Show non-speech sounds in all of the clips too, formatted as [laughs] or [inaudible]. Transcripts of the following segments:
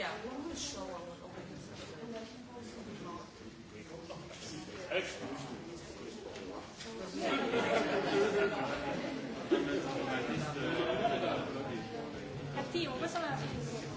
Yeah, we will show our Cattivo, questo me l'ha fatto.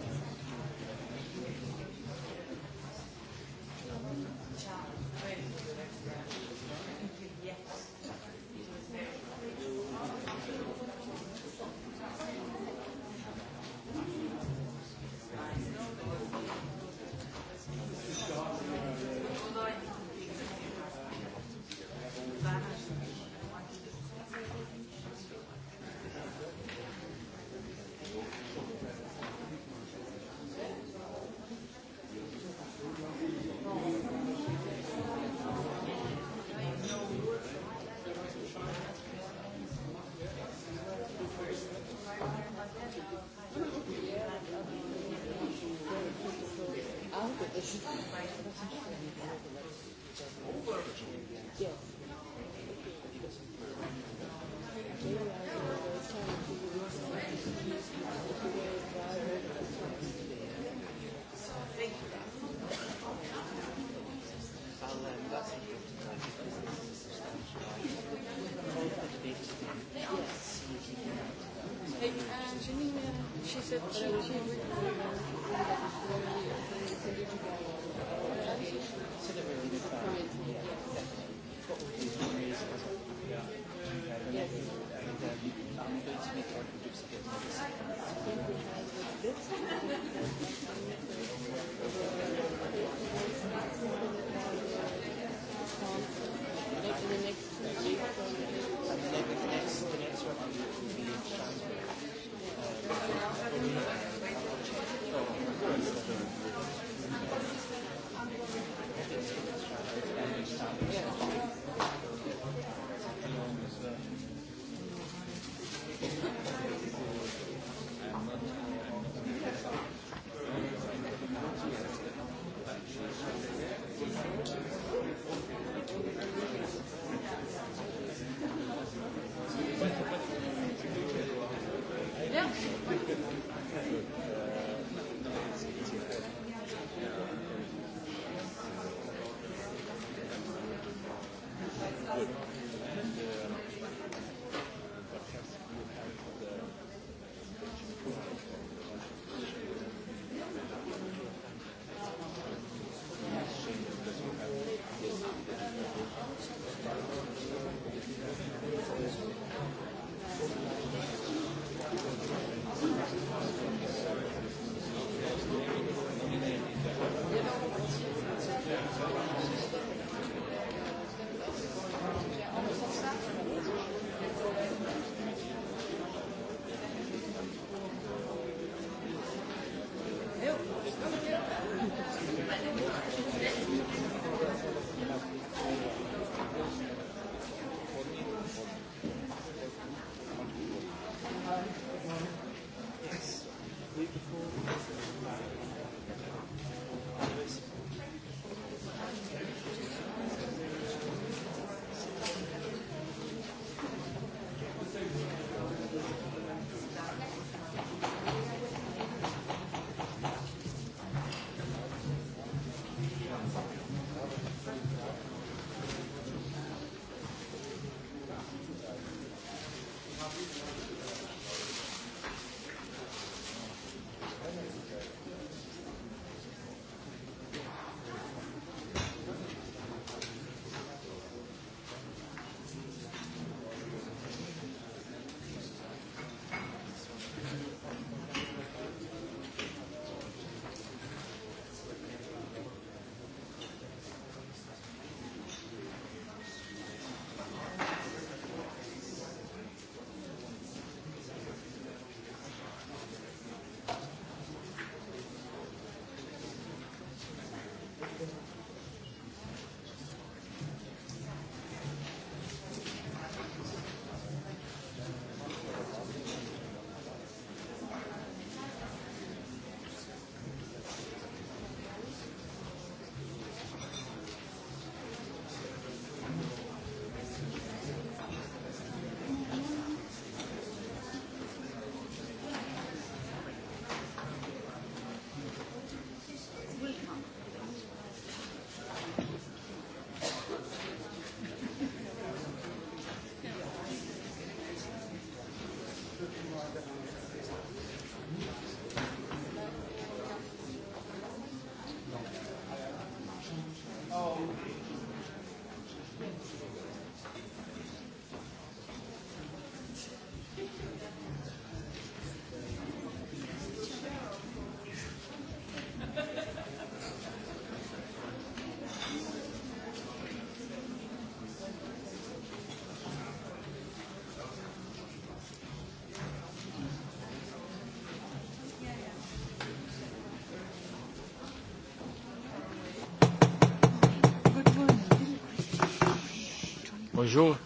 Bonjour.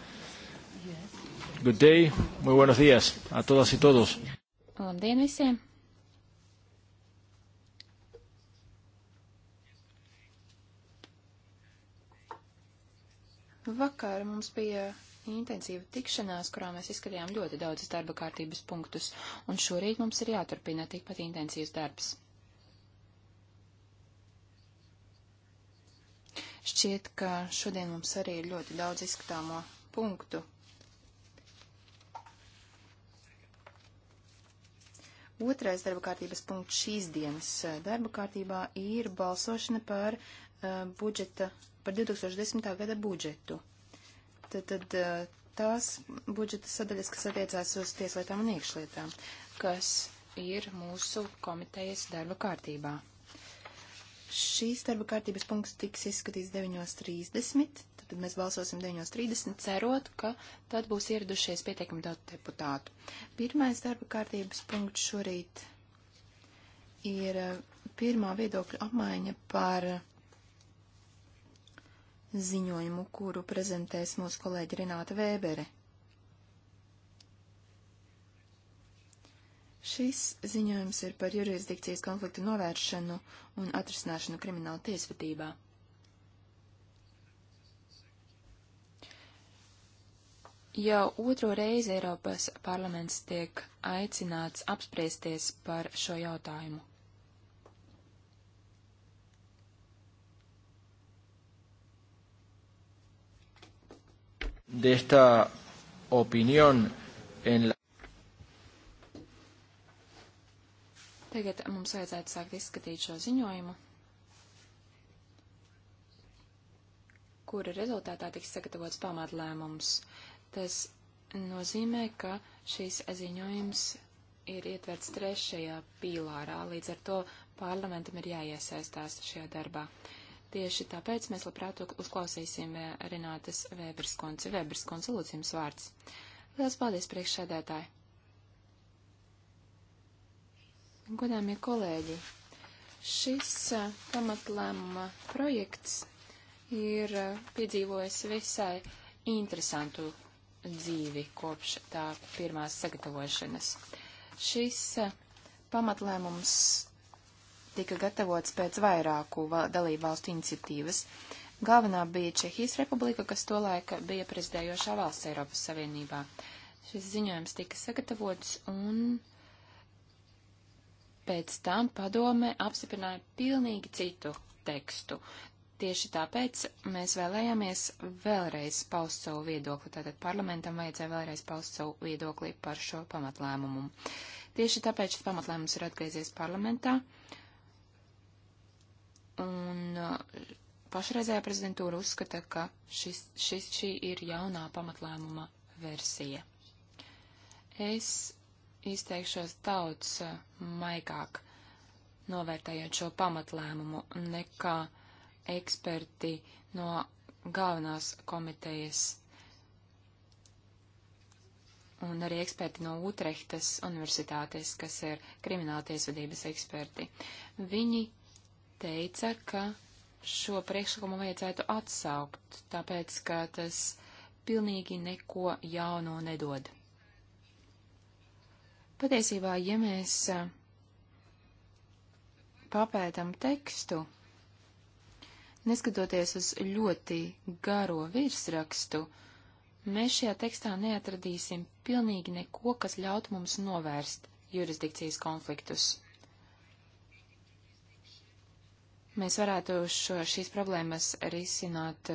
Good day. Muy buenos días a todas y todos. Labdien visiem. Vakar mums bija intensīva tikšanās, kurā mēs izskatījām ļoti daudzas darba kārtības punktus, un šorīt mums ir jāturpina tikpat intensīvs darbs. Šķiet, ka šodien mums arī ir ļoti daudz izskatāmo punktu. Otrais darba kārtības punkts šīs dienas eh, darba kārtībā ir balsošana par uh, budžeta, par 2010. gada budžetu. Tad, tad uh, tās budžeta sadaļas, kas attiecās uz tieslietām un iekšlietām, kas ir mūsu komitejas darba kārtībā. Šīs darba kārtības punkts tiks izskatīts 9.30, tad mēs balsosim 9.30, cerot, ka tad būs ieradušies pietiekami daudz deputātu. Pirmais darba kārtības punkts šorīt ir uh, pirmā viedokļa apmaiņa par ziņojumu, kuru prezentēs mūsu kolēģi Renāta Vēbere. Šis ziņojums ir par jurisdikcijas konfliktu novēršanu un atrisināšanu krimināla tiesvedībā. Jau otro reizi Eiropas parlaments tiek aicināts apspriesties par šo jautājumu. De esta opinión en la Tagad mums vajadzētu sākt izskatīt šo ziņojumu, kura rezultātā tiks sagatavots pamatlēmums. Tas nozīmē, ka šīs ziņojums ir ietverts trešajā pīlārā, līdz ar to parlamentam ir jāiesaistās šajā darbā. Tieši tāpēc mēs labprāt uzklausīsim eh, Renātas Vēberskundzi. Vēberskundzi, lūdzu jums vārds. Lielas paldies priekšsēdētāji! Godāmie kolēģi, šis pamatlēmuma projekts ir piedzīvojis visai interesantu dzīvi kopš tā pirmās sagatavošanas. Šis pamatlēmums tika gatavots pēc vairāku dalību valstu iniciatīvas. Galvenā bija Čehijas republika, kas tolaika bija prezidējošā valsts Eiropas Savienībā. Šis ziņojums tika sagatavots un uh, Pēc tam padome apstiprināja pilnīgi citu tekstu. Tieši tāpēc mēs vēlējāmies vēlreiz paust savu viedokli, tātad parlamentam vajadzēja vēlreiz paust savu viedokli par šo pamatlēmumu. Tieši tāpēc šis pamatlēmums ir atgriezies parlamentā, un uh, pašreizējā prezidentūra uzskata, ka šis, šis, šī ir jaunā pamatlēmuma versija. Es izteikšos daudz eh, maigāk novērtējot šo pamatlēmumu nekā eksperti no galvenās komitejas un arī eksperti no Utrehtas universitātes, kas ir krimināla tiesvedības eksperti. Viņi teica, ka šo priekšlikumu vajadzētu atsaukt, tāpēc, ka tas pilnīgi neko jauno nedod. Patiesībā, ja mēs papētam tekstu, neskatoties uz ļoti garo virsrakstu, mēs šajā tekstā neatradīsim pilnīgi neko, kas ļaut mums novērst jurisdikcijas konfliktus. Mēs varētu šo, šīs problēmas risināt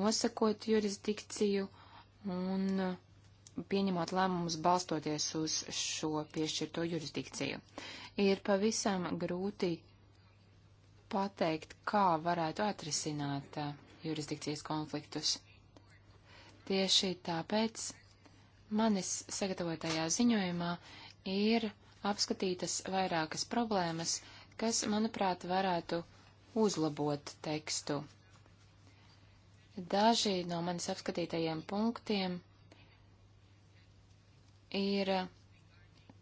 nosakot jurisdikciju un uh, pieņemot lēmumus balstoties uz šo piešķirto jurisdikciju. Ir pavisam grūti pateikt, kā varētu atrisināt uh, jurisdikcijas konfliktus. Tieši tāpēc manis sagatavotajā ziņojumā ir apskatītas vairākas problēmas, kas, manuprāt, varētu uzlabot tekstu. Daži no manis apskatītajiem punktiem ir uh,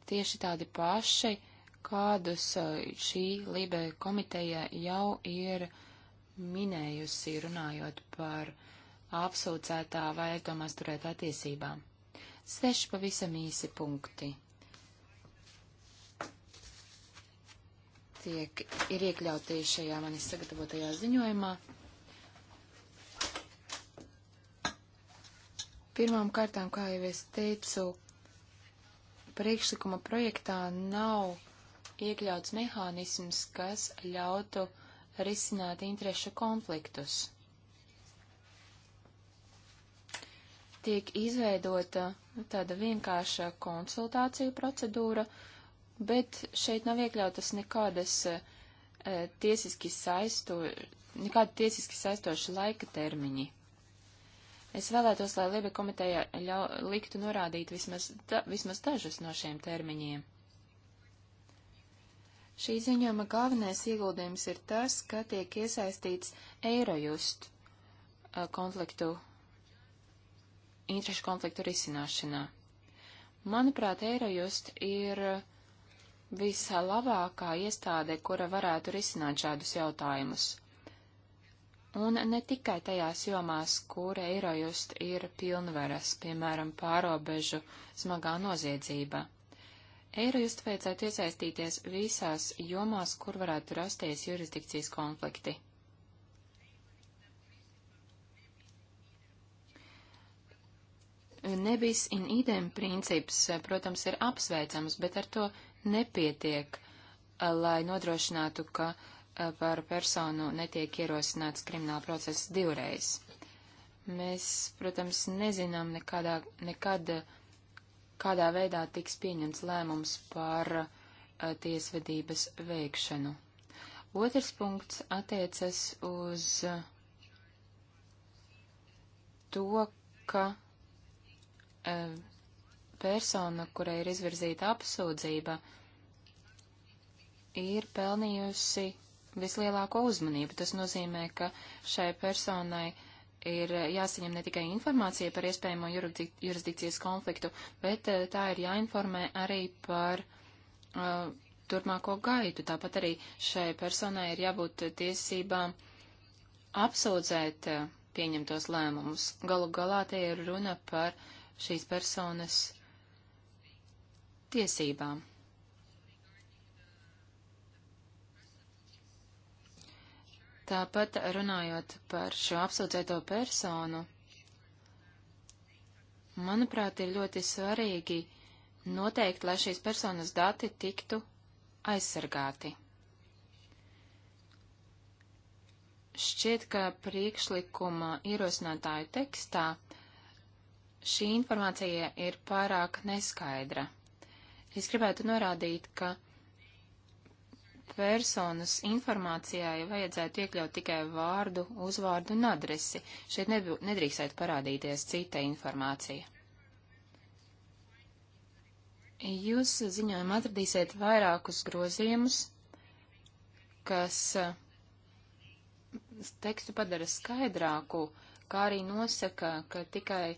tieši tādi paši, kādus uh, šī Lībe komiteja jau ir minējusi, runājot par apsūdzētā vai aizdomās turētā tiesībām. Seši pavisam īsi punkti. Tiek, ir iekļauti šajā manis sagatavotajā ziņojumā. Pirmām kārtām, kā jau es teicu, priekšlikuma projektā nav iekļauts mehānisms, kas ļautu risināt interešu konfliktus. Tiek izveidota tāda vienkārša konsultāciju procedūra, bet šeit nav iekļautas nekādas e, tiesiski saisto, nekādi tiesiski saistoši laika termiņi. Es vēlētos, lai Liebe komiteja ļau, liktu norādīt vismaz, da, vismaz dažus no šiem termiņiem. Šī ziņojuma galvenais ieguldījums ir tas, ka tiek iesaistīts Eirojust uh, konfliktu, interešu konfliktu risināšanā. Manuprāt, Eirojust ir vislabākā iestāde, kura varētu risināt šādus jautājumus un ne tikai tajās jomās, kur Eirojust ir pilnvaras, piemēram, pārobežu smagā noziedzība. Eirojust vajadzētu iesaistīties visās jomās, kur varētu rasties jurisdikcijas konflikti. Nebis in idem princips, protams, ir apsveicams, bet ar to nepietiek, lai nodrošinātu, ka uh, par personu netiek ierosināts krimināla procesa divreiz. Mēs, protams, nezinām nekādā, nekad, kādā veidā tiks pieņemts lēmums par a, eh, tiesvedības veikšanu. Otrs punkts attiecas uz eh, to, ka a, eh, persona, kurai ir izvirzīta apsūdzība, ir pelnījusi vislielāko uzmanību. Tas nozīmē, ka šai personai ir jāsaņem ne tikai informācija par iespējamo jurisdikcijas konfliktu, bet eh, tā ir jāinformē arī par uh, turpmāko gaitu. Tāpat arī šai personai ir jābūt eh, tiesībām apsūdzēt uh, pieņemtos lēmumus. Galu galā te ir runa par šīs personas tiesībām. Tāpat runājot par šo apsūdzēto personu, manuprāt, ir ļoti svarīgi noteikt, lai šīs personas dati tiktu aizsargāti. Šķiet, ka priekšlikuma ierosinātāju tekstā šī informācija ir pārāk neskaidra. Es gribētu norādīt, ka personas informācijai vajadzētu iekļaut tikai vārdu, uzvārdu un adresi. Šeit nedrīkstētu parādīties cita informācija. Jūs ziņojumā atradīsiet vairākus grozījumus, kas eh, tekstu padara skaidrāku, kā arī nosaka, ka tikai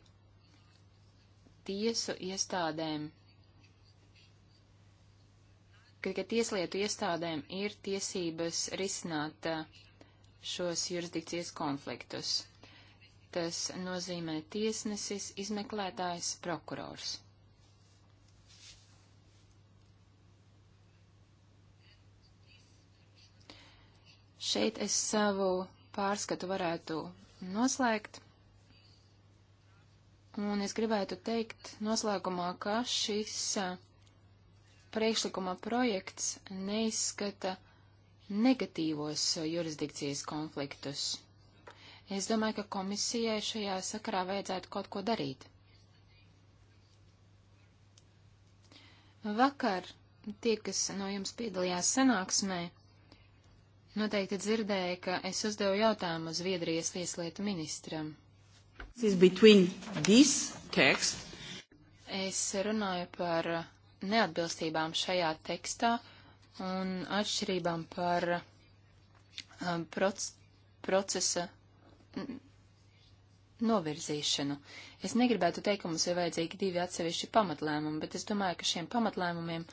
tiesu iestādēm ka tikai tieslietu iestādēm ir tiesības risināt uh, šos jurisdikcijas konfliktus. Tas nozīmē tiesnesis, izmeklētājs, prokurors. Šeit es savu pārskatu varētu noslēgt. Un es gribētu teikt noslēgumā, ka šis uh, priekšlikuma projekts neizskata negatīvos jurisdikcijas konfliktus. Es domāju, ka komisijai šajā sakarā vajadzētu kaut ko darīt. Vakar tie, kas no jums piedalījās sanāksmē, Noteikti dzirdēja, ka es uzdevu jautājumu Zviedrijas tieslietu ministram. Es runāju par neatbilstībām šajā tekstā un atšķirībām par um, proc procesa novirzīšanu. Es negribētu teikt, ka mums ir vajadzīgi divi atsevišķi pamatlēmumi, bet es domāju, ka šiem pamatlēmumiem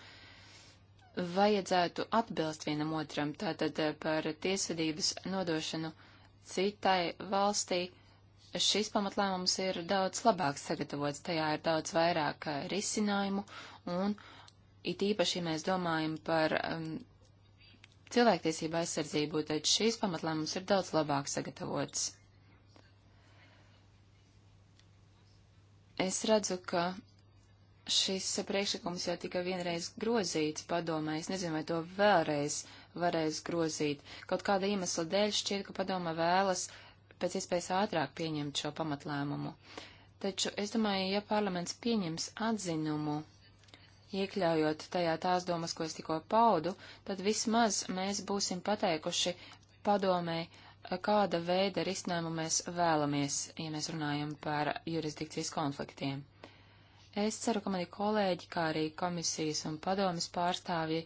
vajadzētu atbilst vienam otram, tātad eh, par tiesvedības nodošanu citai valstī. Šis pamatlēmums ir daudz labāk sagatavots, tajā ir daudz vairāk eh, risinājumu, un it īpaši, ja mēs domājam par um, cilvēktiesību aizsardzību, tad šīs pamatlēmums ir daudz labāk sagatavots. Es redzu, ka šis priekšlikums jau tika vienreiz grozīts padomē. Es nezinu, vai to vēlreiz varēs grozīt. Kaut kāda iemesla dēļ šķiet, ka padoma vēlas pēc iespējas ātrāk pieņemt šo pamatlēmumu. Taču es domāju, ja parlaments pieņems atzinumu iekļaujot tajā tās domas, ko es tikko paudu, tad vismaz mēs būsim pateikuši padomē, kāda veida risinājumu mēs vēlamies, ja mēs runājam par jurisdikcijas konfliktiem. Es ceru, ka mani kolēģi, kā arī komisijas un padomas pārstāvji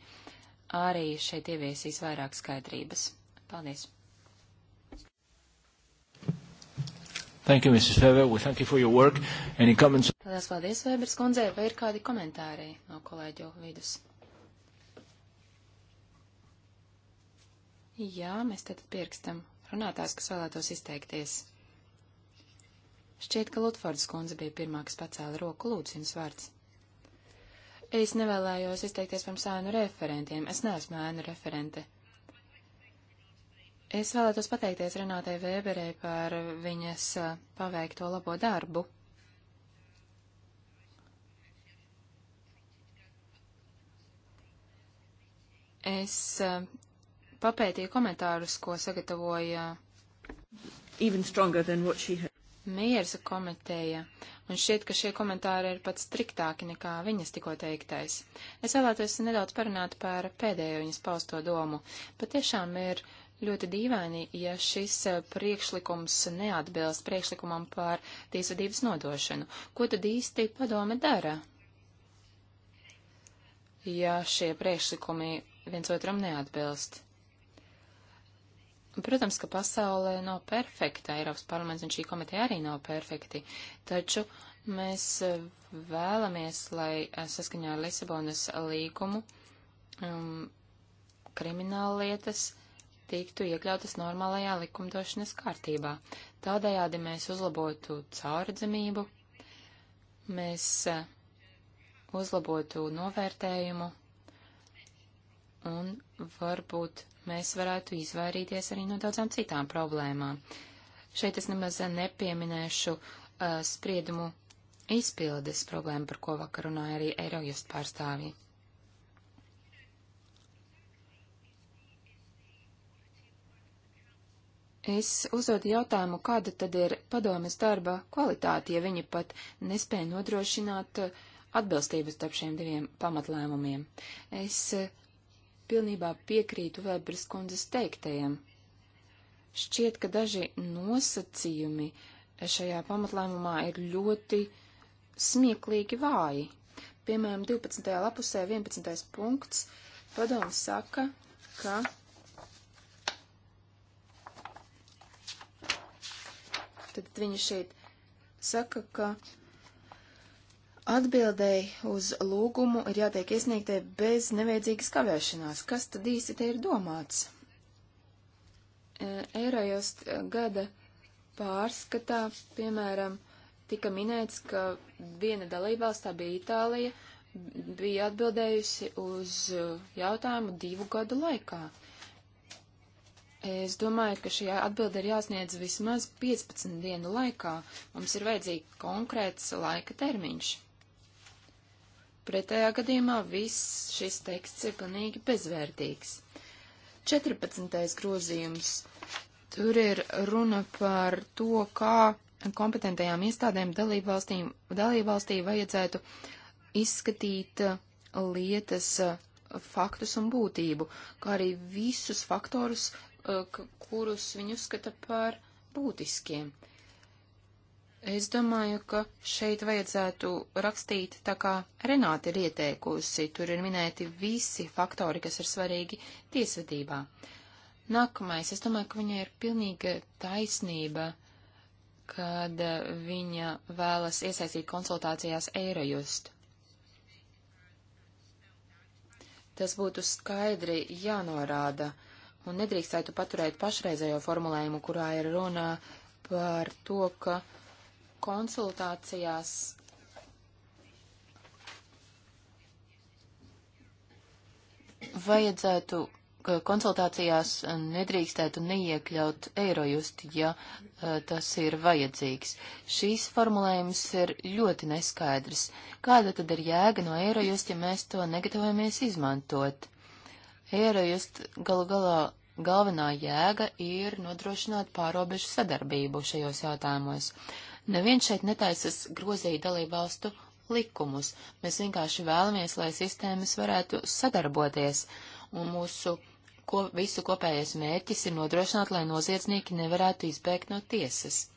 arī šeit ieviesīs vairāk skaidrības. Paldies! Thank you, Mrs. Weber. We thank you for your work. Any comments? Lielas paldies, Weberis kundzei. Vai ir kādi komentāri no kolēģu vidus? Jā, mēs tad pierakstam runātājs, kas vēlētos izteikties. Šķiet, ka Lutfords kundze bija pirmā, kas pacēla roku lūdzu jums vārds. Es nevēlējos izteikties pirms ēnu referentiem. Es neesmu ēnu referente. Es vēlētos pateikties Renātei Vēberei par viņas eh, paveikto labo darbu. Es eh, papētīju komentārus, ko sagatavoja Mieras komiteja, un šķiet, ka šie komentāri ir pat striktāki nekā viņas tikko teiktais. Es vēlētos nedaudz parunāt par pēdējo viņas pausto domu. Patiešām ir Ļoti dīvaini, ja šis eh, priekšlikums neatbilst priekšlikumam par tiesvedības nodošanu. Ko tad īsti padome dara? Ja šie priekšlikumi viens otram neatbilst. Protams, ka pasaulē nav perfekta, Eiropas parlaments un šī komiteja arī nav perfekti, taču mēs eh, vēlamies, lai eh, saskaņā ar Lisabonas līgumu um, krimināllietas tiktu iekļautas normālajā likumdošanas kārtībā. Tādējādi mēs uzlabotu caurdzamību, mēs eh, uzlabotu novērtējumu un varbūt mēs varētu izvairīties arī no daudzām citām problēmām. Šeit es nemaz nepieminēšu uh, spriedumu izpildes problēmu, par ko vakar runāja arī Eirojust pārstāvji. Es uzdodu jautājumu, kāda tad ir padomes darba kvalitāte, ja viņi pat nespēja nodrošināt uh, atbilstību starp šiem diviem pamatlēmumiem. Es uh, pilnībā piekrītu Vēbras kundzes teiktajam. Šķiet, ka daži nosacījumi šajā pamatlēmumā ir ļoti smieklīgi vāji. Piemēram, 12. lapusē 11. punkts padoms saka, ka Tad viņa šeit saka, ka atbildēji uz lūgumu ir jātiek iesniegtai bez nevajadzīgas kavēšanās. Kas tad īsti te ir domāts? E, Eirojust gada pārskatā, piemēram, tika minēts, ka viena dalībvalsts, tā bija Itālija, bija atbildējusi uz jautājumu divu gadu laikā. Uh, Es domāju, ka šī atbilde ir jāsniedz vismaz 15 dienu laikā. Mums ir vajadzīga konkrēts laika termiņš. Pretējā gadījumā viss šis teksts ir pilnīgi bezvērtīgs. 14. grozījums. Tur ir runa par to, kā kompetentajām iestādēm dalībvalstī vajadzētu izskatīt lietas faktus un būtību, kā arī visus faktorus, Uh, kurus viņi uzskata par būtiskiem. Es domāju, ka šeit vajadzētu rakstīt tā kā Renāte ir ieteikusi, tur ir minēti visi faktori, kas ir svarīgi tiesvedībā. Nākamais, es domāju, ka viņai ir pilnīga taisnība, kad uh, viņa vēlas iesaistīt konsultācijās Eirojust. Tas būtu skaidri jānorāda. Uh, un nedrīkstētu paturēt pašreizējo formulējumu, kurā ir runa par to, ka konsultācijās vajadzētu, ka konsultācijās nedrīkstētu neiekļaut eirojusti, ja eh, tas ir vajadzīgs. Šīs formulējums ir ļoti neskaidrs. Kāda tad ir jēga no eirojusti, ja mēs to negatavojamies izmantot? Eirojust galu galā galvenā jēga ir nodrošināt pārobežu sadarbību šajos jautājumos. Neviens šeit netaisas grozīt dalībvalstu likumus. Mēs vienkārši vēlamies, lai sistēmas varētu sadarboties, un mūsu ko, visu kopējais mērķis ir nodrošināt, lai noziedznieki nevarētu izbēgt no tiesas.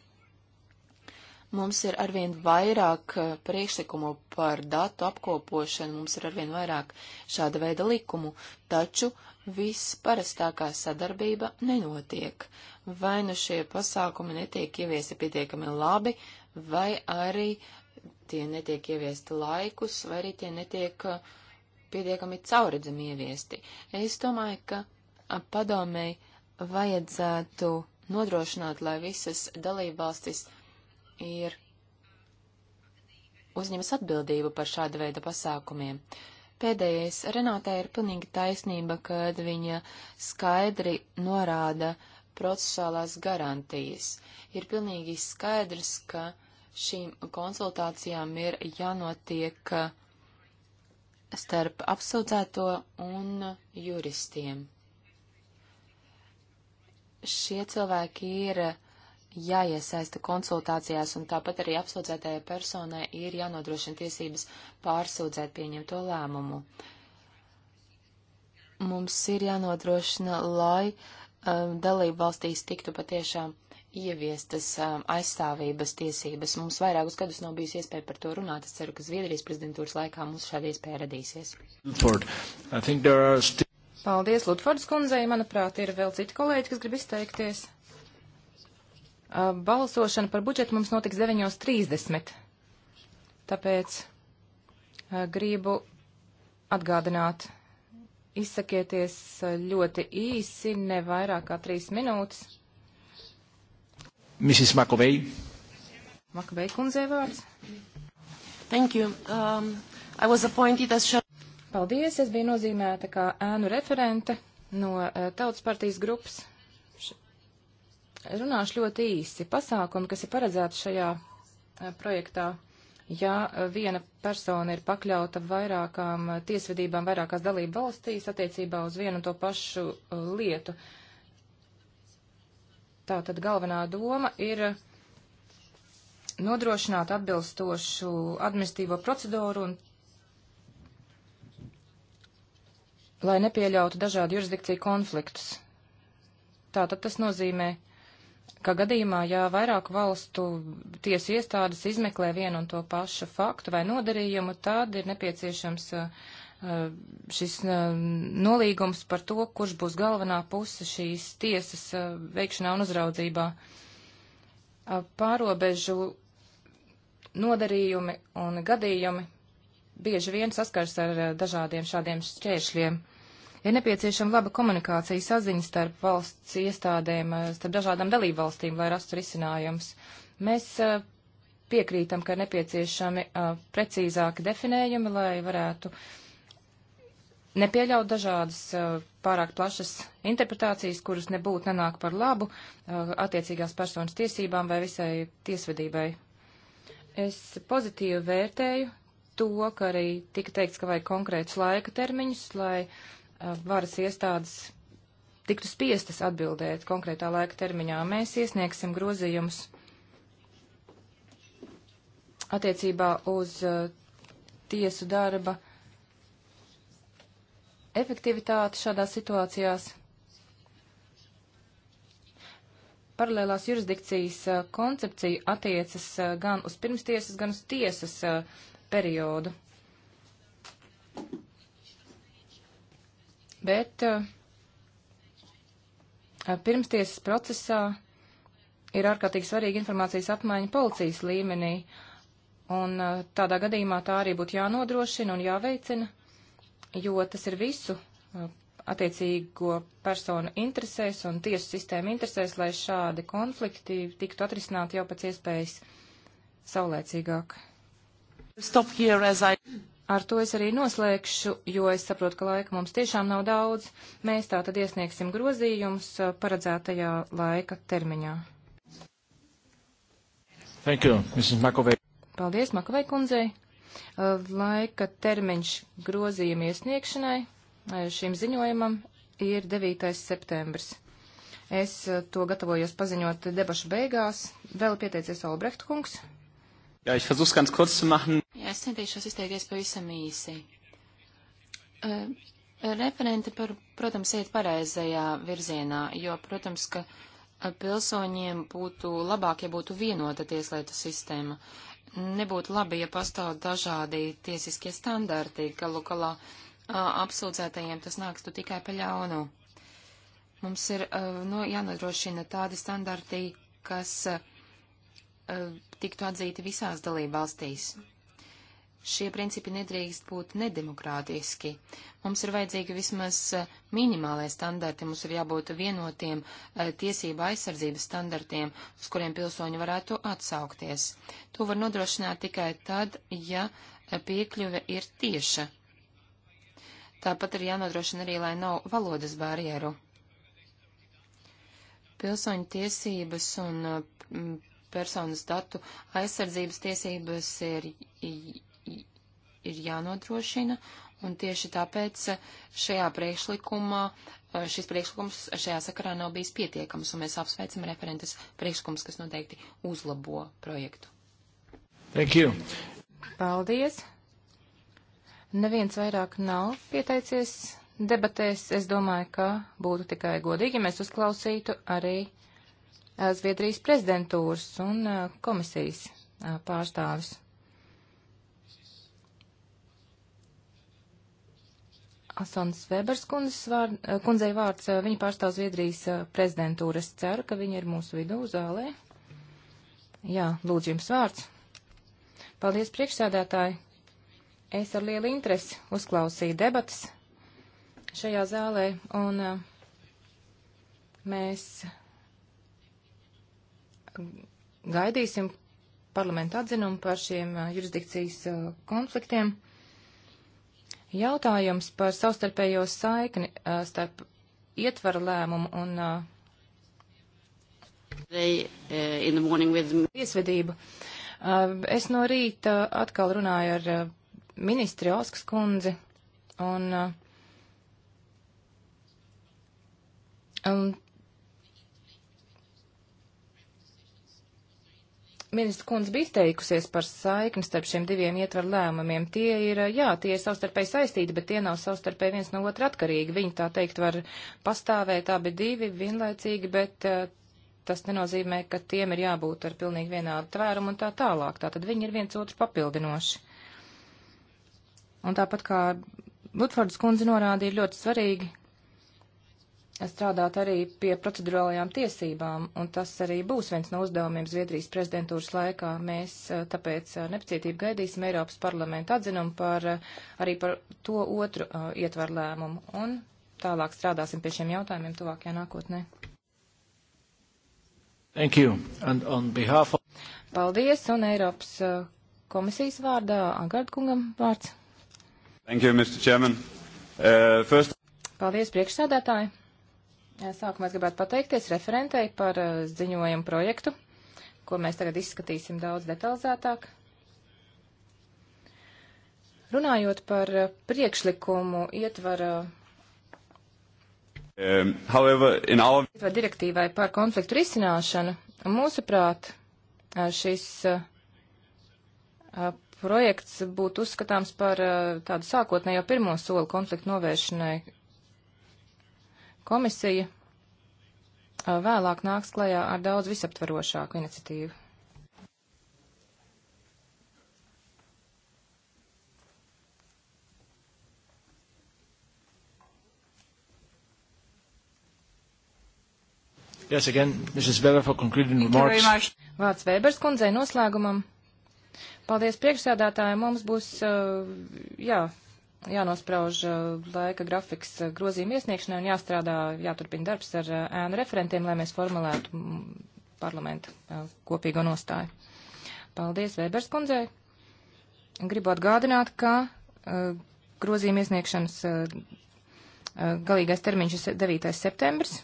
Mums ir arvien vairāk eh, priekšlikumu par datu apkopošanu, mums ir arvien vairāk šāda veida likumu, taču visparastākā sadarbība nenotiek. Vai nu šie pasākumi netiek ieviesti pietiekami labi, vai arī tie netiek ieviesti laikus, vai arī tie netiek eh, pietiekami cauredzami ieviesti. Es domāju, ka padomēji vajadzētu nodrošināt, lai visas dalībvalstis ir uzņemas atbildību par šāda veida pasākumiem. Pēdējais Renātē ir pilnīgi taisnība, kad viņa skaidri norāda procesuālās garantijas. Ir pilnīgi skaidrs, ka šīm konsultācijām ir jānotiek starp apsūdzēto un juristiem. Šie cilvēki ir jāiesaista konsultācijās, un tāpat arī apsūdzētajai personai ir jānodrošina tiesības pārsūdzēt pieņemto lēmumu. Mums ir jānodrošina, lai um, dalību valstīs tiktu patiešām ieviestas um, aizstāvības tiesības. Mums vairākus gadus nav bijusi iespēja par to runāt. Es ceru, ka Zviedrijas prezidentūras laikā mums šāda iespēja radīsies. Paldies, Ludfords kundzei. Manuprāt, ir vēl citi kolēģi, kas grib izteikties. Balsošana par budžetu mums notiks 9.30. Tāpēc gribu atgādināt, izsakieties ļoti īsi, ne vairāk kā trīs minūtes. Mrs. Makovei. Makovei kundzē vārds. Thank you. Um, I was appointed as chair. Paldies, es biju nozīmēta kā ēnu referente no uh, Tautas partijas grupas. Runāšu ļoti īsi. Pasākumi, kas ir paredzēti šajā eh, projektā, ja eh, viena persona ir pakļauta vairākām eh, tiesvedībām vairākās dalību valstīs attiecībā uz vienu un to pašu lietu. Tātad galvenā doma ir nodrošināt atbilstošu administīvo procedūru un lai nepieļautu dažādu jurisdikciju konfliktus. Tātad tas nozīmē uh, ka gadījumā, ja vairāku valstu tiesu iestādes izmeklē vienu un to pašu faktu vai nodarījumu, tad ir nepieciešams uh, uh, šis uh, nolīgums par to, kurš būs galvenā puse šīs tiesas veikšanā un uzraudzībā. Pārobežu nodarījumi un gadījumi bieži vien saskars ar dažādiem šādiem šķēršļiem. Ir nepieciešama laba komunikācija saziņa starp valsts iestādēm, eh, starp dažādām dalību valstīm, lai rastu risinājums. Mēs eh, piekrītam, ka ir nepieciešami eh, precīzāki definējumi, lai varētu nepieļaut dažādas pārāk plašas interpretācijas, kuras nebūtu nenāk par labu attiecīgās personas tiesībām vai visai tiesvedībai. Es pozitīvi vērtēju to, ka arī tika teikts, ka vajag konkrētus laika termiņus, lai varas iestādes tiktu spiestas atbildēt konkrētā laika termiņā. Mēs iesniegsim grozījumus attiecībā uz tiesu darba efektivitāti šādās situācijās. Paralēlās jurisdikcijas koncepcija attiecas gan uz pirmstiesas, gan uz tiesas periodu. bet eh, eh, pirmstiesas procesā ir ārkārtīgi svarīga informācijas apmaiņa policijas līmenī, un eh, tādā gadījumā tā arī būtu jānodrošina un jāveicina, jo tas ir visu attiecīgo personu interesēs un tiesu sistēmu interesēs, lai šādi konflikti tiktu atrisināti jau pēc iespējas saulēcīgāk. Stop here as I Ar to es arī noslēgšu, jo es saprotu, ka laika mums tiešām nav daudz. Mēs tā tad iesniegsim grozījumus uh, paredzētajā laika termiņā. Thank you, Mrs. McAvey. Paldies, Makavei kundzei. Uh, laika termiņš grozījuma iesniegšanai uh, šim ziņojumam ir 9. septembris. Es to gatavojos paziņot debašu beigās. Vēl pieteicies Olbrecht kungs. Jā, es versuch's ganz kurz zu machen. Jā, es centīšos izteikties pavisam īsi. Uh, referenti, par, protams, iet pareizajā virzienā, jo, protams, ka pilsoņiem būtu labāk, ja būtu vienota tieslietu sistēma. Nebūtu labi, ja pastāv dažādi tiesiskie standarti, galu galā apsūdzētajiem tas nākstu tikai pa ļaunu. Mums ir a, no, nu, jānodrošina tādi standarti, kas. A, Eh, tiktu atzīti visās dalībvalstīs. Šie principi nedrīkst būt nedemokrātiski. Mums ir vajadzīgi vismaz eh, minimālai standarti, mums ir jābūt vienotiem eh, tiesība aizsardzības standartiem, uz kuriem pilsoņi varētu atsaukties. To var nodrošināt tikai tad, ja piekļuve ir tieša. Tāpat ir jānodrošina arī, lai nav valodas barjeru. Pilsoņu tiesības un personas datu aizsardzības tiesības ir, ir jānodrošina, un tieši tāpēc šajā priekšlikumā šis priekšlikums šajā sakarā nav bijis pietiekams, un mēs apsveicam referentes priekšlikums, kas noteikti uzlabo projektu. Thank you. Paldies. Neviens vairāk nav pieteicies debatēs. Es domāju, ka būtu tikai godīgi, ja mēs uzklausītu arī Zviedrijas prezidentūras un komisijas pārstāvis. Asons Webers vārd, kundzei vārds, viņa pārstāv Zviedrijas prezidentūru. Es ceru, ka viņa ir mūsu vidū zālē. Jā, lūdzu jums vārds. Paldies priekšsēdētāji. Es ar lielu interesi uzklausīju debatas šajā zālē un mēs gaidīsim parlamentu atzinumu par šiem jurisdikcijas konfliktiem. Jautājums par savstarpējo saikni starp ietvaru lēmumu un tiesvedību. Es no rīta atkal runāju ar ministri Oskas kundzi un, un um, ministra kundze bija izteikusies par saikni starp šiem diviem ietveru lēmumiem. Tie ir, jā, tie ir savstarpēji saistīti, bet tie nav savstarpēji viens no otra atkarīgi. Viņi, tā teikt, var pastāvēt abi divi vienlaicīgi, bet uh, tas nenozīmē, ka tiem ir jābūt ar pilnīgi vienādu tvērumu un tā tālāk. Tātad viņi ir viens otru papildinoši. Un tāpat kā Lutfordas kundze norādīja, ļoti svarīgi strādāt arī pie procedurālajām tiesībām, un tas arī būs viens no uzdevumiem Zviedrijas prezidentūras laikā. Mēs eh, tāpēc eh, nepacietību gaidīsim Eiropas parlamenta atzinumu par eh, arī par to otru uh, ietvaru lēmumu, un tālāk strādāsim pie šiem jautājumiem tuvākajā nākotnē. Thank you. And on behalf of... Paldies, un Eiropas uh, komisijas vārdā Agardkungam vārds. Thank you, Mr. Chairman. Uh, first... Paldies, priekšsēdētāji. Sākumā es gribētu pateikties referentei par eh, ziņojumu projektu, ko mēs tagad izskatīsim daudz detalizētāk. Runājot par eh, priekšlikumu ietvara. Um, however, our... Ietvar direktīvai par konfliktu risināšanu, mūsuprāt, eh, šis projekts būtu uzskatāms par tādu sākotnējo pirmo soli konfliktu novēršanai Komisija vēlāk nāks klajā ar daudz visaptvarošāku iniciatīvu. Yes, again, Mrs. Weber for concluding remarks. Vārds Vēbers kundzei noslēgumam. Paldies priekšsēdētājiem. Mums būs, jā, jānosprauž eh, laika grafiks eh, grozījuma iesniegšanai un jāstrādā, jāturpina darbs ar eh, ēnu referentiem, lai mēs formulētu mm, parlamentu kopīgo nostāju. Paldies Vēbers kundzei. Gribu atgādināt, ka grozījuma iesniegšanas galīgais termiņš ir 9. septembris.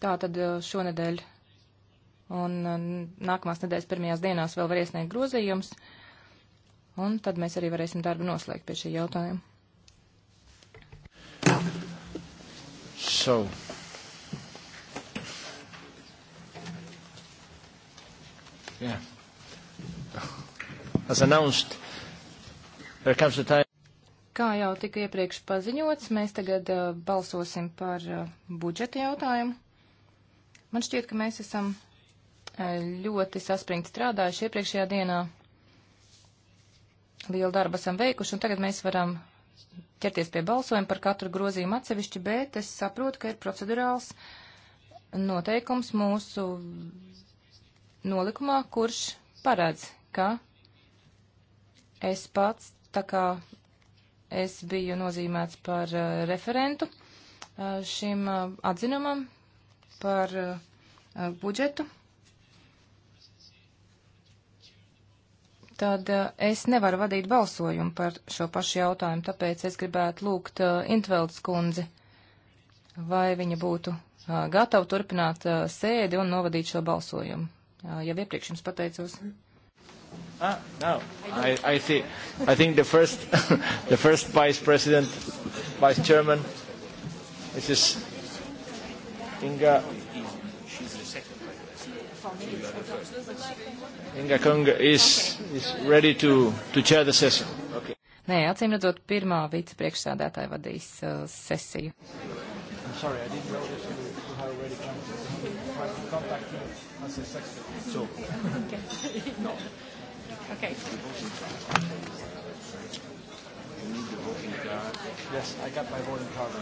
Tā tad šonedēļ un nākamās nedēļas pirmajās dienās vēl var iesniegt grozījumus. Un tad mēs arī varēsim darbu noslēgt pie šī jautājuma. So. Yeah. As announced, there comes the time kā jau tika iepriekš paziņots, mēs tagad uh, balsosim par uh, budžeta jautājumu. Man šķiet, ka mēs esam uh, ļoti saspringti strādājuši iepriekšējā dienā lielu darbu esam veikuši, un tagad mēs varam ķerties pie balsojuma par katru grozījumu atsevišķi, bet es saprotu, ka ir procedurāls noteikums mūsu nolikumā, kurš paredz, ka es pats, tā kā es biju nozīmēts par uh, referentu uh, šim uh, atzinumam par budžetu, tad eh, es nevaru vadīt balsojumu par šo pašu jautājumu, tāpēc es gribētu lūgt eh, Intveldes kundzi, vai viņa būtu eh, gatava turpināt sēdi un novadīt šo balsojumu. Jau iepriekš jums pateicos. Ah, no. I, I see. I think the first, [laughs] the first vice president, vice chairman, Mrs. Inga Inga Kunga is, is ready to, to chair the session. Okay. Nē, acīm redzot, pirmā vicepriekšsēdētāja vadīs uh, sesiju. Sorry, I didn't know this you, you had already contacted me as a secretary. So. [laughs] okay. no. okay need the voting card. Yes, I got my voting card.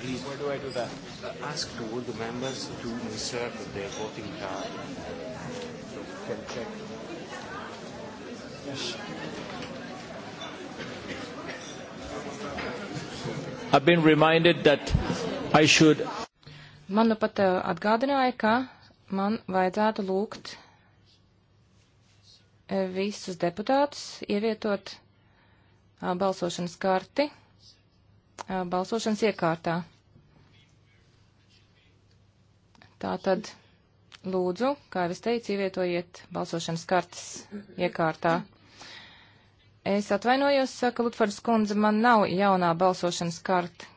Please, where do I do that? Ask to all the members to insert their voting card. So we can check. Yes. I've been reminded that I should. Man nu pat eh, atgādināja, ka man vajadzētu lūgt eh, visus deputātus ievietot balsošanas karti balsošanas iekārtā. Tātad, lūdzu, kā jau es teicu, ievietojiet balsošanas kartes iekārtā. Es atvainojos, saka Lutfords kundze, man nav jaunā balsošanas karta.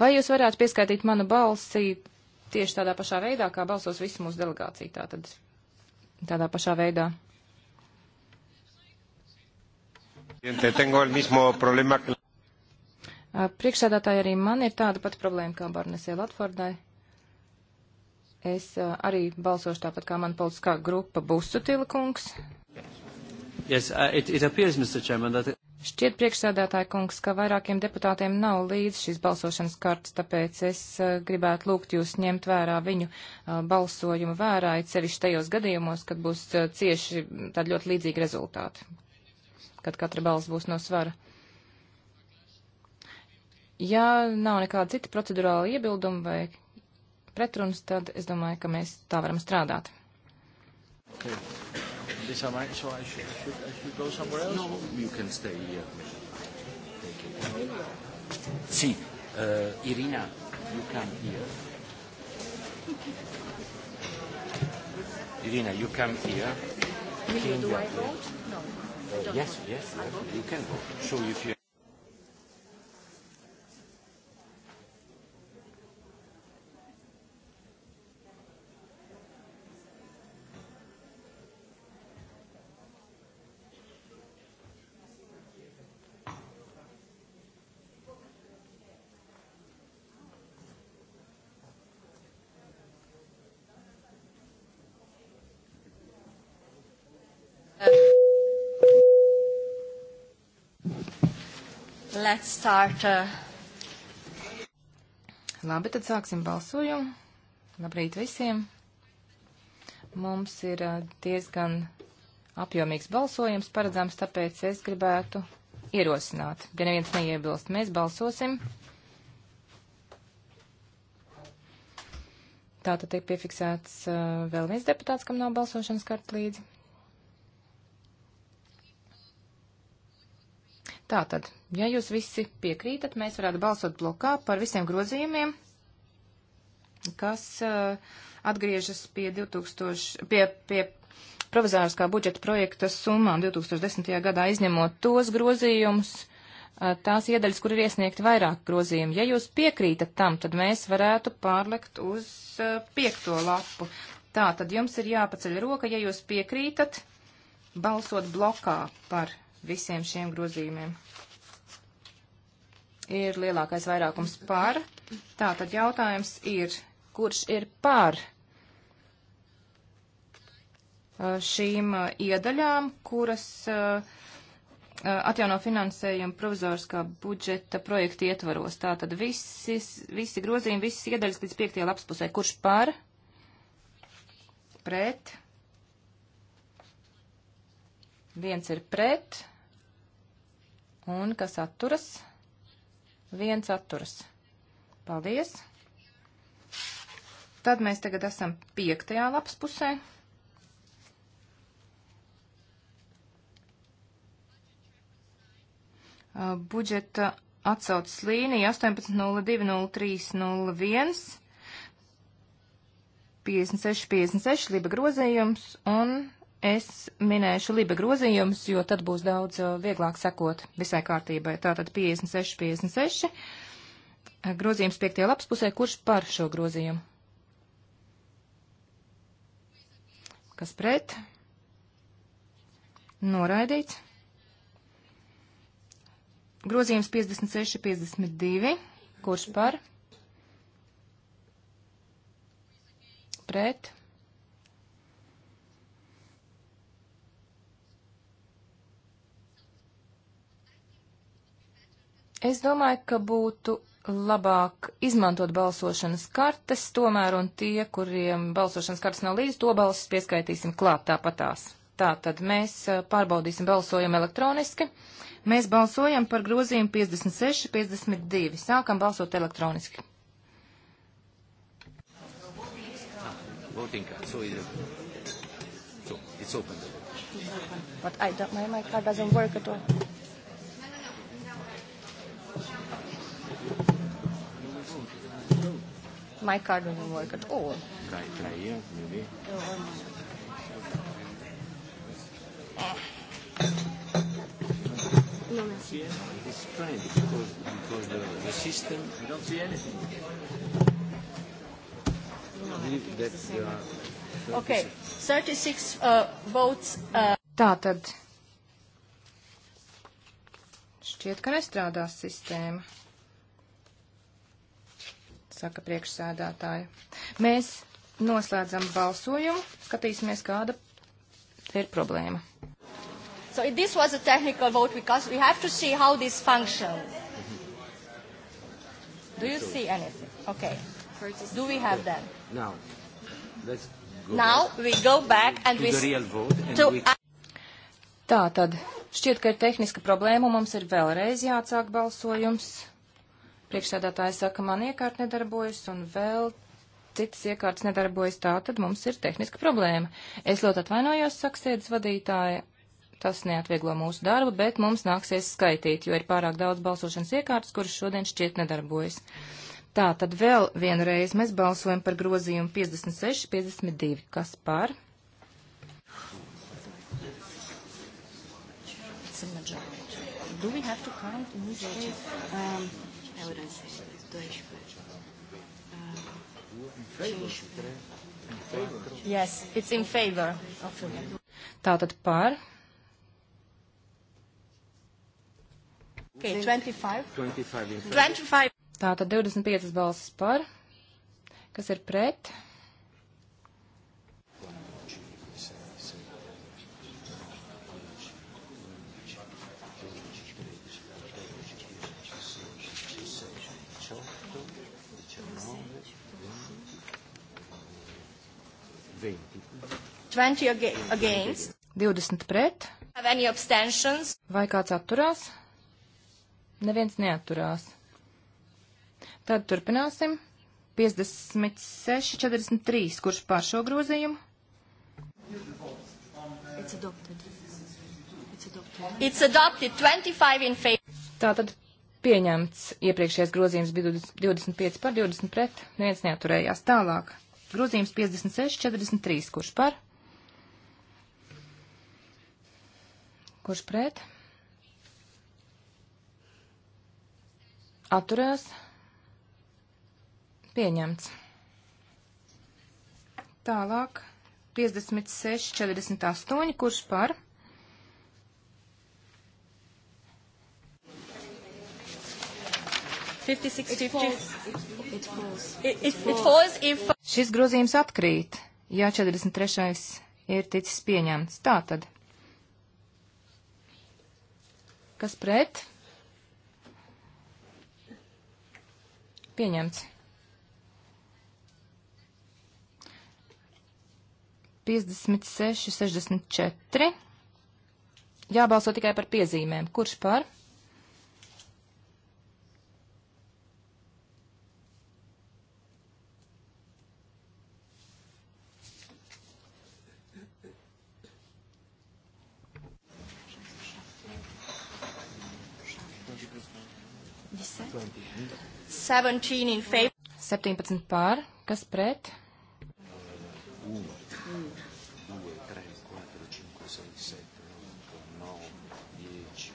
Vai jūs varētu pieskaitīt manu balsi tieši tādā pašā veidā, kā balsos visa mūsu delegācija? Tātad, tādā pašā veidā. Ah, priekšsēdētāji arī man ir tāda pati problēma kā Barnesē Latvordai. Es ah, arī balsošu tāpat kā man politiskā grupa Busutila kungs. Yes, uh, it, it appears, Mr. Chairman, that... Šķiet priekšsēdētāja kungs, ka vairākiem deputātiem nav līdz šīs balsošanas kartas, tāpēc es uh, gribētu lūgt jūs ņemt vērā viņu uh, balsojumu vērā, it sevišķi tajos gadījumos, kad būs uh, cieši tādi ļoti līdzīgi rezultāti, kad katra balss būs no svara. Ja nav nekāda cita procedurāla iebilduma vai pretrunas, tad es domāju, ka mēs tā varam strādāt. Okay. This I might, so I should, I should, I should go somewhere else? No, you can stay here. Thank you. See, uh, Irina, you come here. Irina, you come here. Will you do I vote? Yes, yes, yes. You can go. Show if you. Let's start. Uh... Labi, tad sāksim balsojumu. Labrīt visiem. Mums ir uh, diezgan apjomīgs balsojums paredzams, tāpēc es gribētu ierosināt. Ja neviens neiebilst, mēs balsosim. Tātad tiek piefiksēts uh, vēl viens deputāts, kam nav balsošanas karta līdzi. Tātad, ja jūs visi piekrītat, mēs varētu balsot blokā par visiem grozījumiem, kas uh, atgriežas pie, 2000, pie, pie provizāriskā budžeta projekta summām 2010. gadā, izņemot tos grozījumus, uh, tās iedaļas, kur ir iesniegti vairāk grozījumi. Ja jūs piekrītat tam, tad mēs varētu pārlekt uz uh, piekto lapu. Tā tad jums ir jāpaceļ roka, ja jūs piekrītat balsot blokā par visiem šiem grozījumiem. Ir lielākais vairākums par. Tātad jautājums ir, kurš ir par uh, šīm uh, iedaļām, kuras uh, atjauno finansējumu provizoriskā budžeta projekta ietvaros. Tātad visis, visi grozījumi, visas iedaļas līdz piektajā lapspusē. Kurš par? Pret? Viens ir pret. Un kas atturas? Viens atturas. Paldies. Tad mēs tagad esam piektajā lapas pusē. Budžeta atsaucas līnija 18.02.03.01. 56, 56, liba grozījums un Es minēšu liba grozījumus, jo tad būs daudz uh, vieglāk sekot visai kārtībai. Tātad 56, 56. Grozījums 5. lapspusē, kurš par šo grozījumu? Kas pret? Noraidīts. Grozījums 56, 52. Kurš par? Pret. Es domāju, ka būtu labāk izmantot balsošanas kartes tomēr, un tie, kuriem balsošanas kartes nav līdz, to balsis pieskaitīsim klāt tāpatās. Tā tad mēs eh, pārbaudīsim balsojumu elektroniski. Mēs balsojam par grozījumu 56, 52. Sākam balsot elektroniski. Voting card. So it's, so it's open. But I don't, my, my card doesn't work at all. My card doesn't work at all. Try, try here, maybe. No, merci. It's strange because, because the, the system. I don't see anything. No, I believe that there are. 36. Okay, 36 uh, votes. Uh... Tātad. Šķiet, ka nestrādās sistēma saka priekšsēdētāja. Mēs noslēdzam balsojumu, skatīsimies, kāda ir problēma. So this was a technical vote because we have to see how this functions. Do you see anything? Okay. Do we have that? Now, let's go Now back. we go back and to we... The real vote and to... we... Tā tad, šķiet, ka ir tehniska problēma, mums ir vēlreiz jāatsāk balsojums. Priekšsēdētāji saka, man iekārt nedarbojas un vēl citas iekārtas nedarbojas tā, tad mums ir tehniska problēma. Es ļoti atvainojos, saka sēdes vadītāja. Tas neatvieglo mūsu darbu, bet mums nāksies skaitīt, jo ir pārāk daudz balsošanas iekārtas, kuras šodien šķiet nedarbojas. Tā, tad vēl vienreiz mēs balsojam par grozījumu 56, 52. Kas par? Do we have to count? Um, Eurazem. Dois. Yes, it's in favor of Tātad par. Okay, 25. 25. 25. Tātad 25 balsis par. Kas ir pret? 20 against. 20 pret. Have any abstentions? Vai kāds atturās? Neviens neatturās. Tad turpināsim. 56, 43. Kurš pār šo grozījumu? It's adopted. It's adopted. It's adopted 25 in favor. Tātad pieņemts iepriekšējais grozījums bija 25 par 20 pret, neviens neaturējās tālāk. Grozījums 56, 43, kurš par? Kurš pret? Atturās. Pieņemts. Tālāk 56, 48, kurš par? Šis grozījums atkrīt, ja 43. ir ticis pieņemts. Tātad Kas pret? Pieņemts. 56, 64. Jābalso tikai par piezīmēm. Kurš par? 17 in favor. 17 pār, kas pret? 1, 2, 3, 4, 5, 6, 7, 8, 9, 10,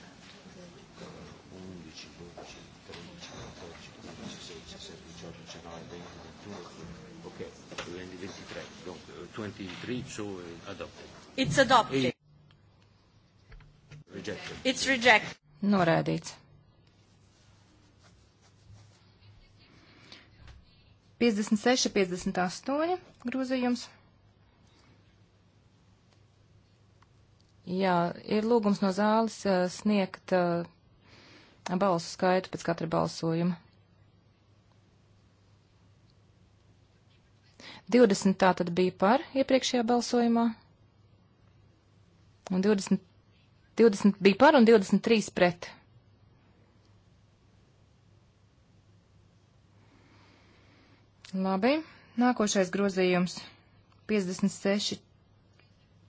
11, 12, 13, 14, 15, 16, 17, 18, 19, 20, 21. Ok, 23. Donc, 23, so uh, adopted. It's adopted. Rejected. It's rejected. Norādīts. 56, 58 grozījums. Jā, ir lūgums no zāles sniegt uh, balsu skaitu pēc katra balsojuma. 20 tā tad bija par iepriekšējā balsojumā, un 20, 20 bija par un 23 pret. Labi. Nākošais grozījums 56,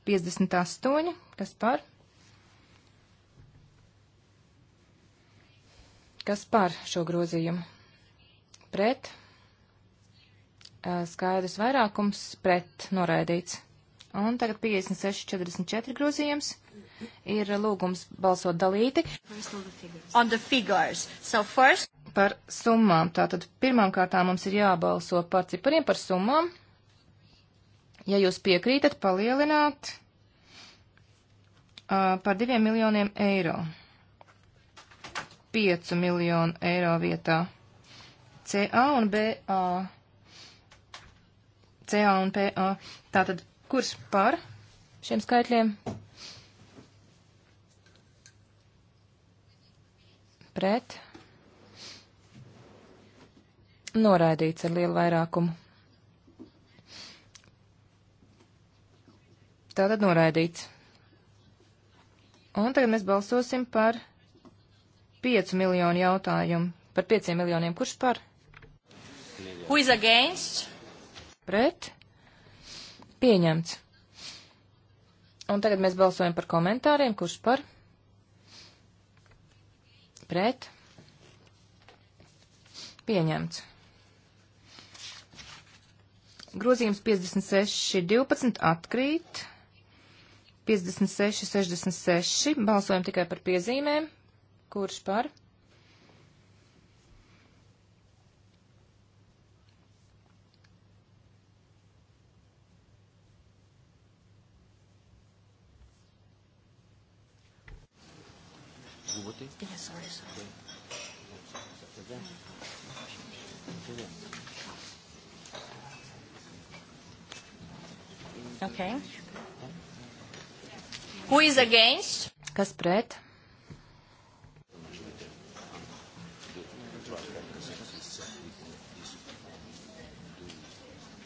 58. Kas par? Kas par šo grozījumu? Pret. Skaidrs vairākums pret noraidīts. Un tagad 56, 44 grozījums ir lūgums balsot dalīti. On the figures. So first par summām. Tātad pirmām kārtām mums ir jābalso par cipariem, par summām. Ja jūs piekrītat, palielināt uh, par diviem miljoniem eiro. 5 miljonu eiro vietā. CA un BA. CA un PA. Tātad, kurš par šiem skaitļiem? Pret. Noraidīts ar lielu vairākumu. Tātad noraidīts. Un tagad mēs balsosim par 5 miljonu jautājumu. Par 5 miljoniem. Kurš par? Who is against? Pret. Pieņemts. Un tagad mēs balsojam par komentāriem. Kurš par? Pret. Pieņemts. Grozījums 56, 12 atkrīt. 56, 66. Balsojam tikai par piezīmēm. Kurš par? Yes, sorry, sorry. Okay. Who is against? Kas pret?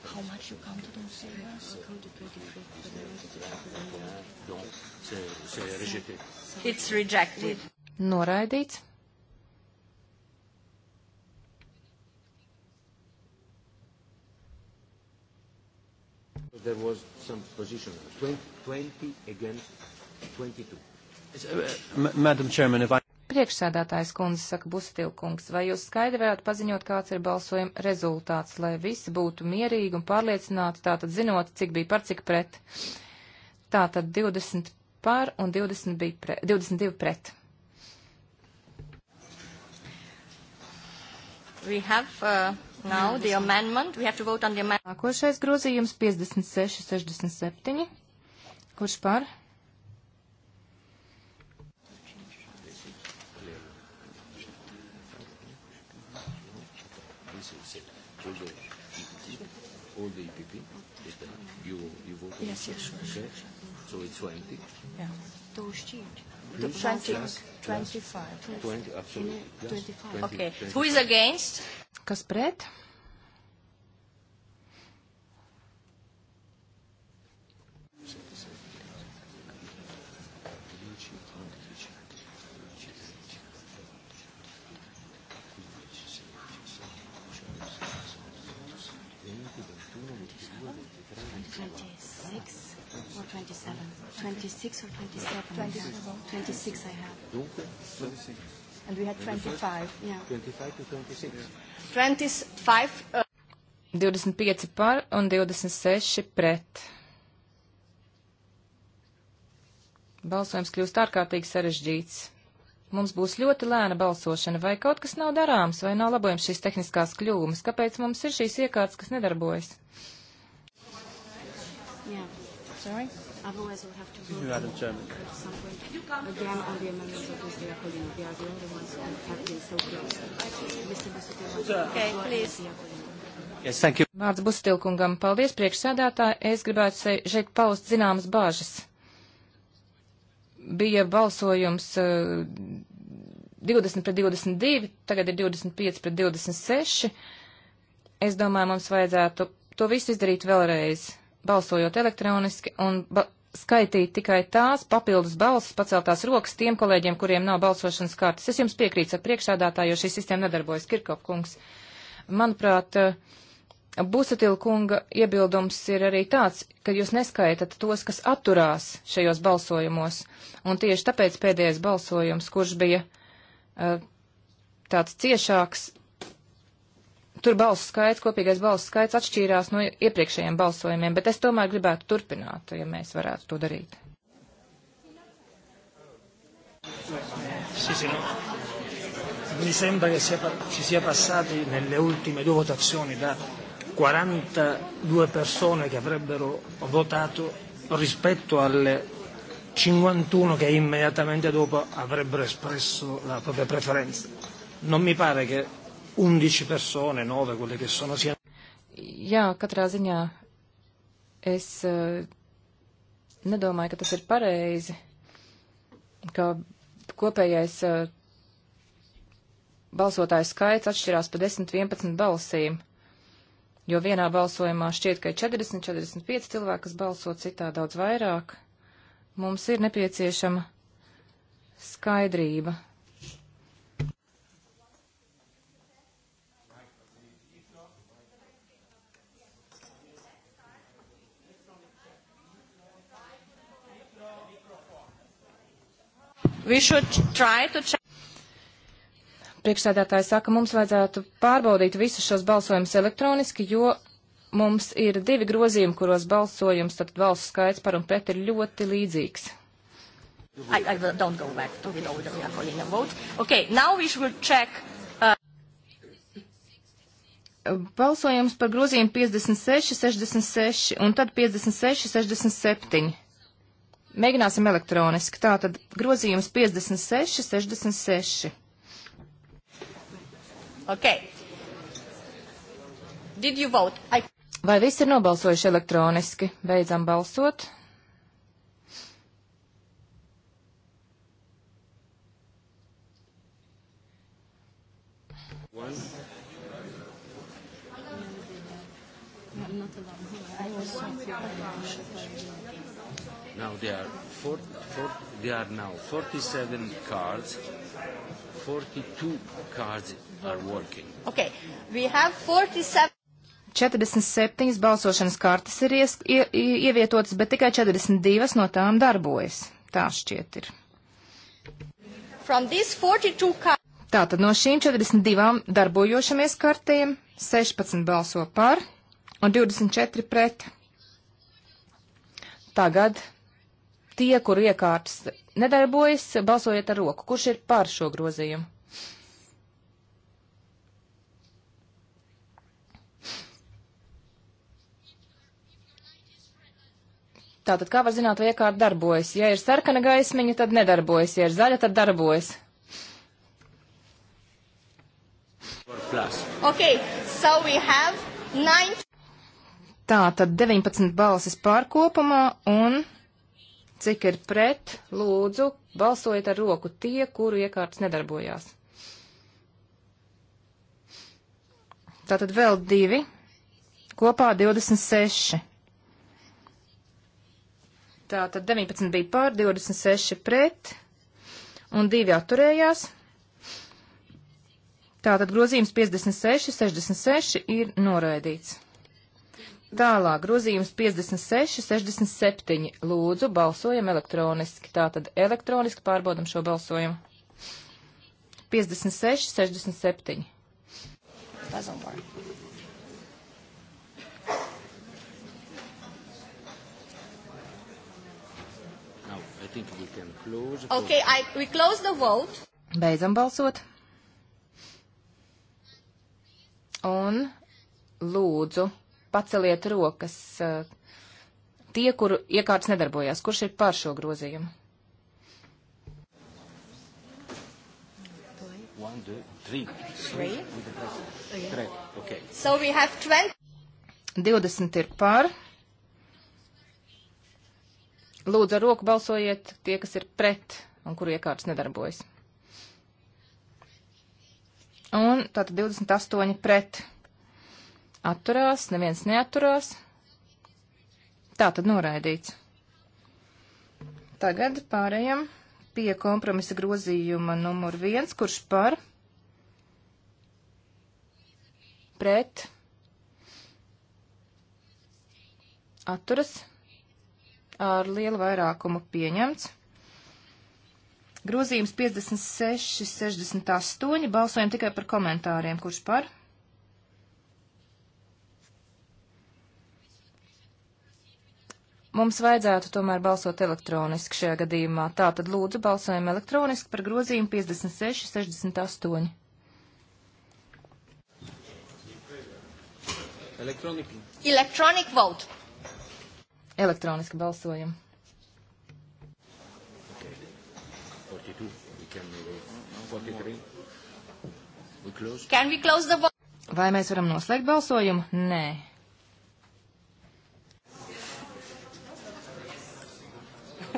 How much you come to them say yes? It's rejected. Noraidīts. there was some position 20, 20 against 22. Uh, m Madam Chairman, if I... Priekšsēdētājs kundze saka Busatilkungs, vai jūs skaidri varētu paziņot, kāds ir balsojuma rezultāts, lai visi būtu mierīgi un pārliecināti, tātad zinot, cik bija par, cik pret. Tātad 20 par un 20 bija pre, 22 pret. We have, uh... Now the amendment, we have to vote on the amendment. Nākošais grozījums 5667. Kurš par? all the EPP? Is that you, you vote on yes, yes, sure, okay. sure. So it's 20? Yeah. Those change. 20, 25. 20, absolutely. Yes. 25. Okay. 20, Who is against? Kas pret? or 27? 26 or 27? 27. 26 I have. Donc, 26 and we had 25. Yeah. 25 to 26. 25. Uh... 25 par un 26 pret. Balsojums kļūst ārkārtīgi sarežģīts. Mums būs ļoti lēna balsošana, vai kaut kas nav darāms, vai nav labojams šīs tehniskās kļūmes, kāpēc mums ir šīs iekārtas, kas nedarbojas. Yeah. Sorry. Otherwise, we'll have to vote Madam Chairman. at some point again on the amendments of Mr. Iacolino. They are the only ones who have been so close. Mr. Busuttil, okay, please. Yes, thank you. Vārds Bustilkungam. Paldies, priekšsēdētāji. Es gribētu šeit paust zināmas bāžas. Bija balsojums uh, eh, 20 pret 22, tagad ir 25 pret 26. Es domāju, mums vajadzētu to visu izdarīt vēlreiz balsojot elektroniski un ba skaitīt tikai tās papildus balsis paceltās rokas tiem kolēģiem, kuriem nav balsošanas kārtas. Es jums piekrītu ar priekšādātāju, jo šī sistēma nedarbojas. Kirkop kungs, manuprāt, eh, Busatil kunga iebildums ir arī tāds, ka jūs neskaitat tos, kas atturās šajos balsojumos, un tieši tāpēc pēdējais balsojums, kurš bija uh, tāds ciešāks, tur balsu skaits, kopīgais balsu skaits atšķīrās no iepriekšējiem balsojumiem, bet es tomēr gribētu turpināt, ja mēs varētu to darīt. Sì, sì, no. Mi sembra che sia, ci sia passati nelle ultime due votazioni da 42 persone che avrebbero votato rispetto alle 51 che immediatamente dopo avrebbero espresso la propria preferenza. Non mi pare che 11 persone, 9 quelle che sono sia. Jā, katrā ziņā es uh, nedomāju, ka tas ir pareizi, ka kopējais uh, balsotāju skaits atšķirās pa 10-11 balsīm, jo vienā balsojumā šķiet, ka ir 40-45 cilvēki, kas balso citā daudz vairāk. Mums ir nepieciešama skaidrība To... Priekšsēdētāji saka, mums vajadzētu pārbaudīt visus šos balsojumus elektroniski, jo mums ir divi grozījumi, kuros balsojums, tad valsts skaits par un pret ir ļoti līdzīgs. I, I will, don't go back to the order we are calling a vote. Okay, now we should check. Uh... Balsojums par grozījumu 56, 66 un tad 56, 67. Mēģināsim elektroniski. Tātad grozījums 56, 66. Okay. Did you vote? I... Vai visi ir nobalsojuši elektroniski? Beidzam balsot. One. I'm not allowed. I was so Now there are, four, four, there are now 47 cards. 42 cards are working. Okay, we have 47. 47 balsošanas kartes ir ies, ie, ievietotas, bet tikai 42 no tām darbojas. Tā šķiet ir. Tātad no šīm 42 darbojošamies kartēm 16 balso par un 24 pret. Tagad tie, kur iekārtas nedarbojas, balsojiet ar roku. Kurš ir pār šo grozījumu? Tātad, kā var zināt, vai iekārta darbojas? Ja ir sarkana gaismiņa, tad nedarbojas, ja ir zaļa, tad darbojas. Okay, so nine... Tā tad 19 balsis pārkopumā un Cik ir pret, lūdzu, balsojiet ar roku tie, kuru iekārtas nedarbojās. Tātad vēl divi, kopā 26. Tātad 19 bija pār, 26 pret un divi atturējās. Tātad grozījums 56, 66 ir noraidīts. Tālāk, grozījums 56, 67. Lūdzu, balsojam elektroniski. Tātad elektroniski pārbaudam šo balsojumu. 56, 67. Okay, I, we close the vote. Beidzam balsot. Un lūdzu paceliet rokas eh, tie, kuru iekārts nedarbojās. Kurš ir pār šo grozījumu? One, two, three. Three? Three. Okay. So we have 20. 20 ir pār. Lūdzu, ar roku balsojiet tie, kas ir pret un kuru iekārts nedarbojas. Un tātad 28 pret atturās, neviens neatturās. Tā tad noraidīts. Tagad pārējām pie kompromisa grozījuma numur viens, kurš par pret atturas ar lielu vairākumu pieņemts. Grozījums 56, 68. Balsojam tikai par komentāriem. Kurš par? Mums vajadzētu tomēr balsot elektroniski šajā gadījumā. Tā tad lūdzu balsojam elektroniski par grozījumu 56, 68. Elektroniski. Electronic vote. Elektroniski balsojam. Okay. 42. We can, uh, 43. We close. Can we close the vote? Vai mēs varam noslēgt balsojumu? Nē.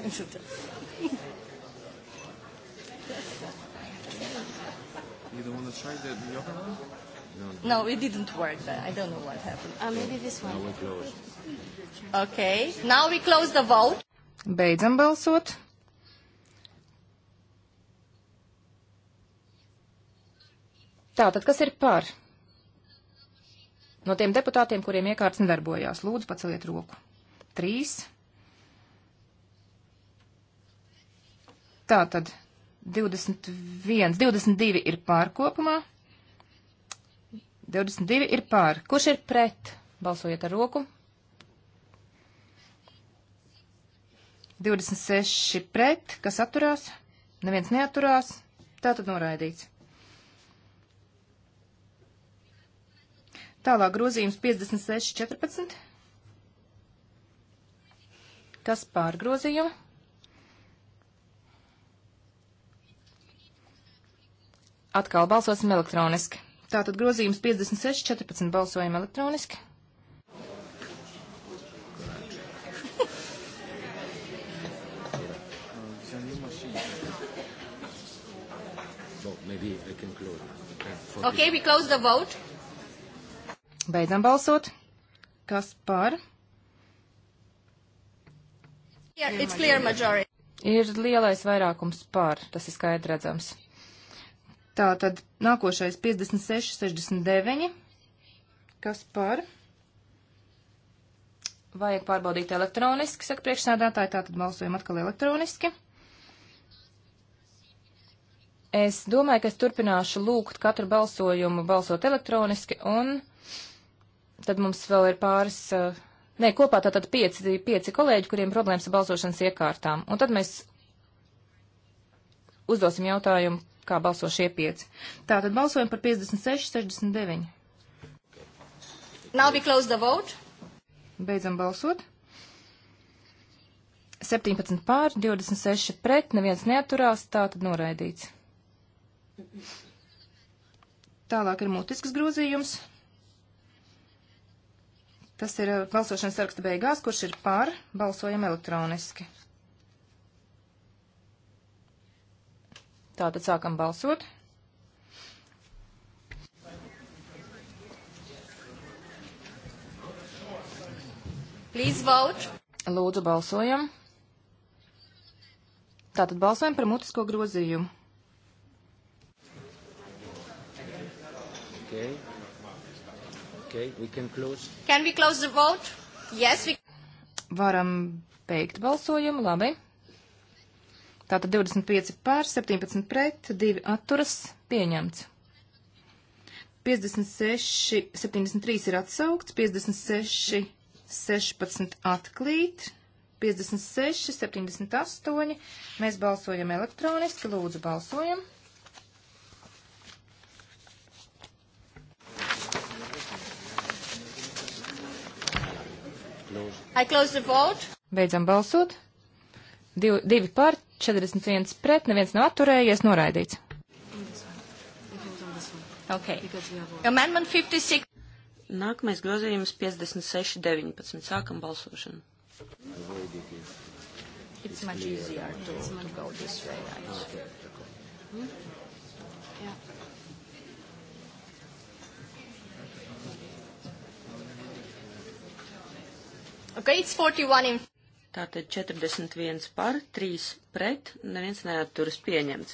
you don't want to try the yoga one? No, no, it didn't work. I don't know what happened. Uh, maybe this one. Now we close. Okay. Now we close the vote. Beidzam balsot. Tātad, kas ir par? No tiem deputātiem, kuriem iekārts nedarbojās, lūdzu paceliet roku. Trīs. Tā tad 21, 22 ir pār kopumā. 22 ir pār. Kurš ir pret? Balsojiet ar roku. 26 pret, kas atturās? Neviens neaturās. Tā tad noraidīts. Tālāk grozījums 56, 14. Kas pār grozījumu? Atkal balsosim elektroniski. Tātad grozījums 56, 14 balsojam elektroniski. Okay, we close the vote. Beidzam balsot. Kas par? Yeah, it's clear majority. Ir lielais vairākums par, tas ir skaidrredzams. Tā tad nākošais 56, 69. Kas par? Vajag pārbaudīt elektroniski, saka priekšsēdētāji, tā tad balsojam atkal elektroniski. Es domāju, ka es turpināšu lūgt katru balsojumu balsot elektroniski, un tad mums vēl ir pāris, ne, kopā tātad pieci, pieci kolēģi, kuriem problēmas ar balsošanas iekārtām. Un tad mēs uzdosim jautājumu kā balso šie pieci. Tātad balsojam par 56, 69. Now we close the vote. Beidzam balsot. 17 pār, 26 pret, neviens neaturās, tātad noraidīts. Tālāk ir mutisks grozījums. Tas ir uh, balsošanas saraksta beigās, kurš ir pār, balsojam elektroniski. Tātad sākam balsot. Please vote. Lūdzu, balsojam. Tātad balsojam par mutisko grozījumu. Okay. Okay, we can close. Can we close the vote? Yes, we Varam beigt balsojumu, labi. Tātad 25 pār, 17 pret, 2 atturas, pieņemts. 56, 73 ir atsaukts, 56, 16 atklīt, 56, 78. Mēs balsojam elektroniski, lūdzu balsojam. Beidzam balsot. Div, divi par, 41 pret, neviens nav atturējies, noraidīts. Okay. Amendment 56. Nākamais grozījums 56.19. Sākam balsošanu. It's much easier to, to go this way, right? Okay. Hmm? Yeah. Okay, it's 41 in Tātad 41 par, 3 pret, neviens neatturas pieņemts.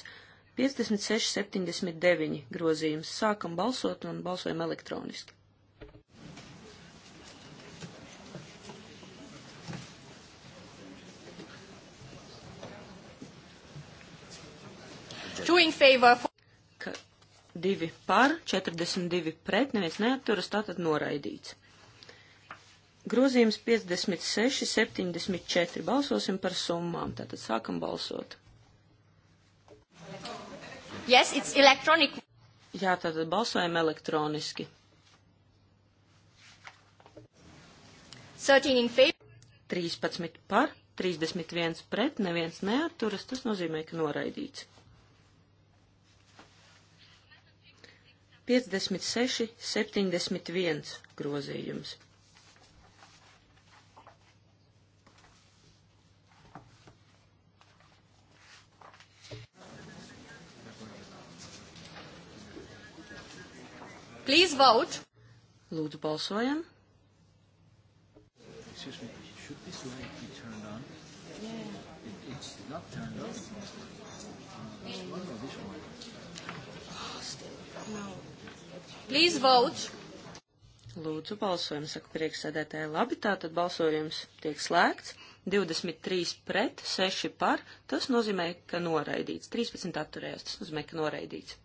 56, 79 grozījums. Sākam balsot un balsojam elektroniski. Ka divi par, 42 pret, neviens neatturas, tātad noraidīts. Grozījums 56, 74. Balsosim par summām. Tātad sākam balsot. Yes, it's electronic. Jā, tātad balsojam elektroniski. 13 in favor. 13 par, 31 pret, neviens neaturas, tas nozīmē, ka noraidīts. 56, 71 grozījums. Please vote. Lūdzu, balsojam. Excuse me, should this light be turned on? Yeah. It, it's not turned on. Yes. Uh, this one or this one? Oh, still. No. Please vote. Lūdzu, balsojam, saka priekšsēdētāja. Labi, tātad balsojums tiek slēgts. 23 pret, 6 par. Tas nozīmē, ka noraidīts. 13 atturējās. Tas nozīmē, ka noraidīts.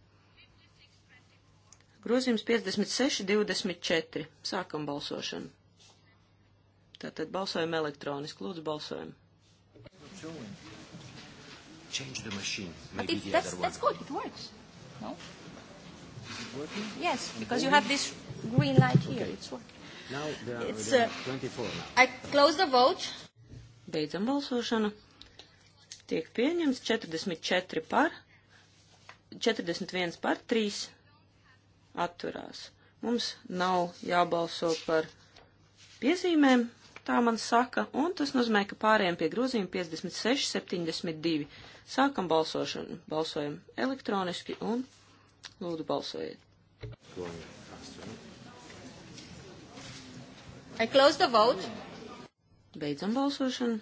Grozījums 56, 24. Sākam balsošanu. Tātad balsojam elektroniski. Lūdzu, balsojam. Change the machine. Maybe it, the that's, other one. that's good. It works. No? Working? Yes, because you have this green light here. Okay. It's working. Now there are, it's, there are 24 uh, now. I close the vote. Beidzam balsošanu. Tiek pieņemts 44 par, 41 par 3 atturās. Mums nav jābalso par piezīmēm, tā man saka, un tas nozīmē, ka pārējiem pie grozījuma 56, 72. Sākam balsošanu, balsojam elektroniski un lūdzu balsojiet. I close the vote. Beidzam balsošanu.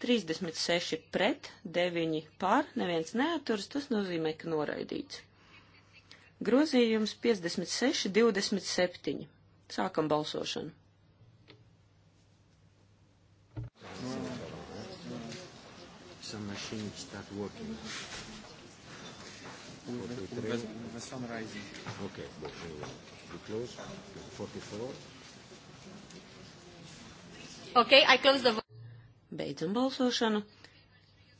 36 pret, 9 pār, neviens neaturas, tas nozīmē, ka noraidīts. Grozījums 56, 27. Sākam balsošanu. Some machines start working. The sun rising. Okay, but uh, we close 44. Okay, I close the vote. Beidzam balsošanu.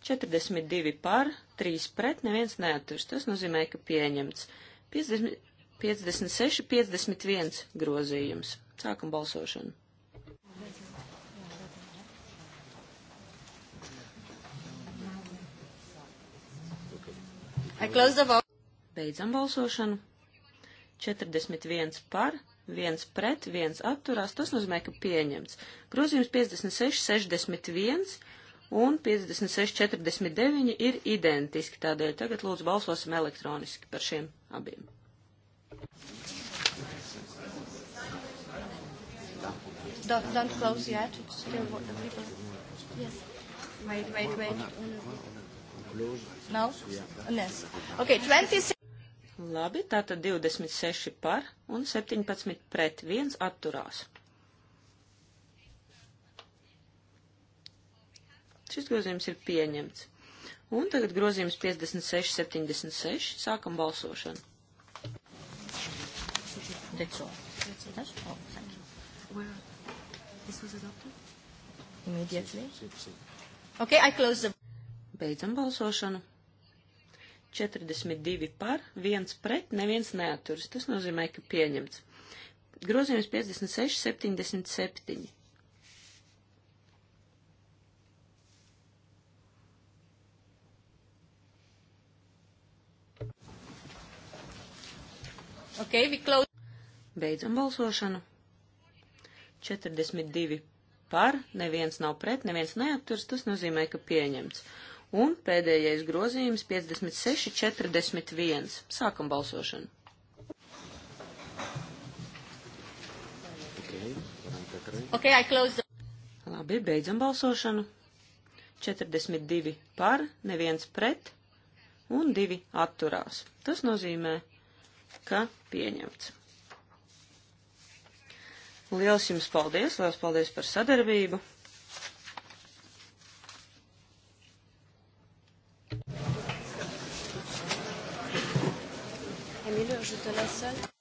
42 par, 3 pret, neviens neaturs. Tas nozīmē, ka pieņemts 50, 56, 51 grozījums. Sākam balsošanu. Beidzam balsošanu. 41 par, viens pret, viens atturās, tas nozīmē, ka pieņemts. Grozījums 56, 61 un 56, 49 ir identiski, tādēļ tagad lūdzu balsosim elektroniski par šiem abiem. Don't, don't close yet, it's still what the people... Yes. Wait, wait, wait. No? Yes. Okay, 26. Labi, tātad 26 par un 17 pret 1 atturās. Šis grozījums ir pieņemts. Un tagad grozījums 56, 76. Sākam balsošanu. That's all. That's all. That's all. Thank you. Where this was adopted? Immediately. Okay, I close the... Beidzam balsošanu. 42 par, 1 pret, neviens neaturas. Tas nozīmē, ka pieņemts. Grozījums 56, 77. Okay, we close. Beidzam balsošanu. 42 par, neviens nav pret, neviens neaturas, tas nozīmē, ka pieņemts. Un pēdējais grozījums 56.41. Sākam balsošanu. Okay, I close. Labi, beidzam balsošanu. 42 par, neviens pret un 2 atturās. Tas nozīmē, ka pieņemts. Liels jums paldies, liels paldies par sadarbību. je te laisse seule.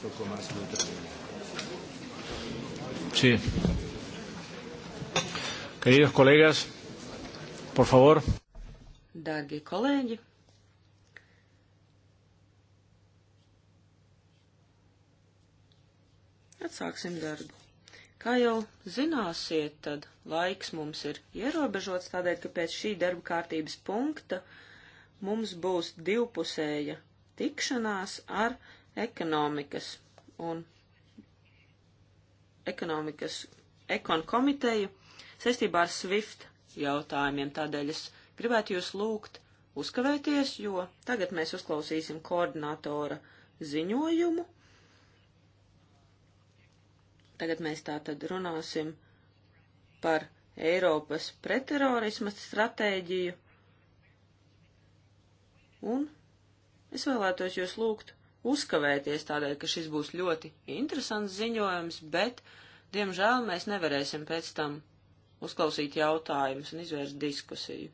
punto con más Sí. Queridos colegas, por favor. Dārgie kolēģi. Atsāksim darbu. Kā jau zināsiet, tad laiks mums ir ierobežots tādēļ, ka pēc šī darba kārtības punkta mums būs divpusēja tikšanās ar ekonomikas un ekonomikas ekon komiteju saistībā ar SWIFT jautājumiem. Tādēļ es gribētu jūs lūgt uzkavēties, jo tagad mēs uzklausīsim koordinātora ziņojumu. Tagad mēs tātad runāsim par Eiropas pretterorisma stratēģiju. Un es vēlētos jūs lūgt uzkavēties tādēļ, ka šis būs ļoti interesants ziņojums, bet, diemžēl, mēs nevarēsim pēc tam uzklausīt jautājumus un izvērst diskusiju.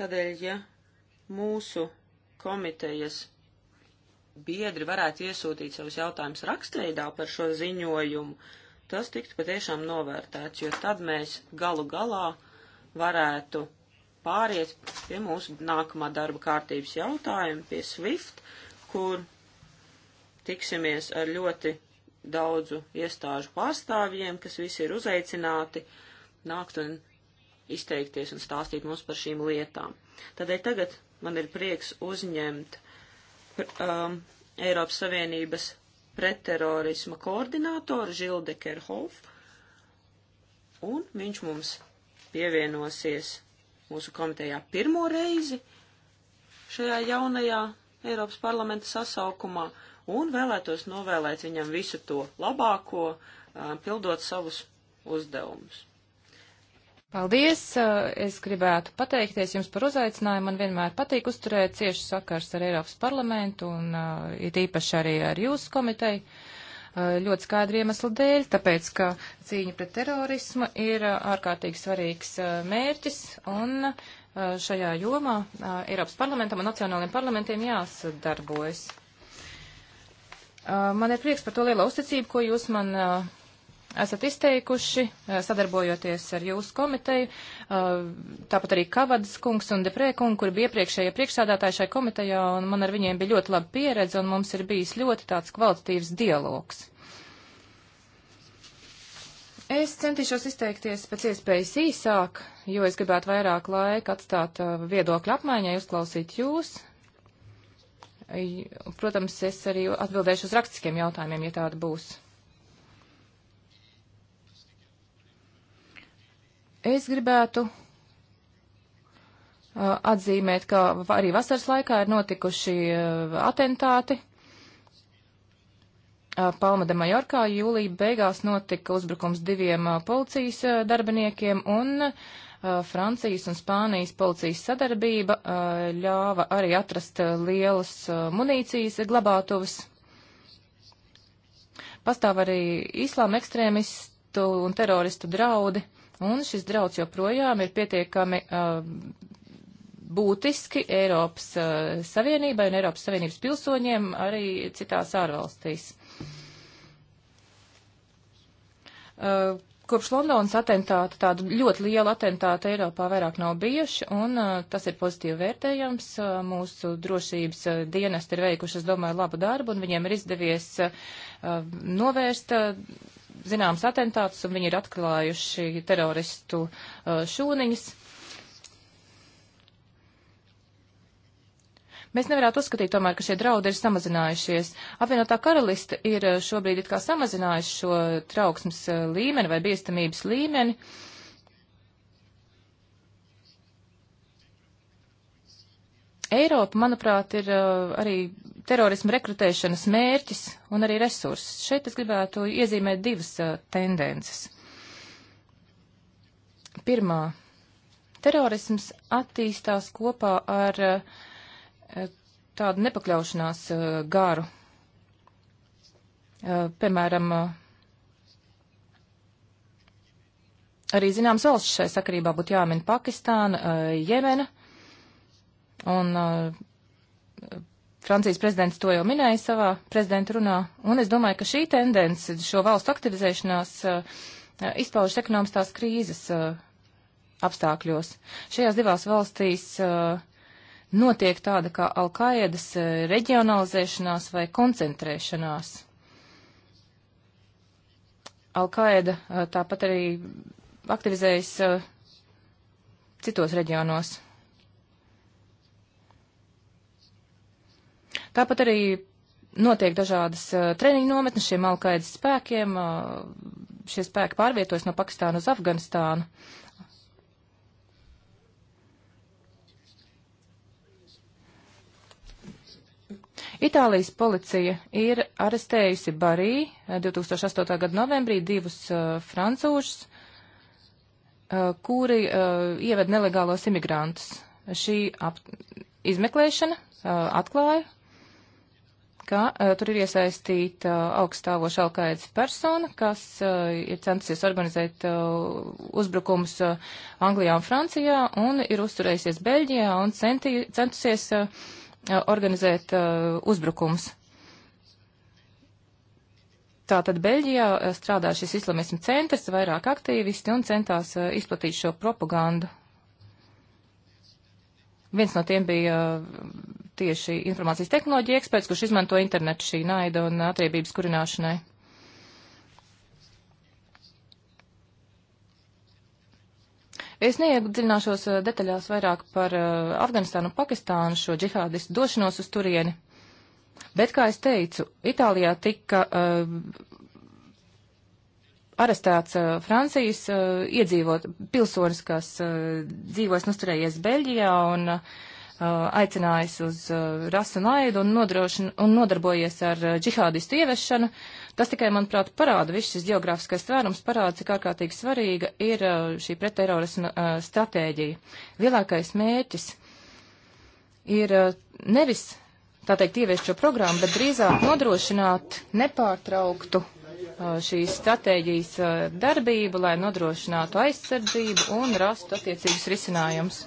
Tādēļ, ja mūsu komitejas biedri varētu iesūtīt savus jautājumus rakstveidā par šo ziņojumu, tas tiktu patiešām novērtēts, jo tad mēs galu galā varētu pāriet pie mūsu nākamā darba kārtības jautājuma, pie SWIFT, kur tiksimies ar ļoti daudzu iestāžu pārstāvjiem, kas visi ir uzaicināti nākt un izteikties un stāstīt mums par šīm lietām. Tādēļ tagad man ir prieks uzņemt um, Eiropas Savienības pretterorisma koordinātoru Žilde Kerhofu, un viņš mums pievienosies mūsu komitejā pirmo reizi šajā jaunajā Eiropas parlamenta sasaukumā un vēlētos novēlēt viņam visu to labāko, pildot savus uzdevumus. Paldies! Es gribētu pateikties jums par uzaicinājumu. Man vienmēr patīk uzturēt cieši sakars ar Eiropas parlamentu un it īpaši arī ar jūsu komiteju. Eh, ļoti skaidru iemeslu dēļ, tāpēc, ka cīņa pret terorismu ir eh, ārkārtīgi svarīgs eh, mērķis un šajā jomā Eiropas parlamentam un nacionāliem parlamentiem jāsadarbojas. Man ir prieks par to lielo uzticību, ko jūs man esat izteikuši, eh, sadarbojoties ar jūsu komiteju, eh, tāpat arī Kavadas kungs un Deprē kungu, kur bija iepriekšējie priekšsādātāji šai komitejā, un man ar viņiem bija ļoti laba pieredze, un mums ir bijis ļoti tāds kvalitatīvs dialogs. Es centīšos izteikties pēc iespējas īsāk, jo es gribētu vairāk laika atstāt eh, viedokļu apmaiņai, uzklausīt jūs. Protams, es arī atbildēšu uz rakstiskiem jautājumiem, ja tāda būs. Es gribētu uh, atzīmēt, ka arī vasaras laikā ir notikuši uh, atentāti. Uh, Palma de Mallorkā jūlija beigās notika uzbrukums diviem policijas darbiniekiem un Francijas un Spānijas policijas sadarbība ļāva arī atrast lielas munīcijas glabātuvas. Pastāv arī islāma ekstrēmistu un teroristu draudi. Uh, Un šis drauds joprojām ir pietiekami uh, būtiski Eiropas uh, Savienībai un Eiropas Savienības pilsoņiem arī citās ārvalstīs. Uh, kopš Londonas atentāta tādu ļoti lielu atentātu Eiropā vairāk nav bijuši, un uh, tas ir pozitīvi vērtējams. Uh, mūsu drošības uh, dienesti ir veikuši, es domāju, labu darbu, un viņiem ir izdevies uh, uh, novērst uh, zināms atentāts, un viņi ir atklājuši teroristu uh, šūniņas. Mēs nevarētu uzskatīt tomēr, ka šie draudi ir samazinājušies. Apvienotā karaliste ir uh, šobrīd it kā samazinājusi šo trauksmes uh, līmeni vai bīstamības līmeni. Eiropa, manuprāt, ir arī terorismu rekrutēšanas mērķis un arī resursus. Šeit es gribētu iezīmēt divas uh, tendences. Pirmā. Terorisms attīstās kopā ar uh, tādu nepakļaušanās uh, garu. Piemēram, arī zināms valsts šai sakarībā būtu jāmin Pakistāna, Jemena un Francijas prezidents to jau minēja savā prezidenta runā, un es domāju, ka šī tendence, šo valstu aktivizēšanās uh, izpaužas ekonomiskās krīzes uh, apstākļos. Šajās divās valstīs uh, notiek tāda kā Alkaidas reģionalizēšanās vai koncentrēšanās. Alkaida tāpat arī aktivizējas citos reģionos. Tāpat arī notiek dažādas uh, treniņu nometnes šiem alkaidas spēkiem. Uh, šie spēki pārvietojas no Pakistāna uz Afganistānu. Itālijas policija ir arestējusi Barī 2008. gada novembrī divus uh, francūžus, uh, kuri uh, ieved nelegālos imigrantus. Šī ap, izmeklēšana uh, atklāja, ka uh, tur ir iesaistīta uh, augstāvoša alkaidas persona, kas uh, ir centusies organizēt uh, uzbrukumus uh, Anglijā un Francijā un ir uzturējusies Beļģijā un centī, centusies uh, organizēt uh, uzbrukumus. Tātad Beļģijā strādā šis islamismu centrs, vairāk aktīvisti un centās uh, izplatīt šo propagandu. Viens no tiem bija uh, tieši informācijas tehnoloģija eksperts, kurš izmanto internetu šī naida un atriebības kurināšanai. Es neiedziļināšos eh, detaļās vairāk par uh, Afganistānu un Pakistānu šo džihādistu došanos uz turieni. Bet, kā es teicu, Itālijā tika uh, arestēts uh, Francijas uh, iedzīvot pilsonis, kas uh, dzīvojas un uzturējies Beļģijā, un uh, Uh, aicinājis uz uh, rasu naidu un, un nodarbojies ar uh, džihādistu ieviešanu. Tas tikai, manuprāt, parāda, viss šis geogrāfiskais tvērums parāda, cik ārkārtīgi svarīga ir šī pretterorisma stratēģija. Lielākais mērķis ir nevis, tā teikt, ieviest šo programmu, bet drīzāk nodrošināt nepārtrauktu šīs stratēģijas darbību, lai nodrošinātu aizsardzību un rastu attiecīgus risinājumus.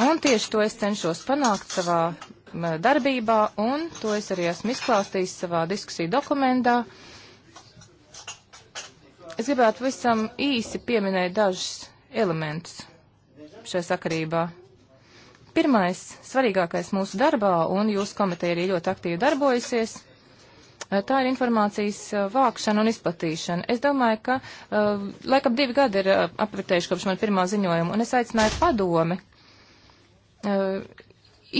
Un tieši to es cenšos panākt savā darbībā, un to es arī esmu izklāstījis savā diskusiju dokumentā. Es gribētu visam īsi pieminēt dažus elementus šajā sakarībā. Pirmais, svarīgākais mūsu darbā, un jūsu komiteja arī ļoti aktīvi darbojusies, e, tā ir informācijas e, vākšana un izplatīšana. Es domāju, ka e, laikam divi gadi ir apritējuši kopš man pirmā ziņojuma, un es aicināju padomi Uh,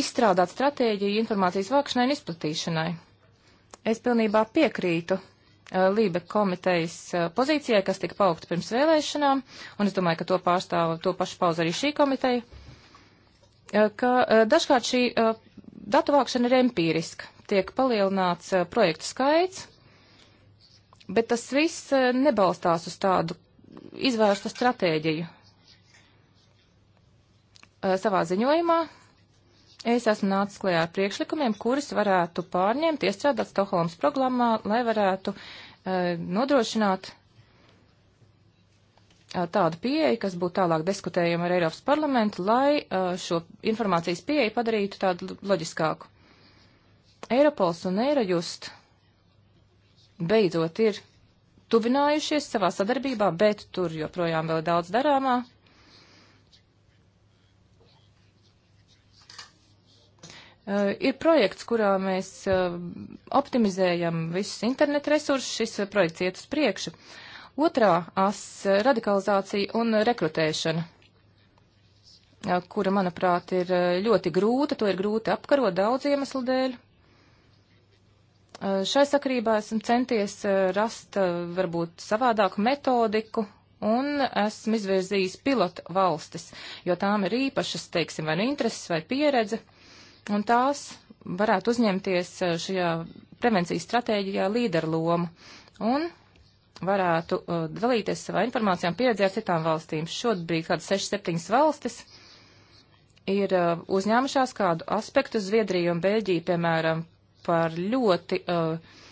izstrādāt stratēģiju informācijas vākšanai un izplatīšanai. Es pilnībā piekrītu uh, Lībe komitejas uh, pozīcijai, kas tika paukta pirms vēlēšanām, un es domāju, ka to pārstāv to pašu pauzu arī šī komiteja, ka dažkārt šī datu vākšana ir empīriska, tiek palielināts projektu skaits, bet tas viss nebalstās uz tādu izvērstu stratēģiju. Eh, savā ziņojumā es esmu nācis klajā ar priekšlikumiem, kurus varētu pārņemt, iestrādāt Stokholmas programmā, lai varētu eh, nodrošināt eh, tādu pieeju, kas būtu tālāk diskutējama ar Eiropas parlamentu, lai šo informācijas pieeju padarītu tādu loģiskāku. Eiropols un Eirojust beidzot ir tuvinājušies savā sadarbībā, bet tur joprojām vēl ir daudz darāmā, Eh, ir projekts, kurā mēs eh, optimizējam visus internetu resursus, šis eh, projekts iet uz priekšu. Otrā as - radikalizācija un rekrutēšana, kura, manuprāt, ir ļoti grūta, to ir grūti apkarot daudz iemeslu dēļ. Šai sakarībā esmu centies rast varbūt savādāku metodiku, un esmu izvirzījis pilotu valstis, jo tām ir īpašas, teiksim, vai nu intereses vai pieredze, un tās varētu uzņemties e, šajā prevencijas stratēģijā līderlomu un varētu uh, dalīties savā informācijā un pieredzē ar citām valstīm. Šobrīd kādas 6-7 valstis ir uh, uzņēmušās kādu aspektu Zviedriju un Bēļģiju, piemēram, par ļoti, uh,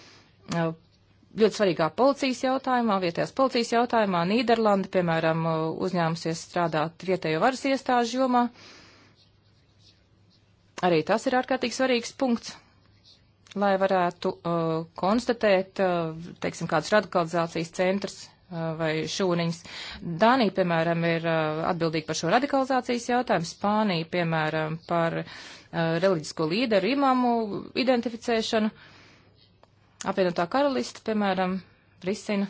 ļoti svarīgā policijas jautājumā, vietējās policijas jautājumā. Nīderlanda, piemēram, uzņēmusies strādāt vietējo varas iestāžu jomā. Uh, Arī tas ir ārkārtīgi svarīgs punkts, lai varētu uh, konstatēt, uh, teiksim, kādas radikalizācijas centrs uh, vai šūniņas. Dānija, piemēram, ir uh, atbildīga par šo radikalizācijas jautājumu, Spānija, piemēram, par uh, reliģisko līderu imamu identificēšanu, apvienotā karalista, piemēram, risina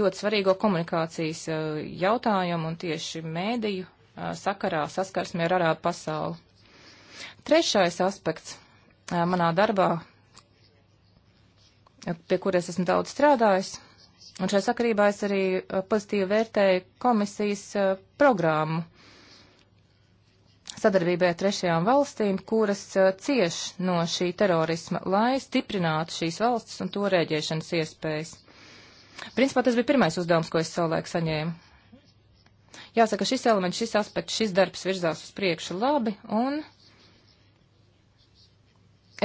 ļoti svarīgo komunikācijas uh, jautājumu un tieši mēdīju sakarā saskarsmē ar arābu pasauli. Trešais aspekts manā darbā, pie kuras esmu daudz strādājis, un šajā sakarībā es arī pozitīvi vērtēju komisijas programmu sadarbībai ar trešajām valstīm, kuras cieš no šī terorisma, lai stiprinātu šīs valsts un to rēģēšanas iespējas. Principā tas bija pirmais uzdevums, ko es savulaik saņēmu. Jāsaka, šis elements, šis aspekts, šis darbs virzās uz priekšu labi, un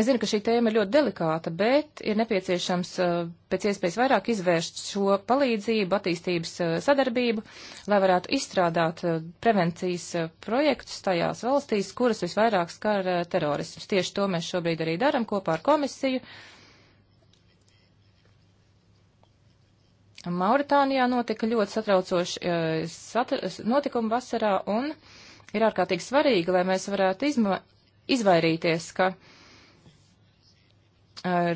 es zinu, ka šī tēma ir ļoti delikāta, bet ir nepieciešams eh, pēc iespējas vairāk izvērst šo palīdzību, attīstības eh, sadarbību, lai varētu izstrādāt eh, prevencijas projektus tajās valstīs, kuras visvairāk skar terorisms. Tieši to mēs šobrīd arī daram kopā ar komisiju. Uh, Mauritānijā notika ļoti satraucoši e, sat notikumi vasarā un ir ārkārtīgi svarīgi, lai mēs varētu izma izvairīties, ka e,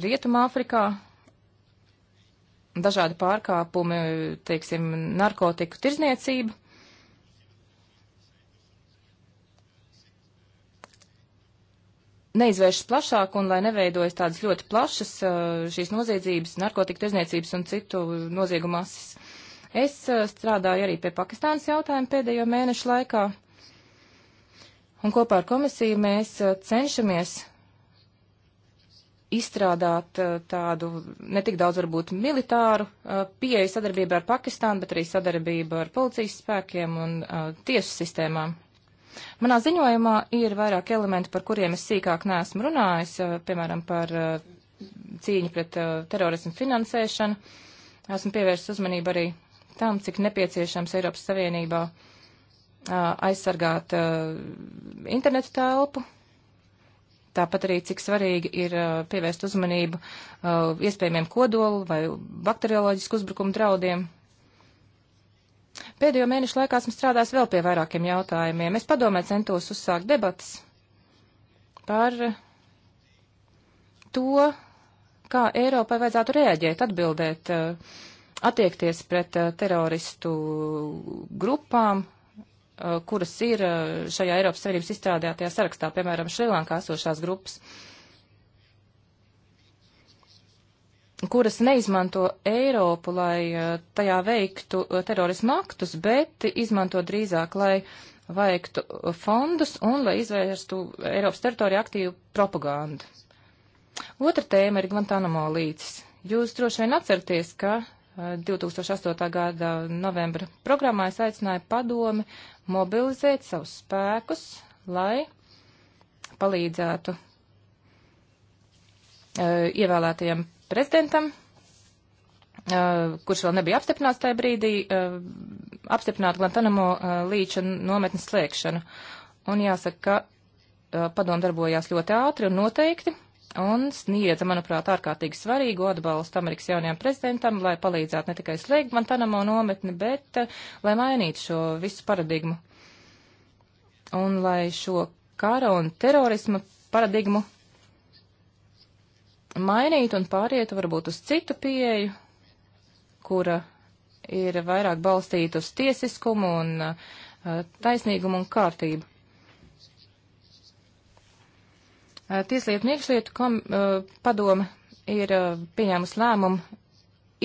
Rietumā Afrikā dažādi pārkāpumi, teiksim, narkotiku tirzniecība neizvēršas plašāk un lai neveidojas tādas ļoti plašas eh, šīs noziedzības, narkotika tirzniecības un citu noziegumu masas. Es eh, strādāju arī pie Pakistānas jautājuma pēdējo mēnešu laikā, un kopā ar komisiju mēs eh, cenšamies izstrādāt tādu ne tik daudz varbūt militāru pieeju sadarbībā ar Pakistānu, bet arī sadarbību ar policijas spēkiem un tiesu sistēmām. Manā ziņojumā ir vairāk elementi, par kuriem es sīkāk neesmu runājis, eh, piemēram, par eh, cīņu pret eh, terorismu finansēšanu. Esmu pievērsis uzmanību arī tam, cik nepieciešams Eiropas Savienībā aizsargāt internetu telpu, Tāpat arī cik svarīgi ir uh, pievērst uzmanību uh, iespējamiem kodolu vai bakterioloģisku uzbrukumu draudiem. Pēdējo mēnešu laikā esmu strādājis vēl pie vairākiem jautājumiem. Es padomē centos uzsākt debatas par to, kā Eiropai vajadzētu reaģēt, atbildēt, eh, attiekties pret eh, teroristu grupām, eh, kuras ir šajā Eiropas Savienības izstrādātajā sarakstā, piemēram, Šrilankā esošās grupas. Uh, kuras neizmanto Eiropu, lai uh, tajā veiktu uh, terorismu aktus, bet izmanto drīzāk, lai vajagtu uh, fondus un lai izvērstu Eiropas teritoriju aktīvu propagandu. Otra tēma ir Guantanamo līcis. Jūs droši vien atcerties, ka 2008. gada novembra programmā es aicināju padomi mobilizēt savus spēkus, lai palīdzētu ievēlētajiem prezidentam, uh, kurš vēl nebija apstiprināts tajā brīdī, uh, apstiprināt Guantanamo uh, līča nometnes slēgšanu. Un jāsaka, ka padomu darbojās ļoti ātri un noteikti un sniedza, manuprāt, ārkārtīgi svarīgu atbalstu Amerikas jaunajam prezidentam, lai palīdzētu ne tikai slēgt Guantanamo nometni, bet lai mainītu šo visu paradigmu. Un lai šo kara un terorisma paradigmu mainīt un pāriet varbūt uz citu pieeju, kura ir vairāk balstīta uz tiesiskumu un taisnīgumu un kārtību. Tieslietu un iekšlietu kom, padome ir pieņēmusi lēmumu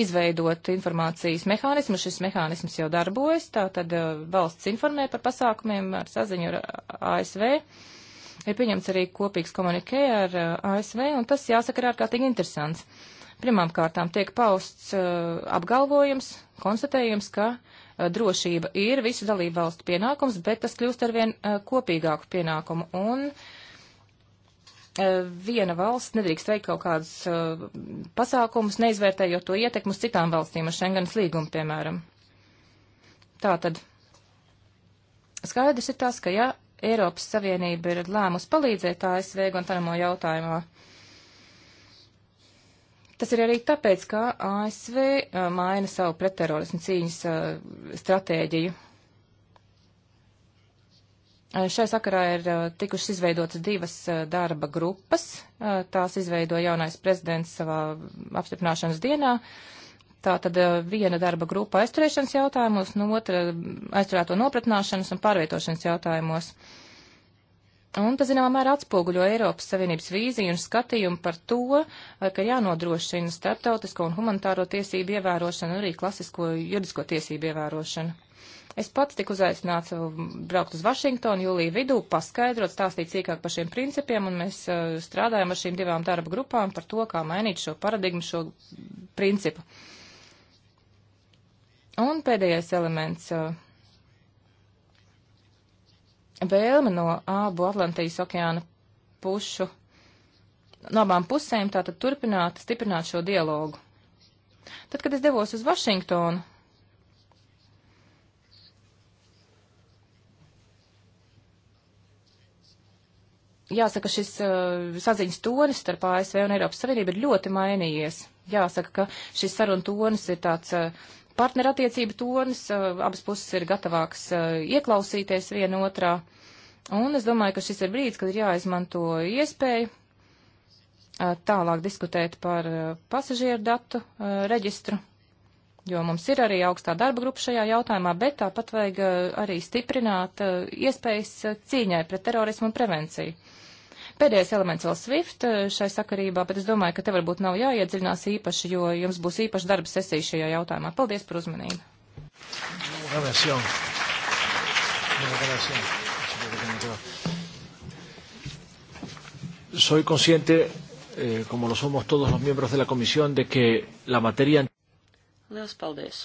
izveidot informācijas mehānismu. Šis mehānisms jau darbojas, tā tad valsts informē par pasākumiem ar saziņu ar ASV. Uh, ir pieņemts arī kopīgs komunikē ar uh, ASV, un tas jāsaka ir ārkārtīgi interesants. Pirmām kārtām tiek pausts uh, apgalvojums, konstatējums, ka uh, drošība ir visu dalību valstu pienākums, bet tas kļūst arvien uh, kopīgāku pienākumu, un uh, viena valsts nedrīkst veikt kaut kādus uh, pasākumus, neizvērtējot to ietekmu uz citām valstīm, uz Schengenas līgumu, piemēram. Tātad skaidrs ir tas, ka ja Eiropas Savienība ir lēmusi palīdzēt ASV Guantanamo jautājumā. Tas ir arī tāpēc, ka ASV uh, maina savu pretterorismu cīņas uh, stratēģiju. Uh, šai sakarā ir uh, tikušas izveidotas divas uh, darba grupas. Uh, tās izveido jaunais prezidents savā apstiprināšanas dienā. Uh, Tātad eh, viena darba grupa aizturēšanas jautājumos, no otra eh, aizturēto nopratnāšanas un pārvietošanas jautājumos. Un tas, zināmā mērā, atspoguļo Eiropas Savienības vīziju un skatījumu par to, eh, ka jānodrošina starptautisko un humanitāro tiesību ievērošana un arī klasisko juridisko tiesību ievērošana. Es pats tiku uzaicināts braukt uz Vašingtonu jūlija vidū, paskaidrot, stāstīt cīkāk par šiem principiem, un mēs uh, strādājam ar šīm divām darba grupām par to, kā mainīt šo paradigmu, šo principu. Uh, Un pēdējais elements uh, - vēlme no abu Atlantijas okeāna pušu, no abām pusēm tātad turpināt, stiprināt šo dialogu. Tad, kad es devos uz Vašingtonu, jāsaka, šis uh, saziņas tonis starp ASV un Eiropas Savienību ir ļoti mainījies. Jāsaka, ka šis sarunu tonis ir tāds uh, partnerattiecību tonis, eh, abas puses ir gatavākas eh, ieklausīties vienotrā. Un es domāju, ka šis ir brīdis, kad ir jāizmanto iespēju eh, tālāk diskutēt par pasažieru datu reģistru, jo mums ir arī augstā darba grupa šajā jautājumā, bet tāpat vajag arī stiprināt iespējas cīņai pret terorismu un prevenciju. Pēdējais elements vēl SWIFT eh, šai sakarībā, bet es domāju, ka te varbūt nav jāiedziļinās īpaši, jo jums būs īpaši darba sesija šajā jautājumā. Paldies par uzmanību. Soy consciente, eh, como lo somos todos los miembros de la Comisión, de que la materia. Lielas paldies!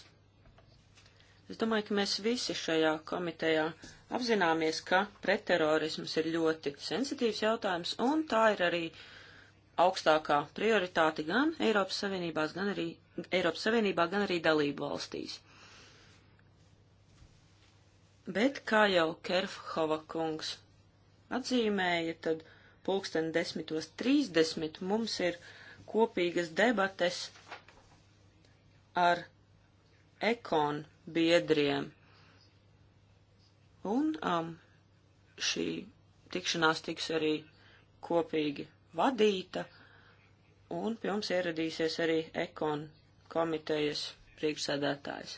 Es domāju, ka mēs visi šajā komitejā Apzināmies, ka pretterorisms ir ļoti sensitīvs jautājums, un tā ir arī augstākā prioritāte gan Eiropas, Savienībās, gan arī, Eiropas Savienībā, gan arī dalību valstīs. Bet, kā jau Kerfhova kungs atzīmēja, tad pulksten 10.30 mums ir kopīgas debates ar ekon biedriem Un um, šī tikšanās tiks arī kopīgi vadīta, un pie mums ieradīsies arī ekon komitejas priekšsēdētājs.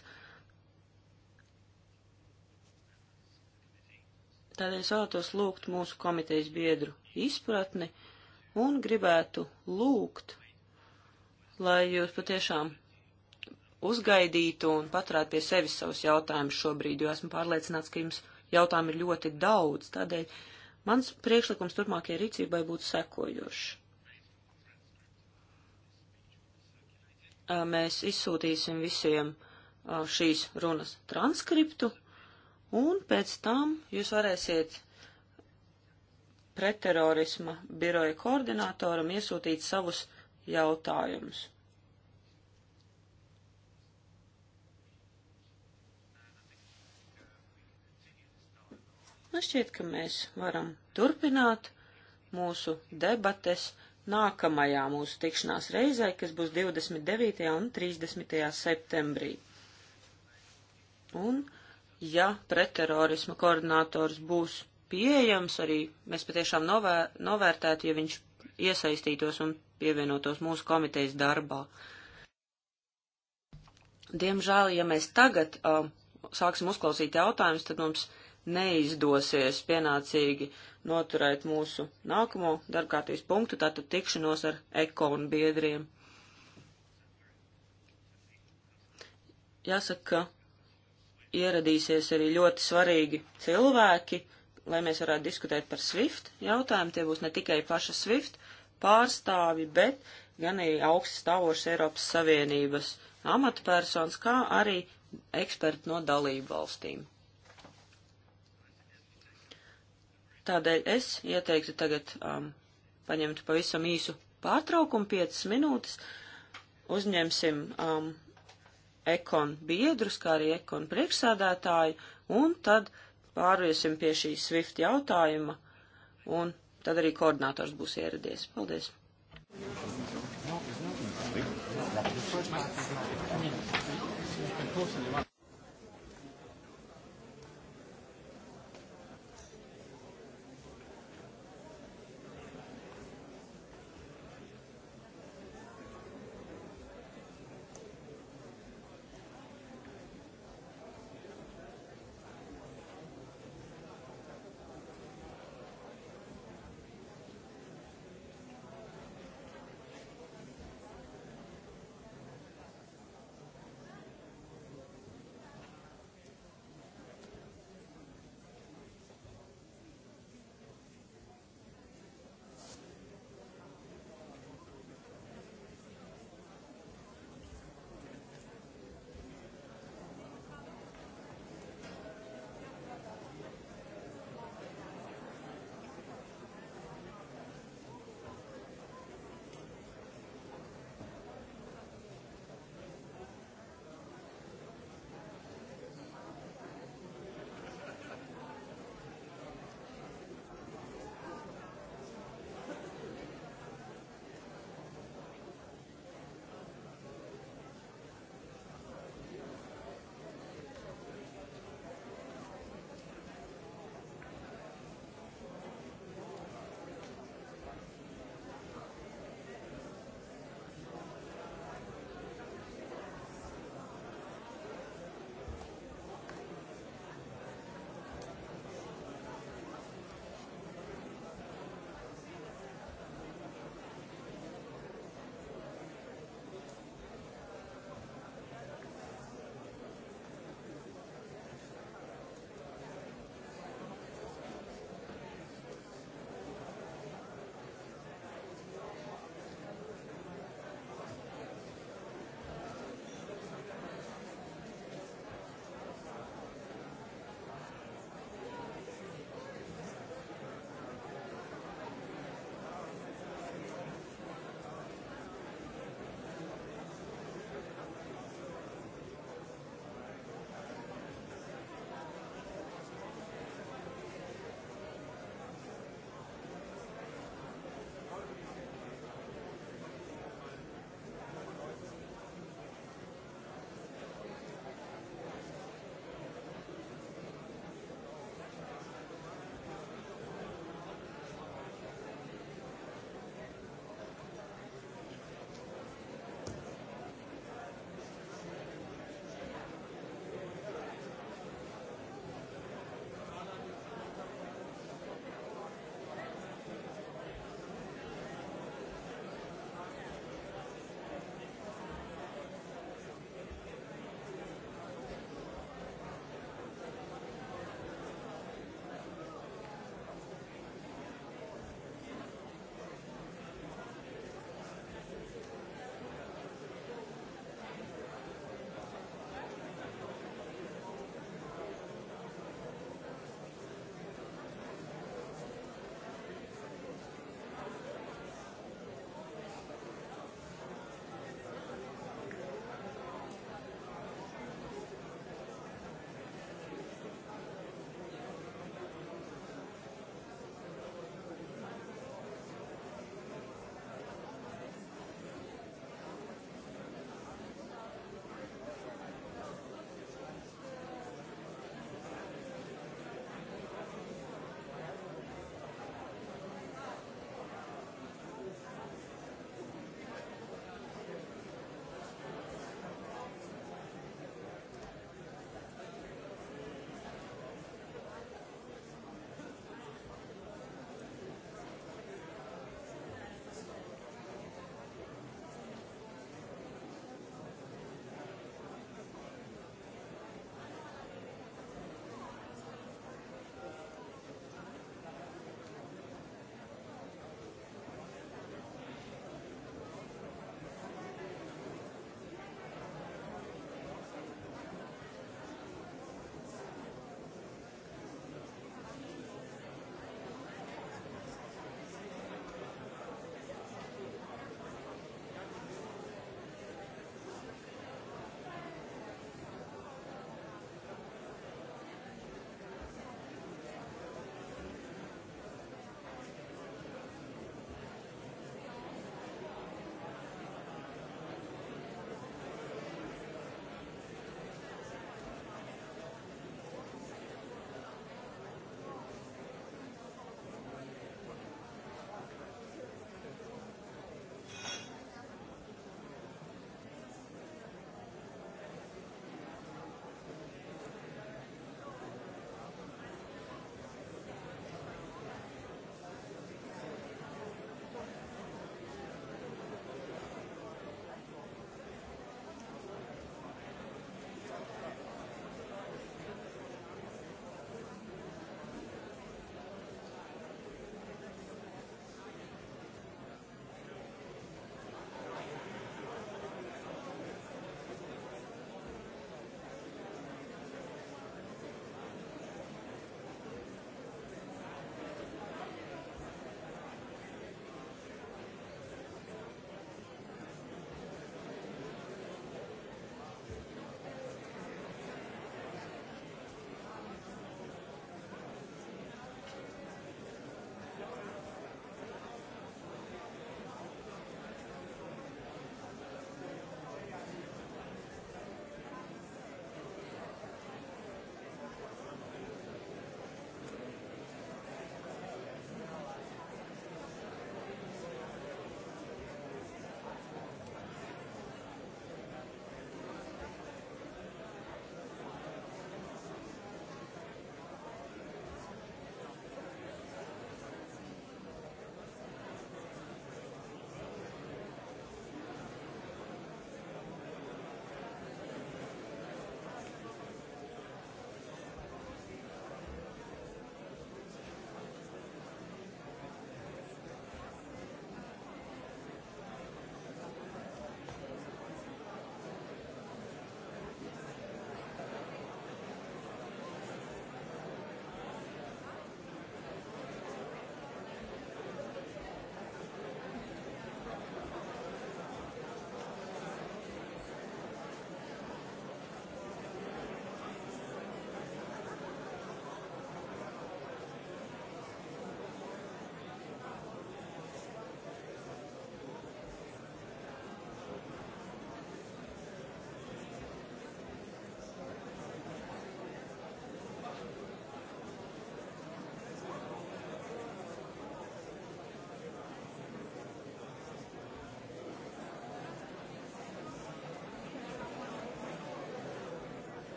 Tādēļ es vēlētos lūgt mūsu komitejas biedru izpratni un gribētu lūgt, lai jūs patiešām uzgaidītu un paturētu pie sevis savus jautājumus šobrīd, jo esmu pārliecināts, ka jums jautājumu ir ļoti daudz, tādēļ mans priekšlikums turpmākajai rīcībai būtu sekojošs. Mēs izsūtīsim visiem šīs runas transkriptu, un pēc tam jūs varēsiet pretterorisma biroja koordinatoram iesūtīt savus jautājumus. Man šķiet, ka mēs varam turpināt mūsu debates nākamajā mūsu tikšanās reizē, kas būs 29. un 30. septembrī. Un, ja pretterorisma koordinators būs pieejams, arī mēs patiešām novēr novērtētu, ja viņš iesaistītos un pievienotos mūsu komitejas darbā. Diemžēl, ja mēs tagad uh, sāksim uzklausīt jautājumus, tad mums neizdosies pienācīgi noturēt mūsu nākamo darbkārtības punktu, tātad tikšanos ar ekonu biedriem. Jāsaka, ka ieradīsies arī ļoti svarīgi cilvēki, lai mēs varētu diskutēt par SWIFT jautājumu. Tie būs ne tikai paša SWIFT pārstāvi, bet gan arī augsts stāvošs Eiropas Savienības amatpersonas, kā arī eksperti no dalību valstīm. Tādēļ es ieteiktu tagad um, paņemt pavisam īsu pārtraukumu, 5 minūtes. Uzņemsim um, ekon biedrus, kā arī ekon priekšsēdētāju, un tad pāriesim pie šī SWIFT jautājuma, un tad arī koordinators būs ieradies. Paldies! No,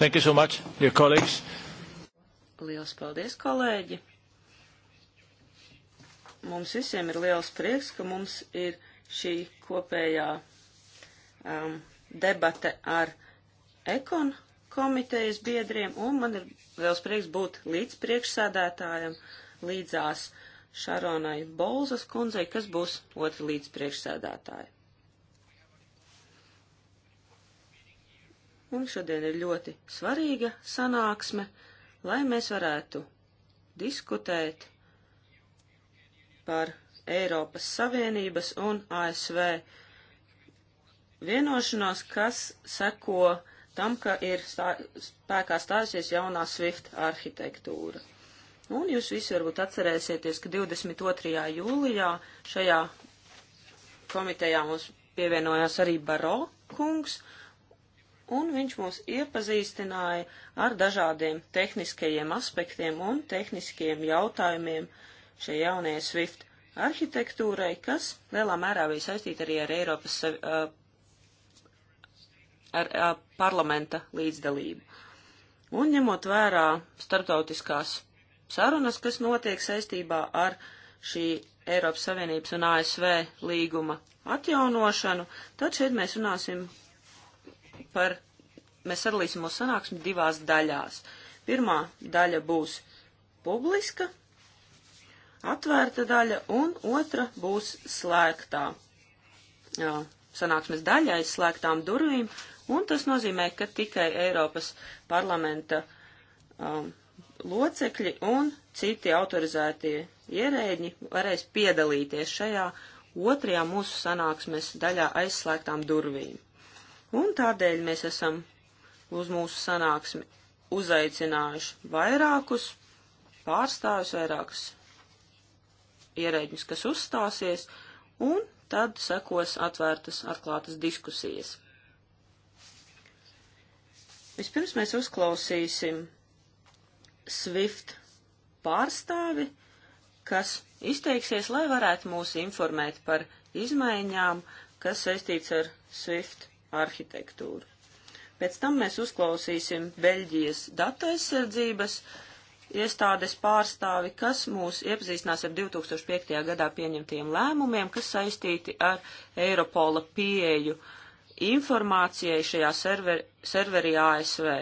Thank you so much, dear colleagues. Liels paldies, kolēģi. Mums visiem ir liels prieks, ka mums ir šī kopējā um, debate ar ekon komitejas biedriem, un man ir liels prieks būt līdz priekšsēdētājam līdzās Šaronai Bolzas kundzei, kas būs otra līdz priekšsēdētāja. Mums šodien ir ļoti svarīga sanāksme, lai mēs varētu diskutēt par Eiropas Savienības un ASV vienošanos, kas seko tam, ka ir stā, spēkā stājusies jaunā SWIFT arhitektūra. Un jūs visi varbūt atcerēsieties, ka 22. jūlijā šajā komitejā mums pievienojās arī Baro kungs, uh, un viņš mūs iepazīstināja ar dažādiem tehniskajiem aspektiem un tehniskajiem jautājumiem šai jaunajai SWIFT arhitektūrai, kas lielā mērā bija saistīta arī ar Eiropas uh, ar, uh, parlamenta līdzdalību. Un ņemot vērā starptautiskās sarunas, kas notiek saistībā ar šī Eiropas Savienības un ASV līguma atjaunošanu, tad šeit mēs runāsim par, mēs sadalīsim mūsu sanāksmi divās daļās. Pirmā daļa būs publiska, atvērta daļa, un otra būs slēgtā. Jā, sanāksmes daļa aizslēgtām durvīm, un tas nozīmē, ka tikai Eiropas parlamenta um, locekļi un citi autorizētie ierēģi varēs piedalīties šajā otrajā mūsu sanāksmes daļā aizslēgtām durvīm. Un tādēļ mēs esam uz mūsu sanāksmi uzaicinājuši vairākus pārstāvis, vairākus ierēģus, kas uzstāsies, un tad sekos atvērtas, atklātas diskusijas. Vispirms mēs uzklausīsim Swift pārstāvi, kas izteiksies, lai varētu mūs informēt par izmaiņām, kas saistīts ar Swift arhitektūru. Pēc tam mēs uzklausīsim Beļģijas data aizsardzības iestādes pārstāvi, kas mūs iepazīstinās ar 2005. gadā pieņemtiem lēmumiem, kas saistīti ar Eiropola pieeju informācijai šajā server, serverī ASV.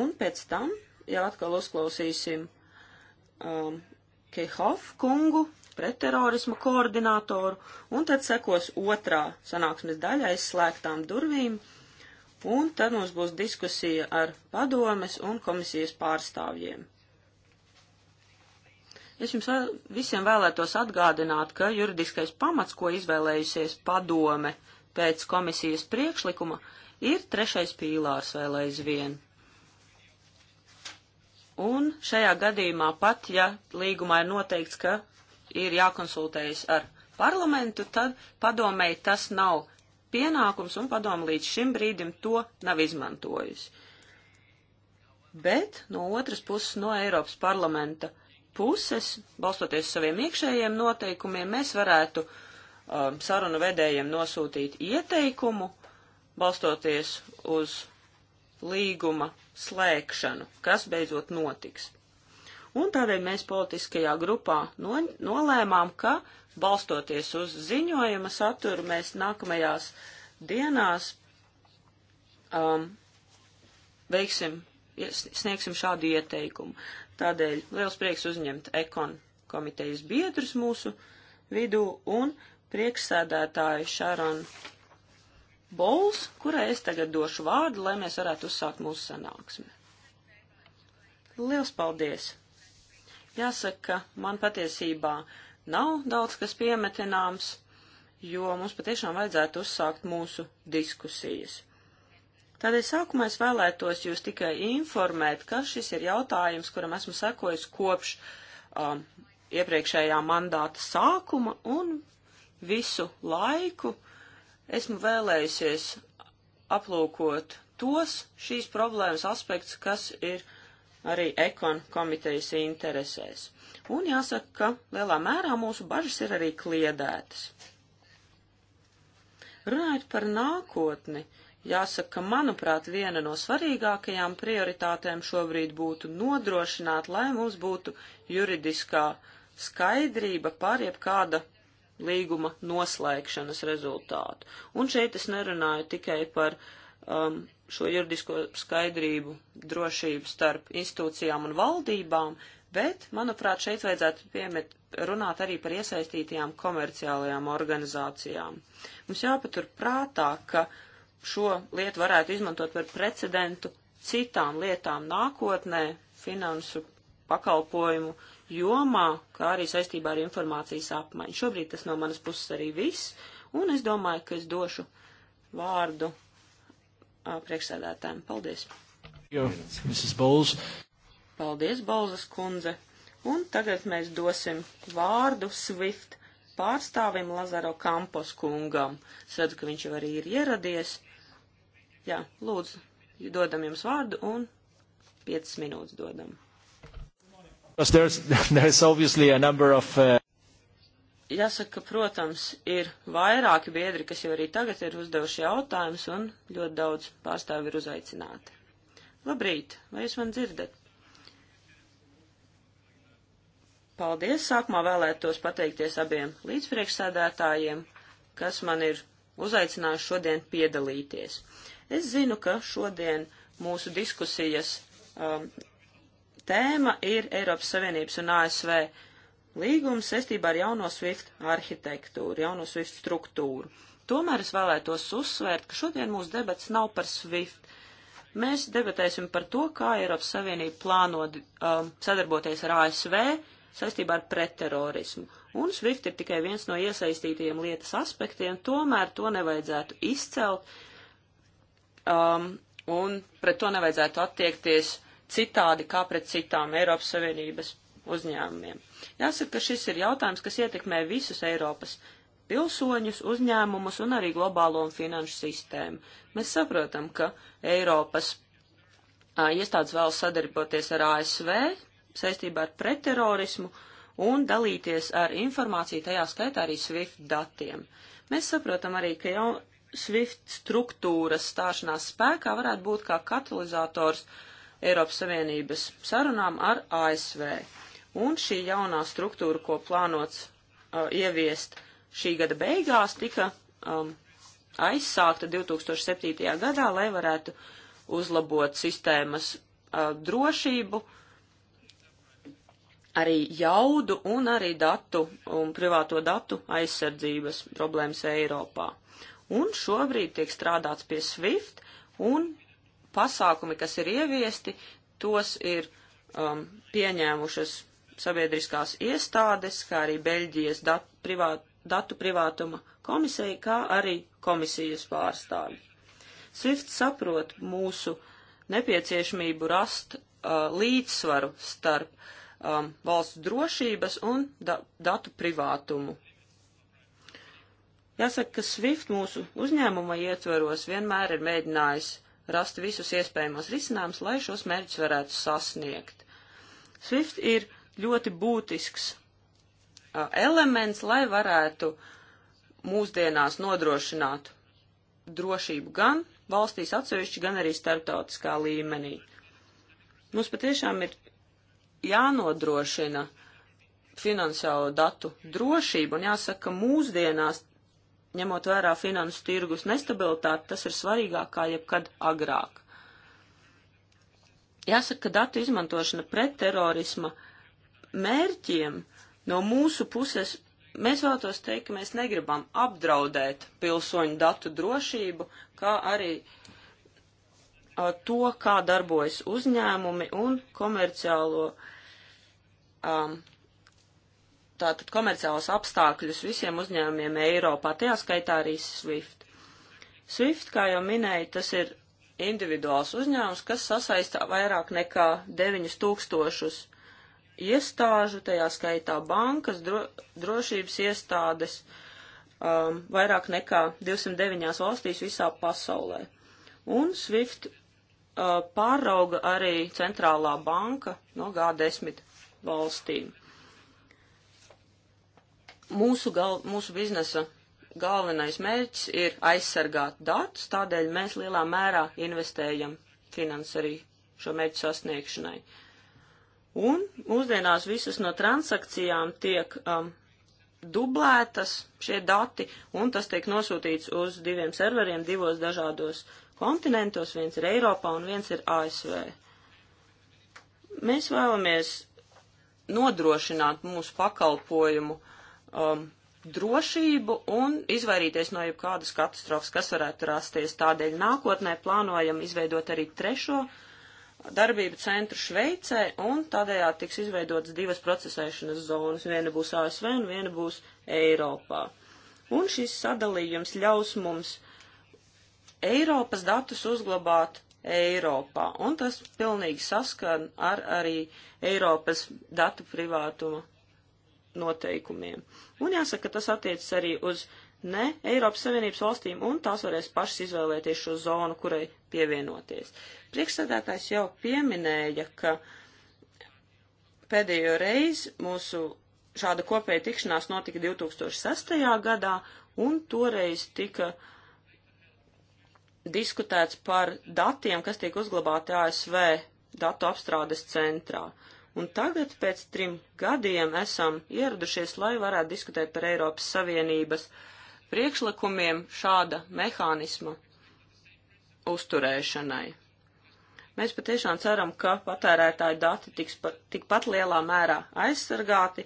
Un pēc tam jau atkal uzklausīsim um, Kehof kungu, pret terorismu koordinātoru, un tad sekos otrā sanāksmes daļa aizslēgtām durvīm, un tad mums būs diskusija ar padomes un komisijas pārstāvjiem. Es jums visiem vēlētos atgādināt, ka juridiskais pamats, ko izvēlējusies padome pēc komisijas priekšlikuma, ir trešais pīlārs vēl aizvien. Un šajā gadījumā pat, ja līgumā ir noteikts, ka ir jākonsultējas ar parlamentu, tad padomēji tas nav pienākums un padomu līdz šim brīdim to nav izmantojusi. Bet no otras puses, no Eiropas parlamenta puses, balstoties uz saviem iekšējiem noteikumiem, mēs varētu um, sarunu vedējiem nosūtīt ieteikumu, balstoties uz līguma slēgšanu, kas beidzot notiks. Un tādēļ mēs politiskajā grupā no, nolēmām, ka balstoties uz ziņojuma saturu, mēs nākamajās dienās um, veiksim, sniegsim šādu ieteikumu. Tādēļ liels prieks uzņemt ekon komitejas biedrus mūsu vidū un priekšsēdētāju Šaronu Bols, kurai es tagad došu vārdu, lai mēs varētu uzsākt mūsu sanāksmi. Liels paldies! Jāsaka, ka man patiesībā nav daudz kas piemetināms, jo mums patiešām vajadzētu uzsākt mūsu diskusijas. Tādēļ sākumā es vēlētos jūs tikai informēt, ka šis ir jautājums, kuram esmu sekojis kopš um, iepriekšējā mandāta sākuma un visu laiku esmu vēlējusies aplūkot tos šīs problēmas aspektus, kas ir arī ekon komitejas interesēs. Un jāsaka, ka lielā mērā mūsu bažas ir arī kliedētas. Runājot par nākotni, jāsaka, ka manuprāt viena no svarīgākajām prioritātēm šobrīd būtu nodrošināt, lai mums būtu juridiskā skaidrība par jebkāda līguma noslēgšanas rezultātu. Un šeit es nerunāju tikai par uh, um, šo juridisko skaidrību, drošību starp institūcijām un valdībām, bet, manuprāt, šeit vajadzētu piemet, runāt arī par iesaistītajām komerciālajām organizācijām. Mums jāpatur prātā, ka šo lietu varētu izmantot par precedentu citām lietām nākotnē, finansu pakalpojumu jomā, kā arī saistībā ar informācijas apmaiņu. Šobrīd tas no manas puses arī viss, un es domāju, ka es došu vārdu priekšsēdētājiem. Paldies! Jo, Mrs. Bowles. Paldies, Bolzas kundze! Un tagad mēs dosim vārdu Swift pārstāvim Lazaro Kampos kungam. Sēdzu, ka viņš jau arī ir ieradies. Jā, lūdzu, dodam jums vārdu un 5 minūtes dodam. There's, [laughs] there's obviously a number of, uh jāsaka, protams, ir vairāki biedri, kas jau arī tagad ir uzdevuši jautājumus, un ļoti daudz pārstāvi ir uzaicināti. Labrīt, vai jūs man dzirdat? Paldies, sākumā vēlētos pateikties abiem līdzpriekšsēdētājiem, kas man ir uzaicinājuši šodien piedalīties. Es zinu, ka šodien mūsu diskusijas um, tēma ir Eiropas Savienības un ASV līgumu saistībā ar jauno SWIFT arhitektūru, jauno SWIFT struktūru. Tomēr es vēlētos uzsvērt, ka šodien mūsu debats nav par SWIFT. Mēs debatēsim par to, kā Eiropas Savienība plāno um, sadarboties ar ASV saistībā ar pretterorismu. Un SWIFT ir tikai viens no iesaistītajiem lietas aspektiem, tomēr to nevajadzētu izcelt um, un pret to nevajadzētu attiekties citādi kā pret citām Eiropas Savienības uzņēmumiem. Jāsaka, ka šis ir jautājums, kas ietekmē visus Eiropas pilsoņus, uzņēmumus un arī globālo un finanšu sistēmu. Mēs saprotam, ka Eiropas a, iestādes vēl sadarboties ar ASV saistībā ar pretterorismu un dalīties ar informāciju, tajā skaitā arī SWIFT datiem. Mēs saprotam arī, ka jau SWIFT struktūras stāšanās spēkā varētu būt kā katalizators Eiropas Savienības sarunām ar ASV un šī jaunā struktūra, ko plānots uh, ieviest šī gada beigās, tika um, aizsākta 2007. gadā, lai varētu uzlabot sistēmas uh, drošību, arī jaudu un arī datu un privāto datu aizsardzības problēmas Eiropā. Un šobrīd tiek strādāts pie SWIFT un pasākumi, kas ir ieviesti, tos ir um, pieņēmušas sabiedriskās iestādes, kā arī Beļģijas dat, privāt, datu privātuma komisija, kā arī komisijas pārstāvi. Swift saprot mūsu nepieciešamību rast uh, līdzsvaru starp um, valsts drošības un da datu privātumu. Jāsaka, ka Swift mūsu uzņēmuma ietvaros vienmēr ir mēģinājis rast visus iespējamos risinājumus, lai šos mērķus varētu sasniegt. Swift ir ļoti būtisks uh, elements, lai varētu mūsdienās nodrošināt drošību gan valstīs atsevišķi, gan arī starptautiskā līmenī. Mums patiešām ir jānodrošina finansiālo datu drošību, un jāsaka, ka mūsdienās, ņemot vērā finansu tirgus nestabilitāti, tas ir svarīgāk kā jebkad agrāk. Jāsaka, ka datu izmantošana pret terorisma uh, mērķiem no mūsu puses mēs vēlētos teikt, ka mēs negribam apdraudēt pilsoņu datu drošību, kā arī a, to, kā darbojas uzņēmumi un komerciālo. Um, Tātad komerciālos apstākļus visiem uzņēmumiem Eiropā, tajā skaitā arī SWIFT. SWIFT, kā jau minēju, tas ir individuāls uzņēmums, kas sasaista vairāk nekā 9000 iestāžu, tajā skaitā bankas, dro, drošības iestādes, um, vairāk nekā 209 valstīs visā pasaulē. Un SWIFT uh, pārauga arī centrālā banka no G10 valstīm. Mūsu, gal, mūsu biznesa galvenais mērķis ir aizsargāt datus, tādēļ mēs lielā mērā investējam finansu arī šo mērķu sasniegšanai. Uh, Un mūsdienās visas no transakcijām tiek um, dublētas šie dati, un tas tiek nosūtīts uz diviem serveriem divos dažādos kontinentos, viens ir Eiropā un viens ir ASV. Mēs vēlamies nodrošināt mūsu pakalpojumu um, drošību un izvairīties no jebkādas katastrofas, kas varētu rasties. Tādēļ nākotnē plānojam izveidot arī trešo uh, darbību centru Šveicē, un tādējādi tiks izveidotas divas procesēšanas zonas. Viena būs ASV un viena būs Eiropā. Un šis sadalījums ļaus mums Eiropas datus uzglabāt Eiropā, un tas pilnīgi saskan ar arī Eiropas datu privātuma noteikumiem. Un jāsaka, ka tas attiecas arī uz ne Eiropas Savienības valstīm, un tās varēs pašas izvēlēties šo zonu, kurai pievienoties. Priekšsēdētājs jau pieminēja, ka pēdējo reizi mūsu šāda kopēja tikšanās notika 2006. gadā, un toreiz tika diskutēts par datiem, kas tiek uzglabāti ASV datu apstrādes centrā. Un tagad pēc trim gadiem esam ieradušies, lai varētu diskutēt par Eiropas Savienības priekšlikumiem šāda mehānisma uzturēšanai. Mēs patiešām ceram, ka patērētāju dati tiks pa, tikpat lielā mērā aizsargāti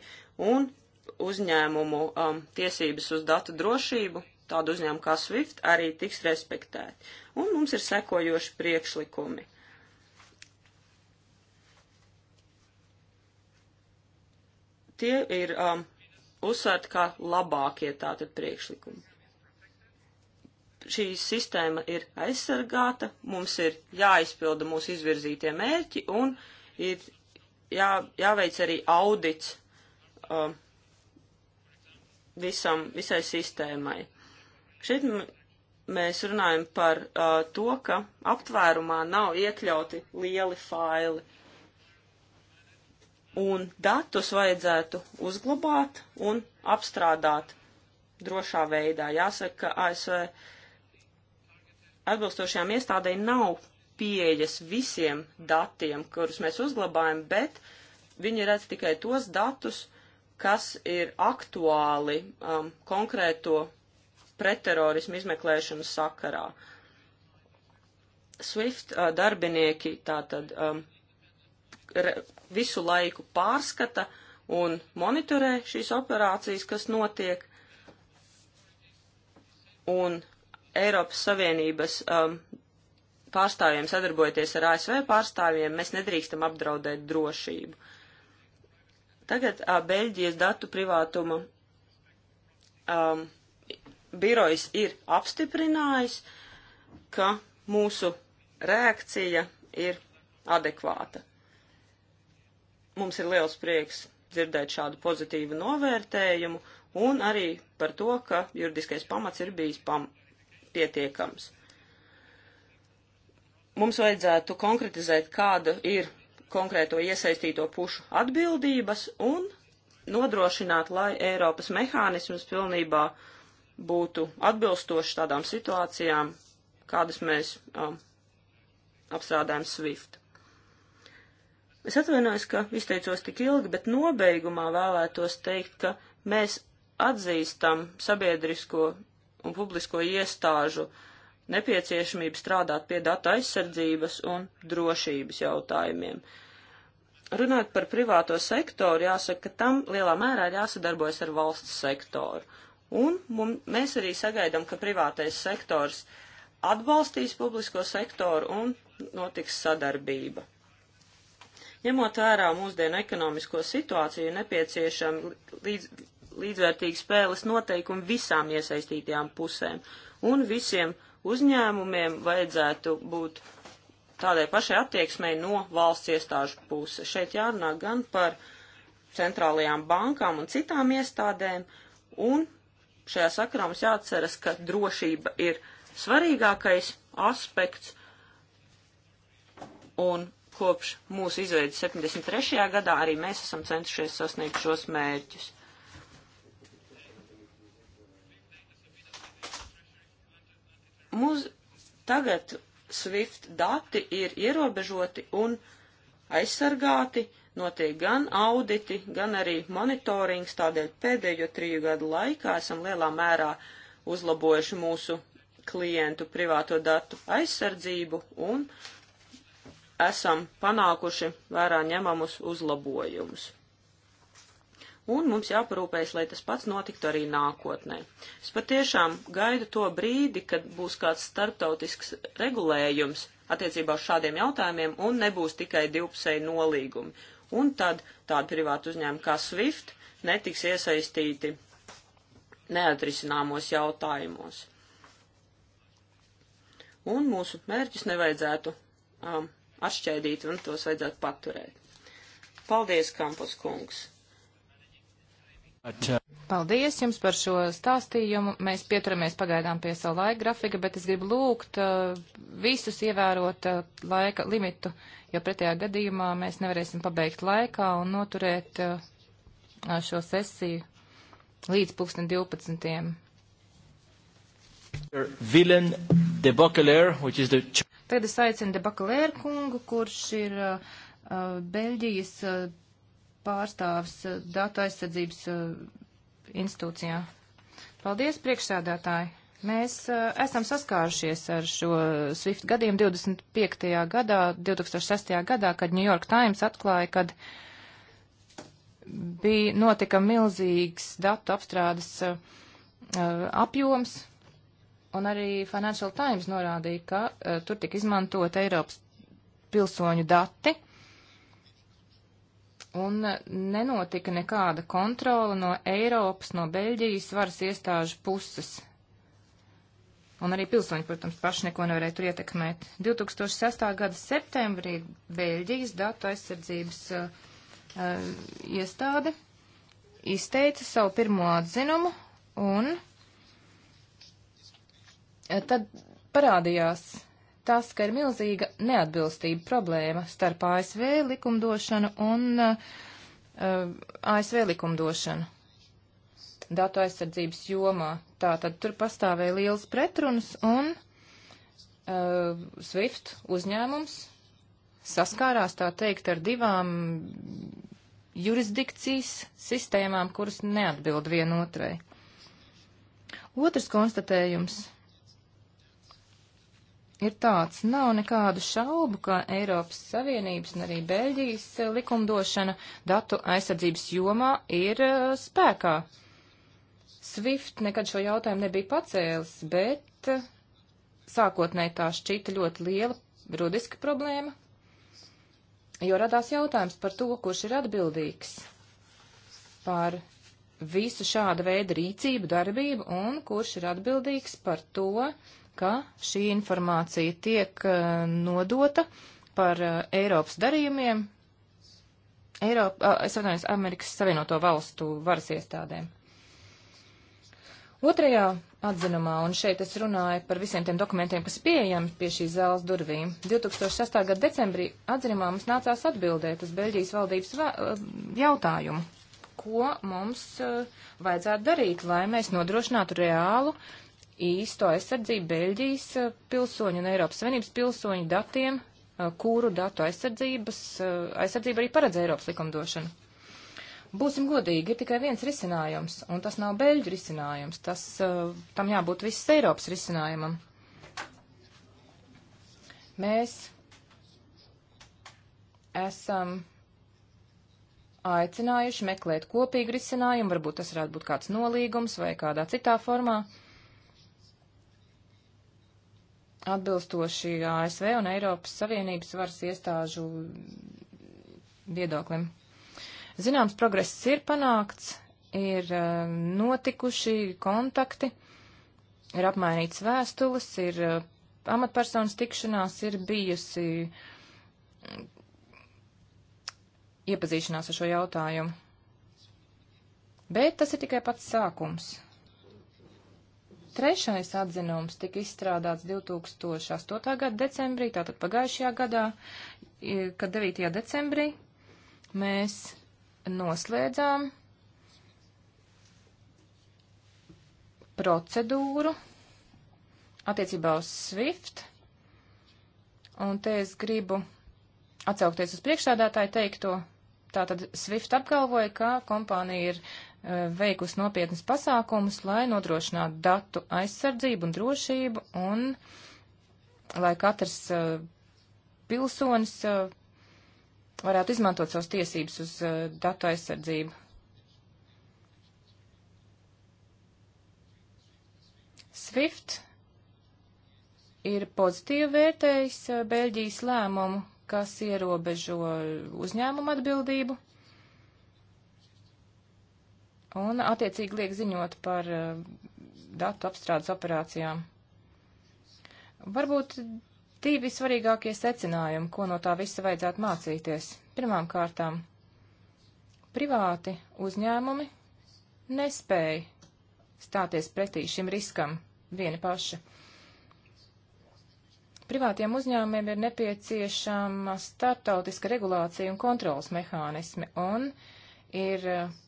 un uzņēmumu um, tiesības uz datu drošību, tādu uzņēmumu kā SWIFT, arī tiks respektēti. Un mums ir sekojoši priekšlikumi. Tie ir um, uzsvērti kā labākie tātad priekšlikumi šī sistēma ir aizsargāta, mums ir jāizpilda mūsu izvirzītie mērķi un ir jā, jāveic arī audits uh, visam, visai sistēmai. Šeit mēs runājam par uh, to, ka aptvērumā nav iekļauti lieli faili. Un datus vajadzētu uzglabāt un apstrādāt drošā veidā. Jāsaka, ka ASV atbilstošajām iestādēm nav pieejas visiem datiem, kurus mēs uzglabājam, bet viņi redz tikai tos datus, kas ir aktuāli um, konkrēto pretterorismu izmeklēšanas sakarā. SWIFT uh, darbinieki tātad um, re, visu laiku pārskata un monitorē šīs operācijas, kas notiek, un Eiropas Savienības um, pārstāvjiem sadarbojoties ar ASV pārstāvjiem, mēs nedrīkstam apdraudēt drošību. Tagad uh, Beļģijas datu privātuma um, birojs ir apstiprinājis, ka mūsu reakcija ir adekvāta. Mums ir liels prieks dzirdēt šādu pozitīvu novērtējumu un arī par to, ka juridiskais pamats ir bijis pam pietiekams. Mums vajadzētu konkretizēt, kāda ir konkrēto iesaistīto pušu atbildības un nodrošināt, lai Eiropas mehānisms pilnībā būtu atbilstošs tādām situācijām, kādas mēs um, apstrādājam SWIFT. Es atvainojos, ka izteicos tik ilgi, bet nobeigumā vēlētos teikt, ka mēs atzīstam sabiedrisko un publisko iestāžu nepieciešamību strādāt pie datu aizsardzības un drošības jautājumiem. Runājot par privāto sektoru, jāsaka, ka tam lielā mērā ir jāsadarbojas ar valsts sektoru. Un mum, mēs arī sagaidām, ka privātais sektors atbalstīs publisko sektoru un notiks sadarbība. Ņemot vērā mūsdienu ekonomisko situāciju, nepieciešama līdz, līdzvērtīgi spēles noteikumi visām iesaistītajām pusēm. Un visiem uzņēmumiem vajadzētu būt tādai pašai attieksmei no valsts iestāžu puses. Šeit jārunā gan par centrālajām bankām un citām iestādēm, un šajā sakarā mums jāatceras, ka drošība ir svarīgākais aspekts, un kopš mūsu izveidas 73. gadā arī mēs esam centušies sasniegt šos mērķus. Mūs tagad SWIFT dati ir ierobežoti un aizsargāti, notiek gan auditi, gan arī monitorings, tādēļ pēdējo triju gadu laikā esam lielā mērā uzlabojuši mūsu klientu privāto datu aizsardzību un esam panākuši vērā ņemamus uzlabojumus un mums jāparūpējas, lai tas pats notiktu arī nākotnē. Es patiešām gaidu to brīdi, kad būs kāds starptautisks regulējums attiecībā uz šādiem jautājumiem un nebūs tikai divpusēji nolīgumi. Un tad tādi privāti uzņēmumi kā SWIFT netiks iesaistīti neatrisināmos jautājumos. Un mūsu mērķus nevajadzētu um, atšķēdīt un tos vajadzētu paturēt. Paldies, Kampus kungs! Paldies jums par šo stāstījumu. Mēs pieturamies pagaidām pie savu laika grafika, bet es gribu lūgt uh, visus ievērot uh, laika limitu, jo pretējā gadījumā mēs nevarēsim pabeigt laikā un noturēt uh, šo sesiju līdz 2012. Vilen de Bacalère, which is the... Tagad es aicinu de Bacalère kungu, kurš ir uh, uh Beļģijas uh, pārstāvis eh, datu aizsardzības eh, institūcijā. Paldies, priekšsēdētāji! Mēs eh, esam saskārušies ar šo SWIFT gadījumu 25. gadā, 2006. gadā, kad New York Times atklāja, kad bija notika milzīgs datu apstrādes apjoms, un arī Financial Times norādīja, ka tur tika izmantot Eiropas pilsoņu dati. Uh, un nenotika nekāda kontrola no Eiropas, no Beļģijas varas iestāžu puses. Un arī pilsoņi, protams, paši neko nevarēja tur ietekmēt. 2006. gada septembrī Beļģijas datu aizsardzības uh, uh, iestāde izteica savu pirmo atzinumu un uh, tad parādījās tas, ka ir milzīga neatbilstība problēma starp ASV likumdošanu un uh, ASV likumdošanu datu aizsardzības jomā. Tātad tur pastāvēja liels pretruns un uh, SWIFT uzņēmums saskārās, tā teikt, ar divām jurisdikcijas sistēmām, kuras neatbild vienotrai. Otrs konstatējums ir tāds. Nav nekādu šaubu, ka Eiropas Savienības un arī Beļģijas eh, likumdošana datu aizsardzības jomā ir uh, spēkā. Swift nekad šo jautājumu nebija pacēlis, bet uh, sākotnēji tā šķita ļoti liela rudiska problēma, jo radās jautājums par to, kurš ir atbildīgs par visu šāda veida rīcību, darbību un kurš ir atbildīgs par to, uh, ka šī informācija tiek eh, nodota par eh, Eiropas darījumiem Eiropa, es atvainojos, Amerikas Savienoto valstu varas iestādēm. Otrajā atzinumā, un šeit es runāju par visiem tiem dokumentiem, kas pieejami pie šīs zāles durvīm, 2006. gada decembrī atzinumā mums nācās atbildēt uz Beļģijas valdības jautājumu, ko mums uh, vajadzētu darīt, lai mēs nodrošinātu reālu uh, īsto aizsardzību Beļģijas eh, pilsoņu un Eiropas Savienības pilsoņu datiem, eh, kuru datu aizsardzības, eh, aizsardzība arī paredz Eiropas likumdošanu. Būsim godīgi, ir tikai viens risinājums, un tas nav Beļģu risinājums, tas, tam jābūt viss Eiropas risinājumam. Mēs esam aicinājuši meklēt kopīgu risinājumu, varbūt tas varētu būt kāds nolīgums vai kādā citā formā. Uh, atbilstoši ASV un Eiropas Savienības varas iestāžu viedoklim. Zināms, progress ir panākts, ir eh, notikuši kontakti, ir apmainīts vēstules, ir eh, amatpersonas tikšanās, ir bijusi iepazīšanās ar šo jautājumu. Bet tas ir tikai pats sākums. Trešais atzinums tika izstrādāts 2008. gada decembrī, tātad pagājušajā gadā, kad 9. decembrī mēs noslēdzām procedūru attiecībā uz SWIFT. Un te es gribu atsaukties uz priekšsādātāju teikto. Tātad SWIFT apgalvoja, ka kompānija ir veikus nopietnas pasākumus, lai nodrošinātu datu aizsardzību un drošību un lai katrs pilsonis varētu izmantot savas tiesības uz datu aizsardzību. Swift ir pozitīvi vērtējis Beļģijas lēmumu, kas ierobežo uzņēmumu atbildību un attiecīgi liek ziņot par eh, datu apstrādes operācijām. Varbūt divi svarīgākie secinājumi, ko no tā visa vajadzētu mācīties. Pirmām kārtām, privāti uzņēmumi nespēja stāties pretī šim riskam vieni paši. Privātiem uzņēmumiem ir nepieciešama startautiska regulācija un kontrolas mehānismi, un ir eh,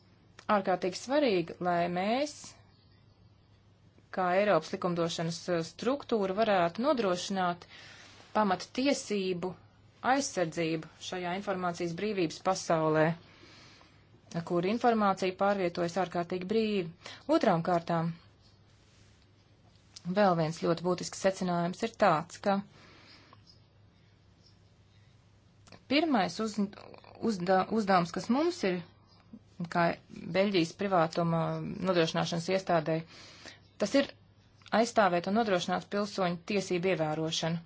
ārkārtīgi svarīgi, lai mēs, kā Eiropas likumdošanas uh, struktūra, varētu nodrošināt pamata tiesību aizsardzību šajā informācijas brīvības pasaulē, kur informācija pārvietojas ārkārtīgi brīvi. Otrām kārtām vēl viens ļoti būtisks secinājums ir tāds, ka pirmais uz, uzda, uzdevums, kas mums ir kā Beļģijas privātuma nodrošināšanas iestādē. Tas ir aizstāvēt un nodrošināt pilsoņu tiesību ievērošanu.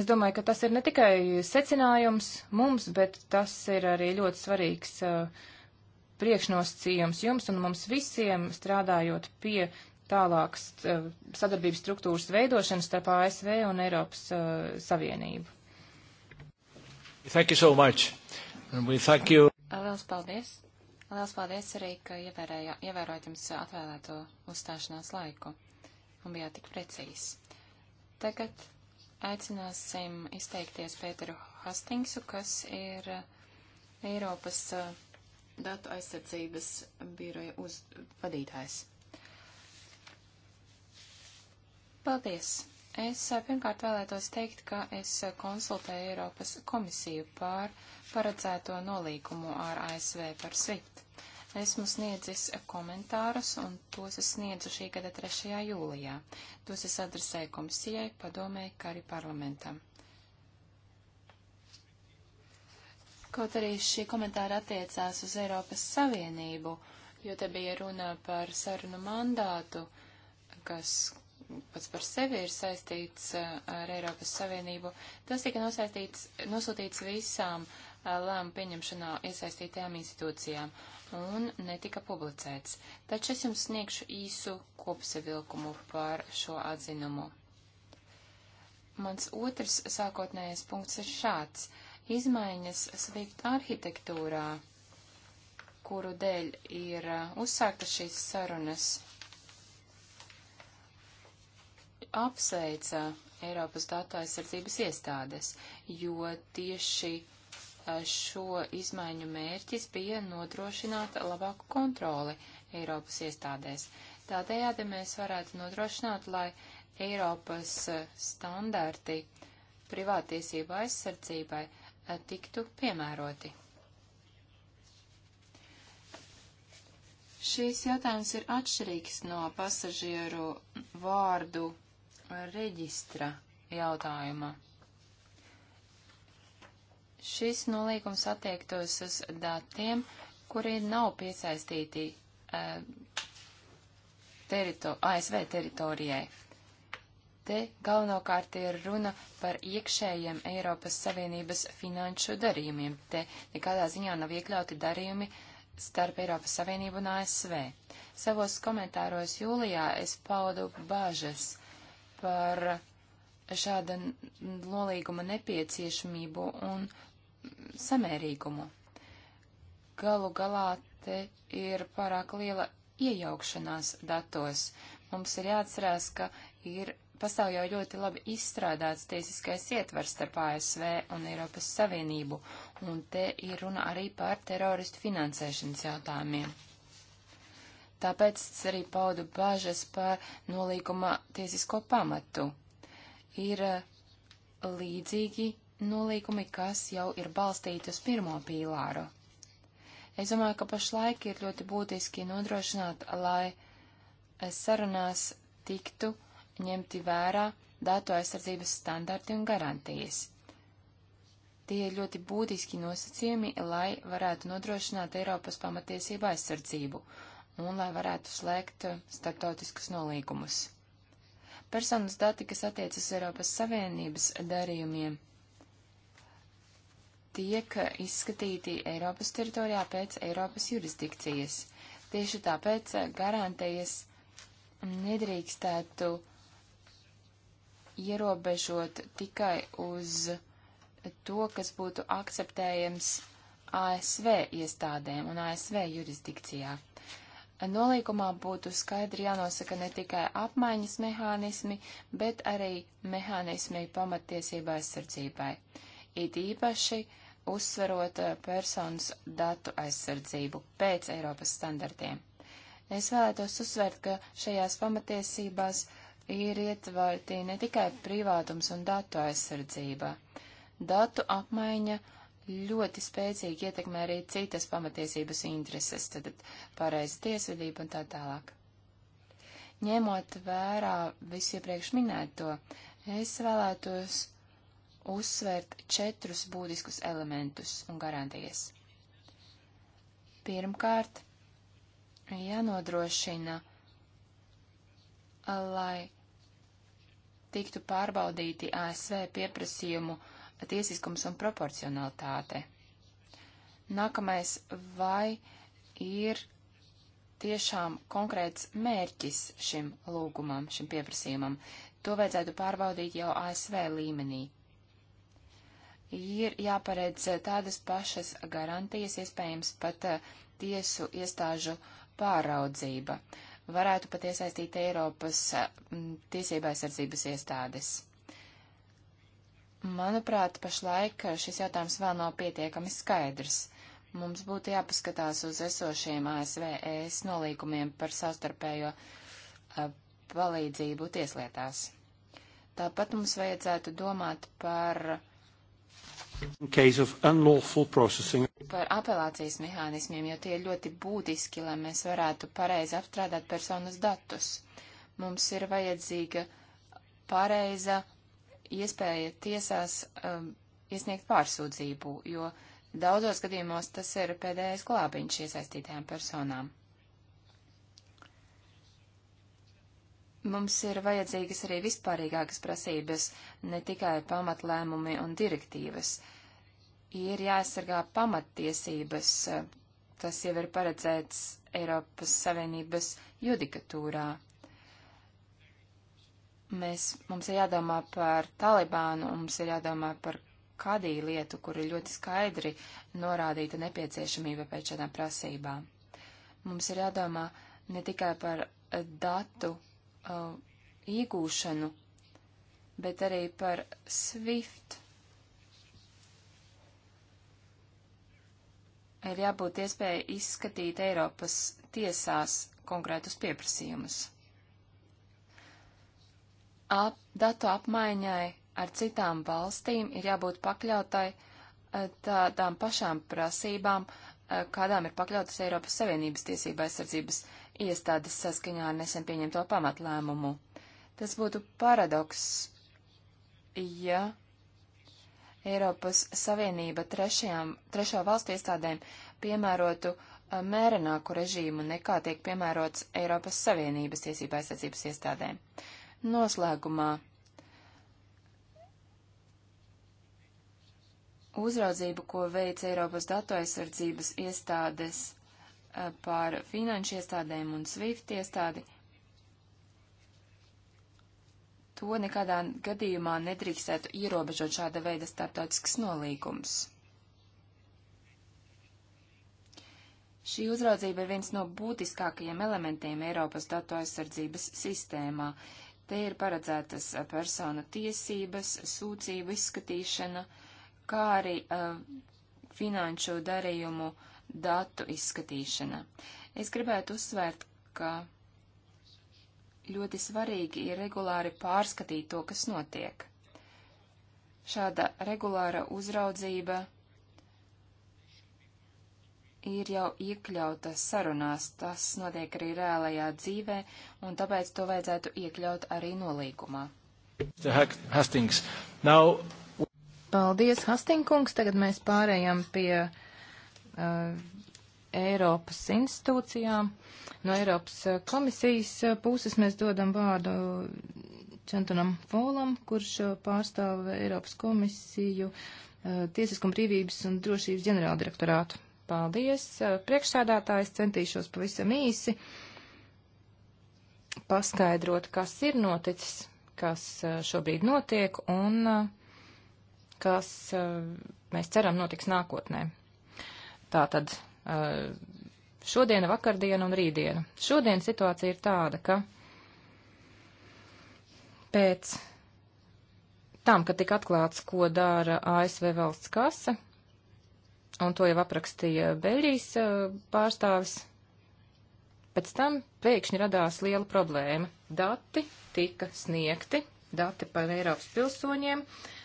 Es domāju, ka tas ir ne tikai secinājums mums, bet tas ir arī ļoti svarīgs uh, priekšnosacījums jums un mums visiem strādājot pie tālākas uh, sadarbības struktūras veidošanas starp ASV un Eiropas uh, Savienību. Thank you so much. Liels paldies! Liels paldies arī, ka ievērēja, ievērojat jums atvēlēto uzstāšanās laiku un bijāt tik precīzi. Tagad aicināsim izteikties Pēteru Hastingsu, kas ir Eiropas eh, datu aizsardzības biroja uz vadītājs. Paldies! Es eh, pirmkārt vēlētos teikt, ka es eh, konsultēju Eiropas komisiju pār paredzēto nolīgumu ar ASV par SWIFT. Esmu sniedzis eh, komentārus, un tos es sniedzu šī gada 3. jūlijā. Tos es adresēju komisijai, padomēju, kā arī parlamentam. Kaut arī šī komentāra attiecās uz Eiropas Savienību, jo te bija runa par sarunu mandātu, kas pats par sevi ir saistīts eh, ar Eiropas Savienību, tas tika nosūtīts visām eh, lēmu pieņemšanā iesaistītajām institūcijām un netika publicēts. Taču es jums sniegšu īsu kopsavilkumu par šo atzinumu. Mans otrs sākotnējais punkts ir šāds. Izmaiņas svikt arhitektūrā, kuru dēļ ir eh, uzsāktas šīs sarunas, apsveica Eiropas datu aizsardzības iestādes, jo tieši eh, šo izmaiņu mērķis bija nodrošināt labāku kontroli Eiropas iestādēs. Tādējādi mēs varētu nodrošināt, lai Eiropas eh, standarti privātiesību aizsardzībai eh, tiktu piemēroti. Šīs jautājums ir atšķirīgs no pasažieru vārdu reģistra jautājuma. Šis nolīgums attiektos uz datiem, kuri nav piesaistīti uh, terito ASV teritorijai. Te galvenokārt ir runa par iekšējiem Eiropas Savienības finanšu darījumiem. Te nekādā ziņā nav iekļauti darījumi starp Eiropas Savienību un ASV. Savos komentāros jūlijā es paudu bāžas par šāda nolīguma nepieciešamību un samērīgumu. Galu galā te ir pārāk liela iejaukšanās datos. Mums ir jāatcerās, ka ir pastāv jau ļoti labi izstrādāts tiesiskais ietvers starp ASV un Eiropas Savienību, un te ir runa arī par teroristu finansēšanas jautājumiem. Tāpēc es arī paudu bažas par nolīguma tiesisko pamatu. Ir eh, līdzīgi nolīgumi, kas jau ir balstīti uz pirmo pīlāru. Es domāju, ka pašlaik ir ļoti būtiski nodrošināt, lai eh, sarunās tiktu ņemti vērā datu aizsardzības standarti un garantijas. Tie ir ļoti būtiski nosacījumi, lai varētu nodrošināt Eiropas pamatiesību aizsardzību un lai varētu slēgt uh, starptautiskus nolīgumus. Personas dati, kas attiecas Eiropas Savienības darījumiem, tiek izskatīti Eiropas teritorijā pēc Eiropas jurisdikcijas. Tieši tāpēc uh, garantējas nedrīkstētu ierobežot tikai uz to, kas būtu akceptējams ASV iestādēm un ASV jurisdikcijā. Nolīgumā būtu skaidri jānosaka ne tikai apmaiņas mehānismi, bet arī mehānismi pamatiesība aizsardzībai. It īpaši uzsverot eh, personas datu aizsardzību pēc Eiropas standartiem. Es vēlētos uzsvērt, ka šajās pamatiesībās ir ietverti ne tikai privātums un datu aizsardzība. Datu apmaiņa ļoti spēcīgi ietekmē arī citas pamatiesības intereses, tad pareiza tiesvedība un tā tālāk. Ņemot vērā visu iepriekš minēto, es vēlētos uzsvērt četrus būtiskus elementus un garantijas. Pirmkārt, jānodrošina, lai tiktu pārbaudīti ASV pieprasījumu tiesiskums un proporcionalitāte. Nākamais, vai ir tiešām konkrēts mērķis šim lūgumam, šim pieprasījumam. To vajadzētu pārbaudīt jau ASV līmenī. Ir jāparedz tādas pašas garantijas, iespējams pat eh, tiesu iestāžu pāraudzība. Varētu pat iesaistīt Eiropas eh, tiesībā aizsardzības iestādes. Manuprāt, pašlaik eh, šis jautājums vēl nav pietiekami skaidrs. Mums būtu jāpaskatās uz esošiem ASV-ES nolīkumiem par savstarpējo a, eh, palīdzību tieslietās. Tāpat mums vajadzētu domāt par, par apelācijas mehānismiem, jo tie ir ļoti būtiski, lai mēs varētu pareizi apstrādāt personas datus. Mums ir vajadzīga pareiza iespēja tiesās um, iesniegt pārsūdzību, jo daudzos gadījumos tas ir pēdējais glābiņš iesaistītajām personām. Mums ir vajadzīgas arī vispārīgākas prasības, ne tikai pamatlēmumi un direktīvas. Ir jāaizsargā pamattiesības, tas jau ir paredzēts Eiropas Savienības judikatūrā. Mēs, mums ir jādomā par Talibānu, mums ir jādomā par kādīju lietu, kur ir ļoti skaidri norādīta nepieciešamība pēc šādām prasībām. Mums ir jādomā ne tikai par eh, datu uh, iegūšanu, bet arī par SWIFT. Ir jābūt iespēja izskatīt Eiropas tiesās konkrētus pieprasījumus ap, datu apmaiņai ar citām valstīm ir jābūt pakļautai eh, tādām pašām prasībām, eh, kādām ir pakļautas Eiropas Savienības tiesība aizsardzības iestādes saskaņā ar nesen pieņemto pamatlēmumu. Tas būtu paradoks, ja Eiropas Savienība trešajām, trešo valstu iestādēm piemērotu eh, mērenāku režīmu nekā tiek piemērots Eiropas Savienības tiesība aizsardzības iestādēm. Uh, Noslēgumā uzraudzību, ko veic Eiropas datu aizsardzības iestādes eh, pār finanšu iestādēm un SWIFT iestādi, to nekādā gadījumā nedrīkstētu ierobežot šāda veida starptautisks nolīgums. Šī uzraudzība ir viens no būtiskākajiem elementiem Eiropas datu aizsardzības sistēmā. Te ir paredzētas eh, persona tiesības, sūdzību izskatīšana, kā arī uh, finanšu darījumu datu izskatīšana. Es gribētu uzsvērt, ka ļoti svarīgi ir regulāri pārskatīt to, kas notiek. Šāda regulāra uzraudzība ir jau iekļautas sarunās, tas notiek arī reālajā dzīvē, un tāpēc to vajadzētu iekļaut arī nolīgumā. Hastings. Now... Paldies, Hastinkungs. Tagad mēs pārējām pie uh, Eiropas institūcijām. No Eiropas uh, komisijas uh, puses mēs dodam vārdu Čentonam Folam, kurš uh, pārstāv Eiropas komisiju uh, tiesiskuma brīvības un drošības ģenerāldirektorātu. Paldies, priekšsēdētājs, centīšos pavisam īsi paskaidrot, kas ir noticis, kas eh, šobrīd notiek un eh, kas eh, mēs ceram notiks nākotnē. Tātad šodiena, vakardiena un rītdiena. Šodien situācija ir tāda, ka pēc tam, kad tika atklāts, ko dara ASV valsts kasa, un to jau aprakstīja Beļģijas eh, pārstāvis. Pēc tam pēkšņi radās liela problēma. Dati tika sniegti, dati par Eiropas pilsoņiem,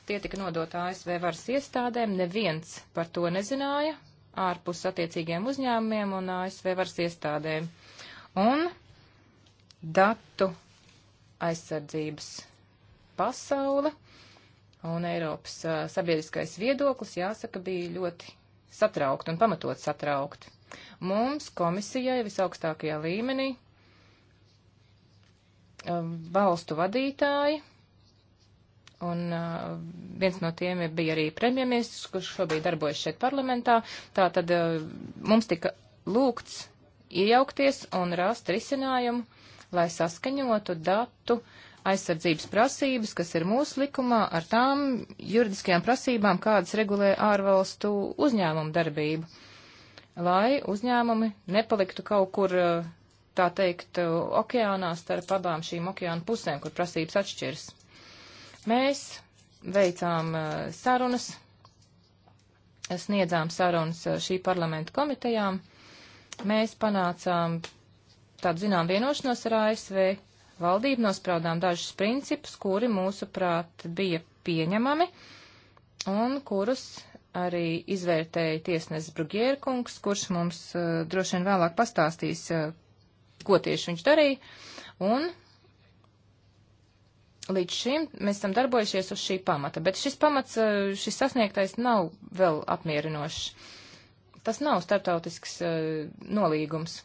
tie tika nodot ASV varas iestādēm, neviens par to nezināja, ārpus attiecīgiem uzņēmumiem un ASV varas iestādēm. Un datu aizsardzības pasaule un Eiropas uh, sabiedriskais viedoklis, jāsaka, bija ļoti satraukt un pamatot satraukt. Mums komisijai visaugstākajā līmenī um, valstu vadītāji, un uh, viens no tiem bija arī premjerministrs, kurš šobrīd darbojas šeit parlamentā, tā tad uh, mums tika lūgts iejaukties un rast risinājumu, lai saskaņotu datu uh, aizsardzības prasības, kas ir mūsu likumā, ar tām juridiskajām prasībām, kādas regulē ārvalstu uzņēmumu darbību, lai uzņēmumi nepaliktu kaut kur, eh, tā teikt, eh, okeānā starp abām šīm okeāna pusēm, kur prasības atšķiras. Mēs veicām eh, sarunas, sniedzām sarunas šī parlamenta komitejām, mēs panācām tādu zinām vienošanos ar ASV, valdību nospraudām dažus principus, kuri mūsuprāt bija pieņemami un kurus arī izvērtēja tiesnesis Brugierkungs, kurš mums uh, droši vien vēlāk pastāstīs, uh, ko tieši viņš darīja. Un līdz šim mēs esam darbojušies uz šī pamata, bet šis pamats, uh, šis sasniegtais nav vēl apmierinošs. Tas nav starptautisks uh, nolīgums.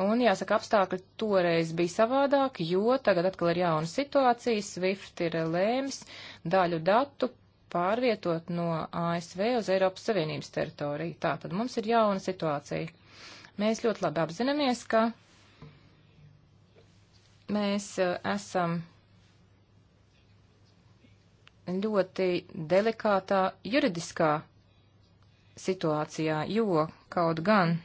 Un jāsaka, apstākļi toreiz bija savādāk, jo tagad atkal ir jauna situācija. Swift ir lēmis daļu datu pārvietot no ASV uz Eiropas Savienības teritoriju. Tā tad mums ir jauna situācija. Mēs ļoti labi apzināmies, ka mēs e, esam ļoti delikātā juridiskā situācijā, jo kaut gan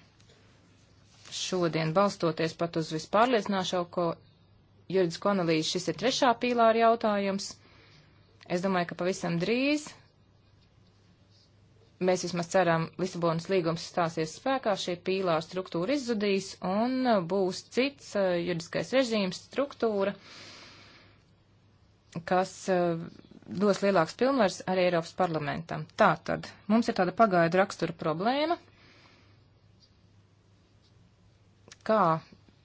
šodien balstoties pat uz vispārliecināšāko juridisko analīzi, šis ir trešā pīlāra jautājums. Es domāju, ka pavisam drīz mēs vismaz ceram, Lisabonas līgums stāsies spēkā, šī pīlāra struktūra izzudīs un būs cits uh, juridiskais režīms, struktūra, kas uh, dos lielāks pilnvars arī Eiropas parlamentam. Tātad mums ir tāda pagaidu rakstura problēma. kā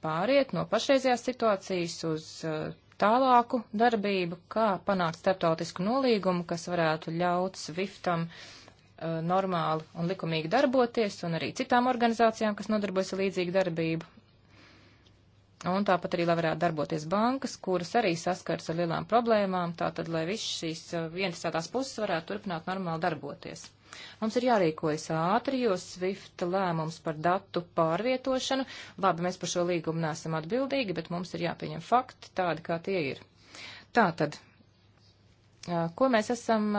pāriet no pašreizējās situācijas uz eh, tālāku darbību, kā panākt starptautisku nolīgumu, kas varētu ļaut Swiftam eh, normāli un likumīgi darboties, un arī citām organizācijām, kas nodarbojas ar līdzīgu darbību. Un tāpat arī, lai varētu darboties bankas, kuras arī saskars ar lielām problēmām, tātad, lai viss šīs vienas eh, tādās puses varētu turpināt normāli darboties. Mums ir jārīkojas ātri, jo SWIFT lēmums par datu pārvietošanu, labi, mēs par šo līgumu nesam atbildīgi, bet mums ir jāpieņem fakti tādi, kā tie ir. Tātad, ko mēs esam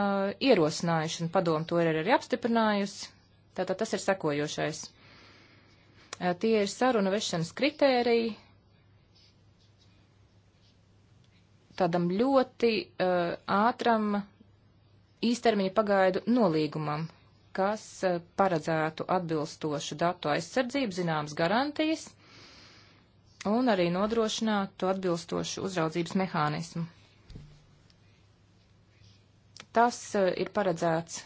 ierosinājuši, un padomu to ir arī apstiprinājusi, tātad tas ir sekojošais. Tie ir saruna vešanas kritēriji, tādam ļoti uh, ātram īstermiņa pagaidu nolīgumam, kas e, paredzētu atbilstošu datu aizsardzību, zināmas garantijas un arī nodrošinātu atbilstošu uzraudzības mehānismu. Tas e, ir paredzēts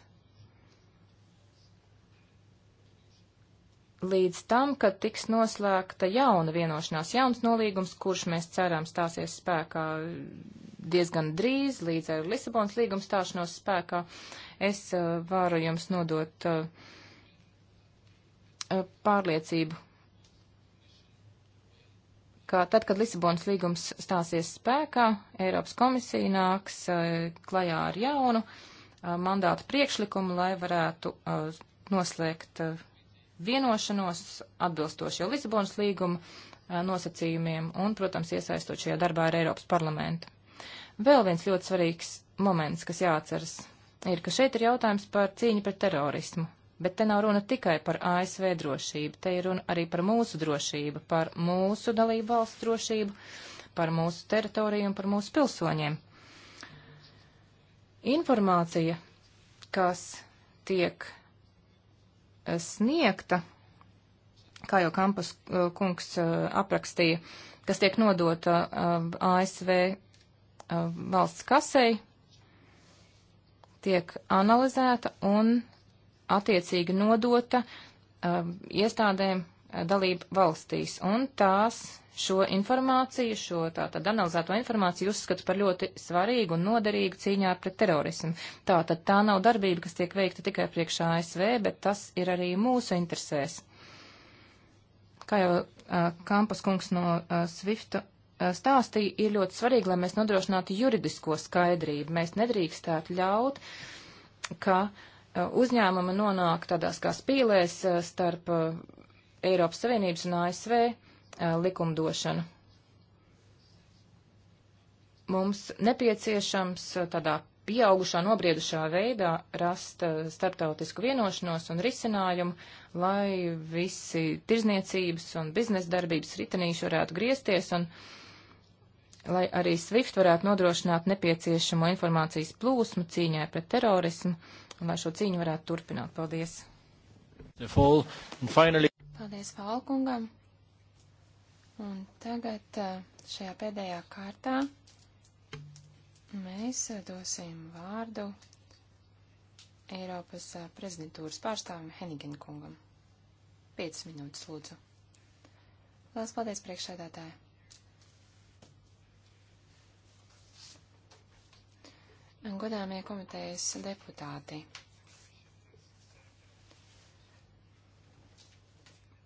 līdz tam, kad tiks noslēgta jauna vienošanās, jauns nolīgums, kurš mēs ceram stāsies spēkā diezgan drīz, līdz ar Lisabonas līgumu stāšanos spēkā. Es uh, varu jums nodot uh, uh, pārliecību, ka tad, kad Lisabonas līgums stāsies spēkā, Eiropas komisija nāks uh, klajā ar jaunu uh, mandātu priekšlikumu, lai varētu uh, noslēgt vienošanos atbilstoši jau Lisabonas līguma nosacījumiem un, protams, iesaistot šajā darbā ar Eiropas parlamentu. Vēl viens ļoti svarīgs moments, kas jāatceras, ir, ka šeit ir jautājums par cīņu pret terorismu, bet te nav runa tikai par ASV drošību, te ir runa arī par mūsu drošību, par mūsu dalību valsts drošību, par mūsu teritoriju un par mūsu pilsoņiem. Informācija, kas tiek eh, sniegta, kā jau Kampas eh, kungs eh, aprakstīja, kas tiek nodota ASV Uh, valsts kasei tiek analizēta un attiecīgi nodota um, iestādēm uh, dalību valstīs, un tās šo informāciju, šo tātad analizēto informāciju uzskata par ļoti svarīgu un noderīgu cīņā pret terorismu. Tātad tā nav darbība, kas tiek veikta tikai priekšā ASV, bet tas ir arī mūsu interesēs. Kā jau uh, Kampas kungs no uh, Swifta Eh, stāstīja, ir ļoti svarīgi, lai mēs nodrošinātu juridisko skaidrību. Mēs nedrīkstētu ļaut, ka eh, uzņēmumi nonāk tādās kā spīlēs eh, starp Eiropas Savienības un ASV likumdošanu. Mums nepieciešams tādā pieaugušā, nobriedušā veidā rast starptautisku vienošanos un risinājumu, lai visi tirzniecības un biznesa darbības ritenīši varētu griezties un uh, lai arī SWIFT varētu nodrošināt nepieciešamo informācijas plūsmu cīņai pret terorismu un lai šo cīņu varētu turpināt. Paldies! Finally... Paldies Valkungam! Un tagad eh, šajā pēdējā kārtā mēs eh, dosim vārdu Eiropas eh, prezidentūras pārstāvim Henigenkungam. 5 minūtes lūdzu. Lielas paldies priekšsēdētāji! Godāmie komitejas deputāti.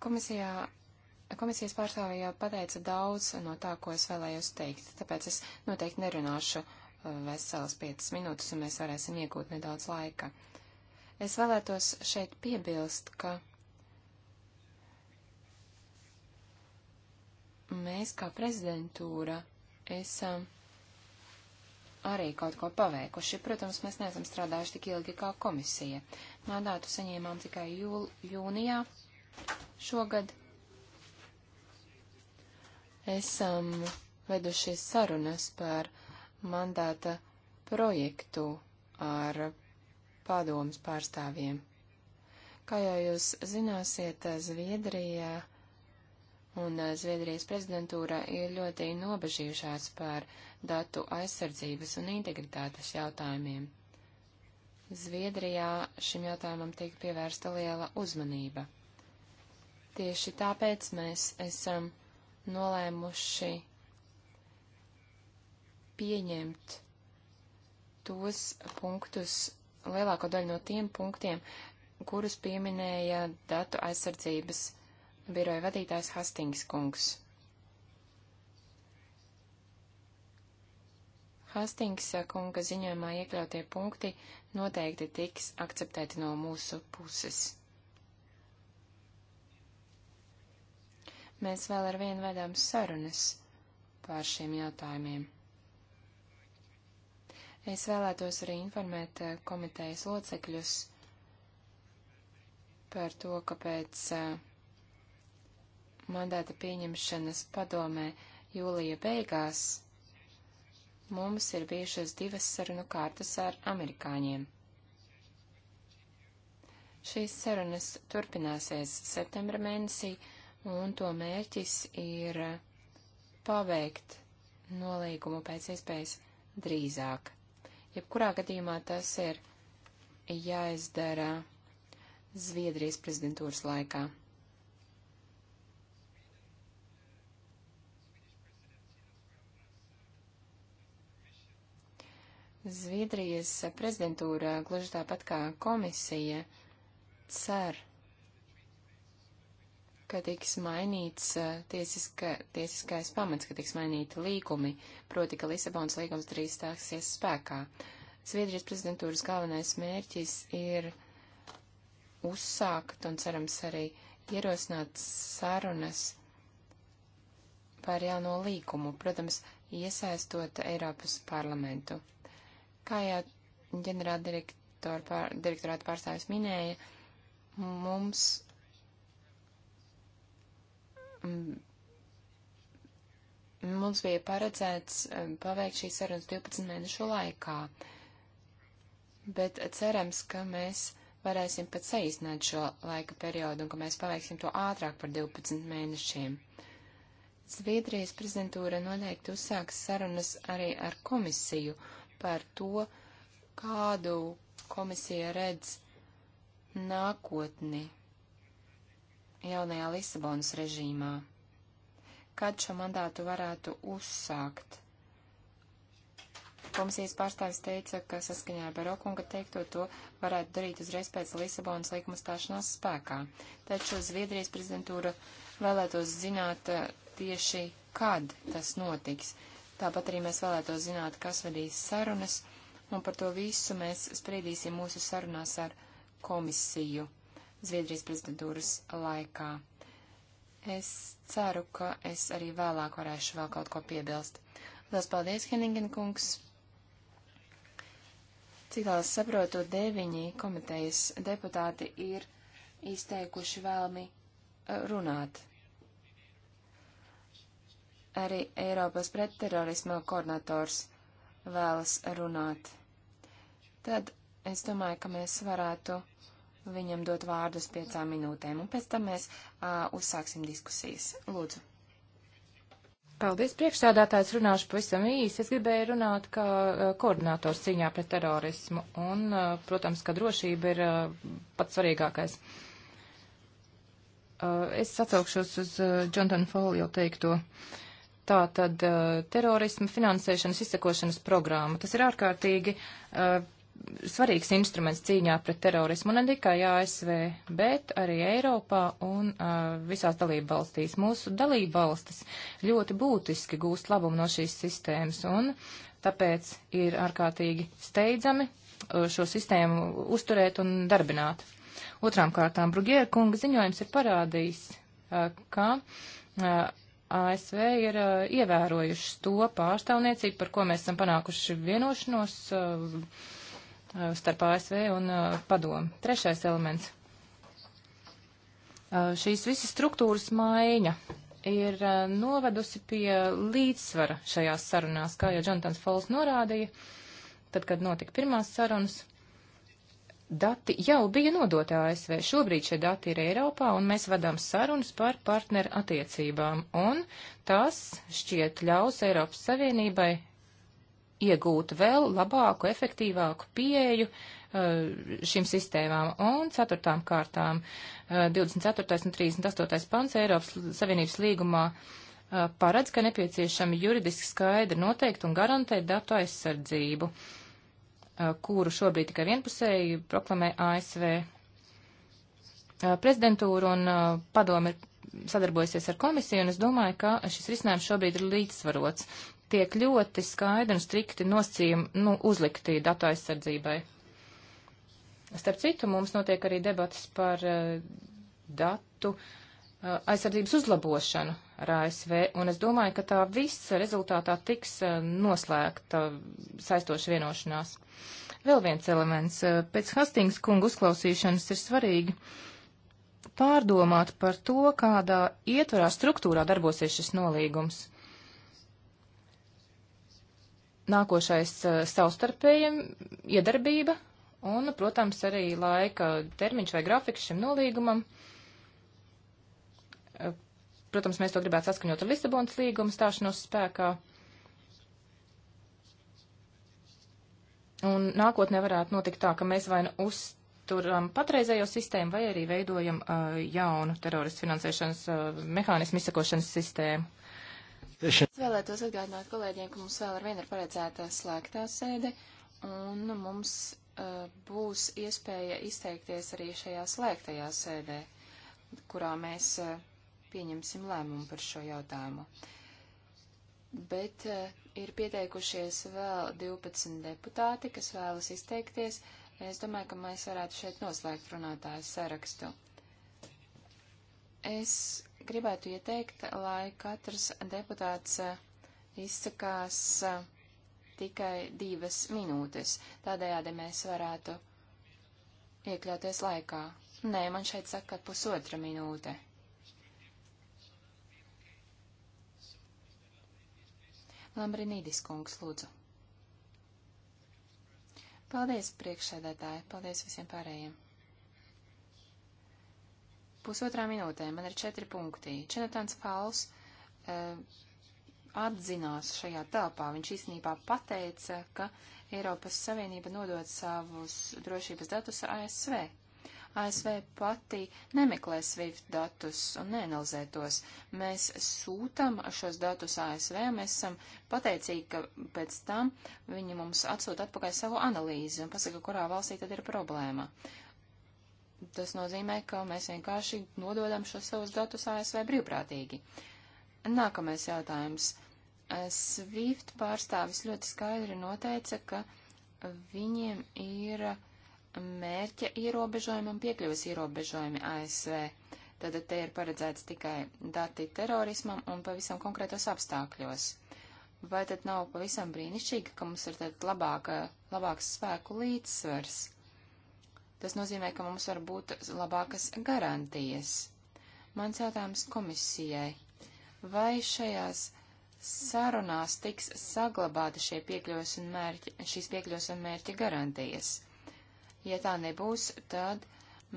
Komisijā komisijas pārstāvja jau pateica daudz no tā, ko es vēlējos teikt, tāpēc es noteikti nerunāšu uh, veselas piecas minūtes, un mēs varēsim iegūt nedaudz laika. Es vēlētos šeit piebilst, ka mēs kā prezidentūra esam. Um, arī kaut ko paveikuši. Protams, mēs neesam strādājuši tik ilgi kā komisija. Mandātu saņēmām tikai jūl, jūnijā šogad. Esam veduši sarunas par mandāta projektu ar padomus pārstāvjiem. Kā jau jūs zināsiet, Zviedrijā un Zviedrijas prezidentūra ir ļoti nobežījušās par uh, datu aizsardzības un integritātes jautājumiem. Zviedrijā šim jautājumam tiek pievērsta liela uzmanība. Tieši tāpēc mēs esam nolēmuši pieņemt tos punktus, lielāko daļu no tiem punktiem, kurus pieminēja datu aizsardzības biroja vadītājs Hastings kungs. Hastings eh, kunga ziņojumā iekļautie punkti noteikti tiks akceptēti no mūsu puses. Mēs vēl ar vienu vedām sarunas pār šiem jautājumiem. Es vēlētos arī informēt eh, komitejas locekļus par to, ka pēc eh, mandāta pieņemšanas padomē jūlija beigās mums ir bijušas divas sarunu kārtas ar amerikāņiem. Šīs sarunas turpināsies septembra mēnesī, un to mērķis ir paveikt nolīgumu pēc iespējas drīzāk. Jebkurā gadījumā tas ir jāizdara Zviedrijas prezidentūras laikā. Zviedrijas prezidentūra, gluži tāpat kā komisija, cer, ka tiks mainīts eh, tiesiska, tiesiskais pamats, ka tiks mainīti līgumi, proti, ka Lisabonas līgums drīz stāksies spēkā. Zviedrijas prezidentūras galvenais mērķis ir uzsākt un cerams arī ierosināt sarunas par jauno līgumu, protams, iesaistot Eiropas parlamentu. Kā jau ģenerāla direktora pār, direktorāta pārstāvis minēja, mums mm, mums bija paredzēts mm, paveikt šīs sarunas 12 mēnešu laikā, bet cerams, ka mēs varēsim pat saīsināt šo laika periodu un ka mēs paveiksim to ātrāk par 12 mēnešiem. Zviedrijas prezidentūra noteikti uzsāks sarunas arī ar komisiju par to, kādu komisija redz nākotni jaunajā Lisabonas režīmā. Kad šo mandātu varētu uzsākt? Komisijas pārstāvis teica, ka saskaņā ar Barokunga teikto to varētu darīt uzreiz pēc Lisabonas likuma stāšanās spēkā. Taču Zviedrijas prezidentūra vēlētos zināt eh, tieši, kad tas notiks. Tāpat arī mēs vēlētos zināt, kas vadīs sarunas, un par to visu mēs spriedīsim mūsu sarunās ar komisiju Zviedrijas prezidentūras laikā. Es ceru, ka es arī vēlāk varēšu vēl kaut ko piebilst. Lielas paldies, Henningen kungs! Cik tālāk saprotu, deviņi komitejas deputāti ir izteikuši vēlmi eh, runāt. Arī Eiropas pretterorisma koordinators vēlas runāt. Tad es domāju, ka mēs varētu viņam dot vārdu uz piecām minūtēm, un pēc tam mēs uh, uzsāksim diskusijas. Lūdzu. Paldies, priekšsēdētājs, runāšu pavisam īsi. Es gribēju runāt kā koordinators cīņā pret terorismu, un, protams, ka drošība ir pats svarīgākais. Es atsaukšos uz Jonathan Fall jau teikto. Uh, tā tad eh, terorisma finansēšanas izsekošanas programma. Tas ir ārkārtīgi uh, svarīgs instruments cīņā pret terorismu ne tikai ASV, bet arī Eiropā un uh, visās dalību valstīs. Mūsu dalību valstis ļoti būtiski gūst labumu no šīs sistēmas un tāpēc ir ārkārtīgi steidzami uh, šo sistēmu uzturēt un darbināt. Otrām kārtām Brugiera kunga ziņojums ir parādījis, uh, ka uh, ASV ir uh, ievērojušas to pārstāvniecību, par ko mēs esam panākuši vienošanos uh, uh starp ASV un uh, padomu. Trešais elements. Uh, šīs visas struktūras maiņa ir uh, novedusi pie līdzsvara šajās sarunās, kā jau Džonatans Fols norādīja, tad, kad notika pirmās sarunas dati jau bija nodoti ASV. Šobrīd šie dati ir Eiropā, un mēs vadām sarunas par partneru attiecībām, un tas šķiet ļaus Eiropas Savienībai iegūt vēl labāku, efektīvāku pieeju uh, šīm sistēmām. Un ceturtām kārtām 24. Uh, un 38. pants Eiropas Savienības līgumā uh, paredz, ka nepieciešami juridiski skaidri noteikt un garantēt datu aizsardzību. Uh, Eh, kuru šobrīd tikai vienpusēji proklamē ASV. Eh, Prezidentūra un eh, padome ir sadarbojusies ar komisiju, un es domāju, ka šis risinājums šobrīd ir līdzsvarots. Tiek ļoti skaidri un strikti nosacījumi nu, uzlikti datu aizsardzībai. Starp citu, mums notiek arī debatas par datu aizsardzības uzlabošanu ar ASV, un es domāju, ka tā viss rezultātā tiks eh, noslēgta saistoša vienošanās. Vēl viens elements. Eh, pēc Hastings kunga uzklausīšanas ir svarīgi pārdomāt par to, kādā ietvarā struktūrā darbosies šis nolīgums nākošais uh, savstarpējiem iedarbība un, protams, arī laika termiņš vai grafiks šim nolīgumam. Protams, mēs to gribētu saskaņot ar Lisabonas līgumu stāšanos spēkā. Un nākotnē varētu notikt tā, ka mēs vai nu uzturam patreizējo sistēmu, vai arī veidojam uh, jaunu teroristu finansēšanas uh, mehānismu izsakošanas sistēmu. Es vēlētos atgādināt kolēģiem, ka mums vēl ar vienu ir paredzēta slēgtā sēde, un mums uh, būs iespēja izteikties arī šajā slēgtajā sēdē, kurā mēs. Uh, pieņemsim lēmumu par šo jautājumu. Bet eh, ir pieteikušies vēl 12 deputāti, kas vēlas izteikties. Es domāju, ka mēs varētu šeit noslēgt runātāju sarakstu. Es gribētu ieteikt, lai katrs deputāts eh, izsakās eh, tikai divas minūtes. Tādējādi mēs varētu iekļauties laikā. Nē, man šeit saka pusotra minūte. Lambrinīdis kungs, lūdzu. Paldies, priekšsēdētāji, paldies visiem pārējiem. Pusotrā minūtē man ir četri punkti. Čenetans Fāls uh, eh, atzinās šajā telpā. Viņš īstenībā pateica, ka Eiropas Savienība nodod savus drošības datus ASV. ASV pati nemeklē SWIFT datus un neanalizē tos. Mēs sūtam šos datus ASV, mēs esam pateicīgi, ka pēc tam viņi mums atsūta atpakaļ savu analīzi un pasaka, kurā valstī tad ir problēma. Tas nozīmē, ka mēs vienkārši nododam šos savus datus ASV brīvprātīgi. Nākamais jautājums. Swift pārstāvis ļoti skaidri noteica, ka viņiem ir uh, mērķa ierobežojumi un piekļuvis ierobežojumi ASV. Tad te ir paredzēts tikai dati terorismam un pavisam konkrētos apstākļos. Vai tad nav pavisam brīnišķīgi, ka mums ir tad labāka, labāks spēku līdzsvars? Tas nozīmē, ka mums var būt labākas garantijas. Mans jautājums komisijai. Vai šajās sarunās tiks saglabāti šie piekļuves un mērķi, šīs piekļuves un mērķi garantijas? Ja tā nebūs, tad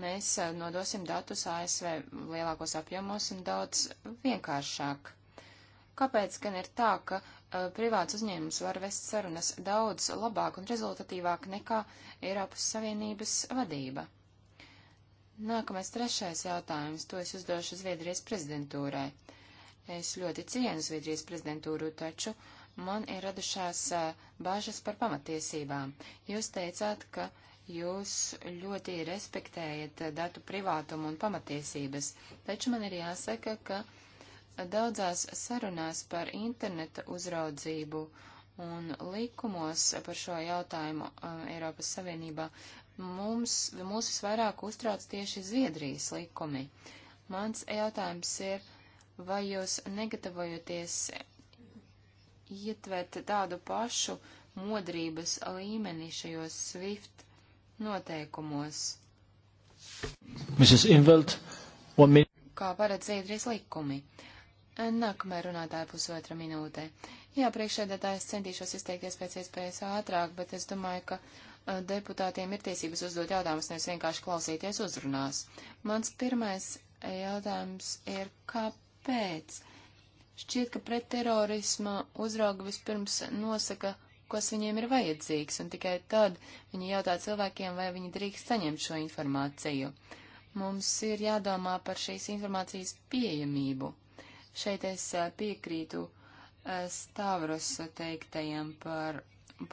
mēs uh, nodosim datus ASV lielākos apjomos un daudz vienkāršāk. Kāpēc gan ir tā, ka uh, privāts uzņēmums var vest sarunas daudz labāk un rezultatīvāk nekā Eiropas Savienības vadība? Nākamais trešais jautājums, to es uzdošu Zviedrijas prezidentūrai. Es ļoti cienu Zviedrijas prezidentūru, taču man ir radušās uh, bāžas par pamatiesībām. Jūs teicāt, ka uh, Jūs ļoti respektējat datu privātumu un pamatiesības, taču man ir jāsaka, ka daudzās sarunās par interneta uzraudzību un likumos par šo jautājumu uh, Eiropas Savienībā mums, mūs visvairāk uztrauc tieši Zviedrijas likumi. Mans jautājums ir, vai jūs negatavojoties ietvert tādu pašu modrības līmeni šajos SWIFT noteikumos. Mrs. Invelt, one minute. Kā paredz Zviedrijas likumi. Nākamā runātāja pusotra minūte. Jā, priekšēdētājs centīšos izteikties pēc iespējas ātrāk, bet es domāju, ka uh, deputātiem ir tiesības uzdot jautājumus, nevis vienkārši klausīties uzrunās. Mans pirmais jautājums ir, kāpēc? Šķiet, ka pret terorisma uzrauga vispirms nosaka kas viņiem ir vajadzīgs, un tikai tad viņi jautā cilvēkiem, vai viņi drīkst saņemt šo informāciju. Mums ir jādomā par šīs informācijas pieejamību. Šeit es piekrītu Stavros teiktajam par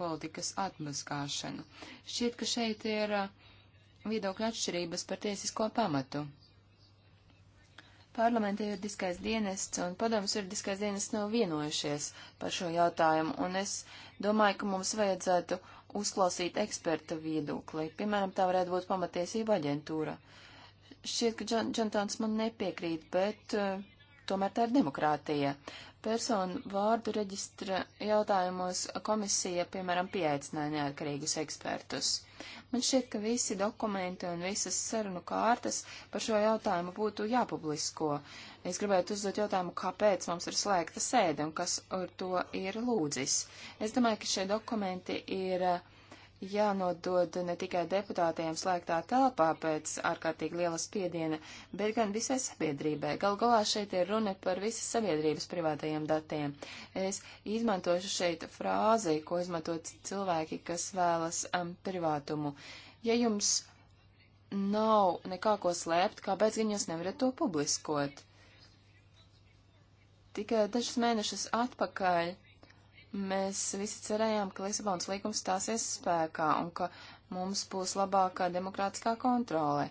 politikas atmaskāšanu. Šķiet, ka šeit ir viedokļa atšķirības par tiesisko pamatu. Parlamenta juridiskais dienests un padomus juridiskais dienests nav vienojušies par šo jautājumu, un es domāju, ka mums vajadzētu uzklausīt eksperta viedokli. Piemēram, tā varētu būt pamatiesība aģentūra. Šķiet, ka Džantons man nepiekrīt, bet uh, tomēr tā ir demokrātija. Personu vārdu reģistra jautājumos komisija, piemēram, pieaicināja neatkarīgus ekspertus. Man šķiet, ka visi dokumenti un visas sarunu kārtas par šo jautājumu būtu jāpublisko. Es gribētu uzdot jautājumu, kāpēc mums ir slēgta sēde un kas ar to ir lūdzis. Es domāju, ka šie dokumenti ir uh, jānodod ne tikai deputātiem slēgtā telpā pēc ārkārtīgi liela spiediena, bet gan visai sabiedrībai. Gal galā šeit ir runa par visas sabiedrības privātajiem datiem. Es izmantošu šeit frāzi, ko izmantot cilvēki, kas vēlas um, privātumu. Ja jums nav nekā ko slēpt, kāpēc gan jūs nevarat to publiskot? Tikai dažus mēnešus atpakaļ Mēs visi cerējām, ka Lisabonas līgums stāsies spēkā un ka mums būs labākā demokrātiskā kontrole.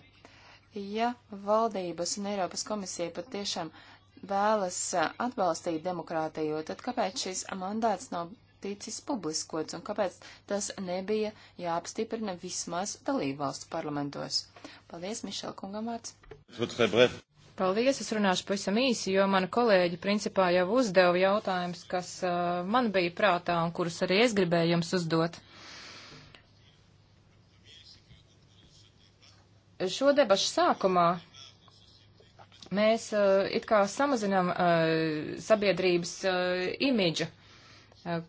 Ja valdības un Eiropas komisija patiešām vēlas atbalstīt demokrātiju, tad kāpēc šis mandāts nav ticis publiskots un kāpēc tas nebija jāapstiprina vismaz dalībvalstu parlamentos? Paldies, Mišel Kungamārts. Paldies, es runāšu pavisam īsi, jo mana kolēģi principā jau uzdeva jautājumus, kas uh, man bija prātā un kurus arī es gribēju jums uzdot. Šo debašu sākumā mēs uh, it kā samazinām uh, sabiedrības uh, imidžu, uh,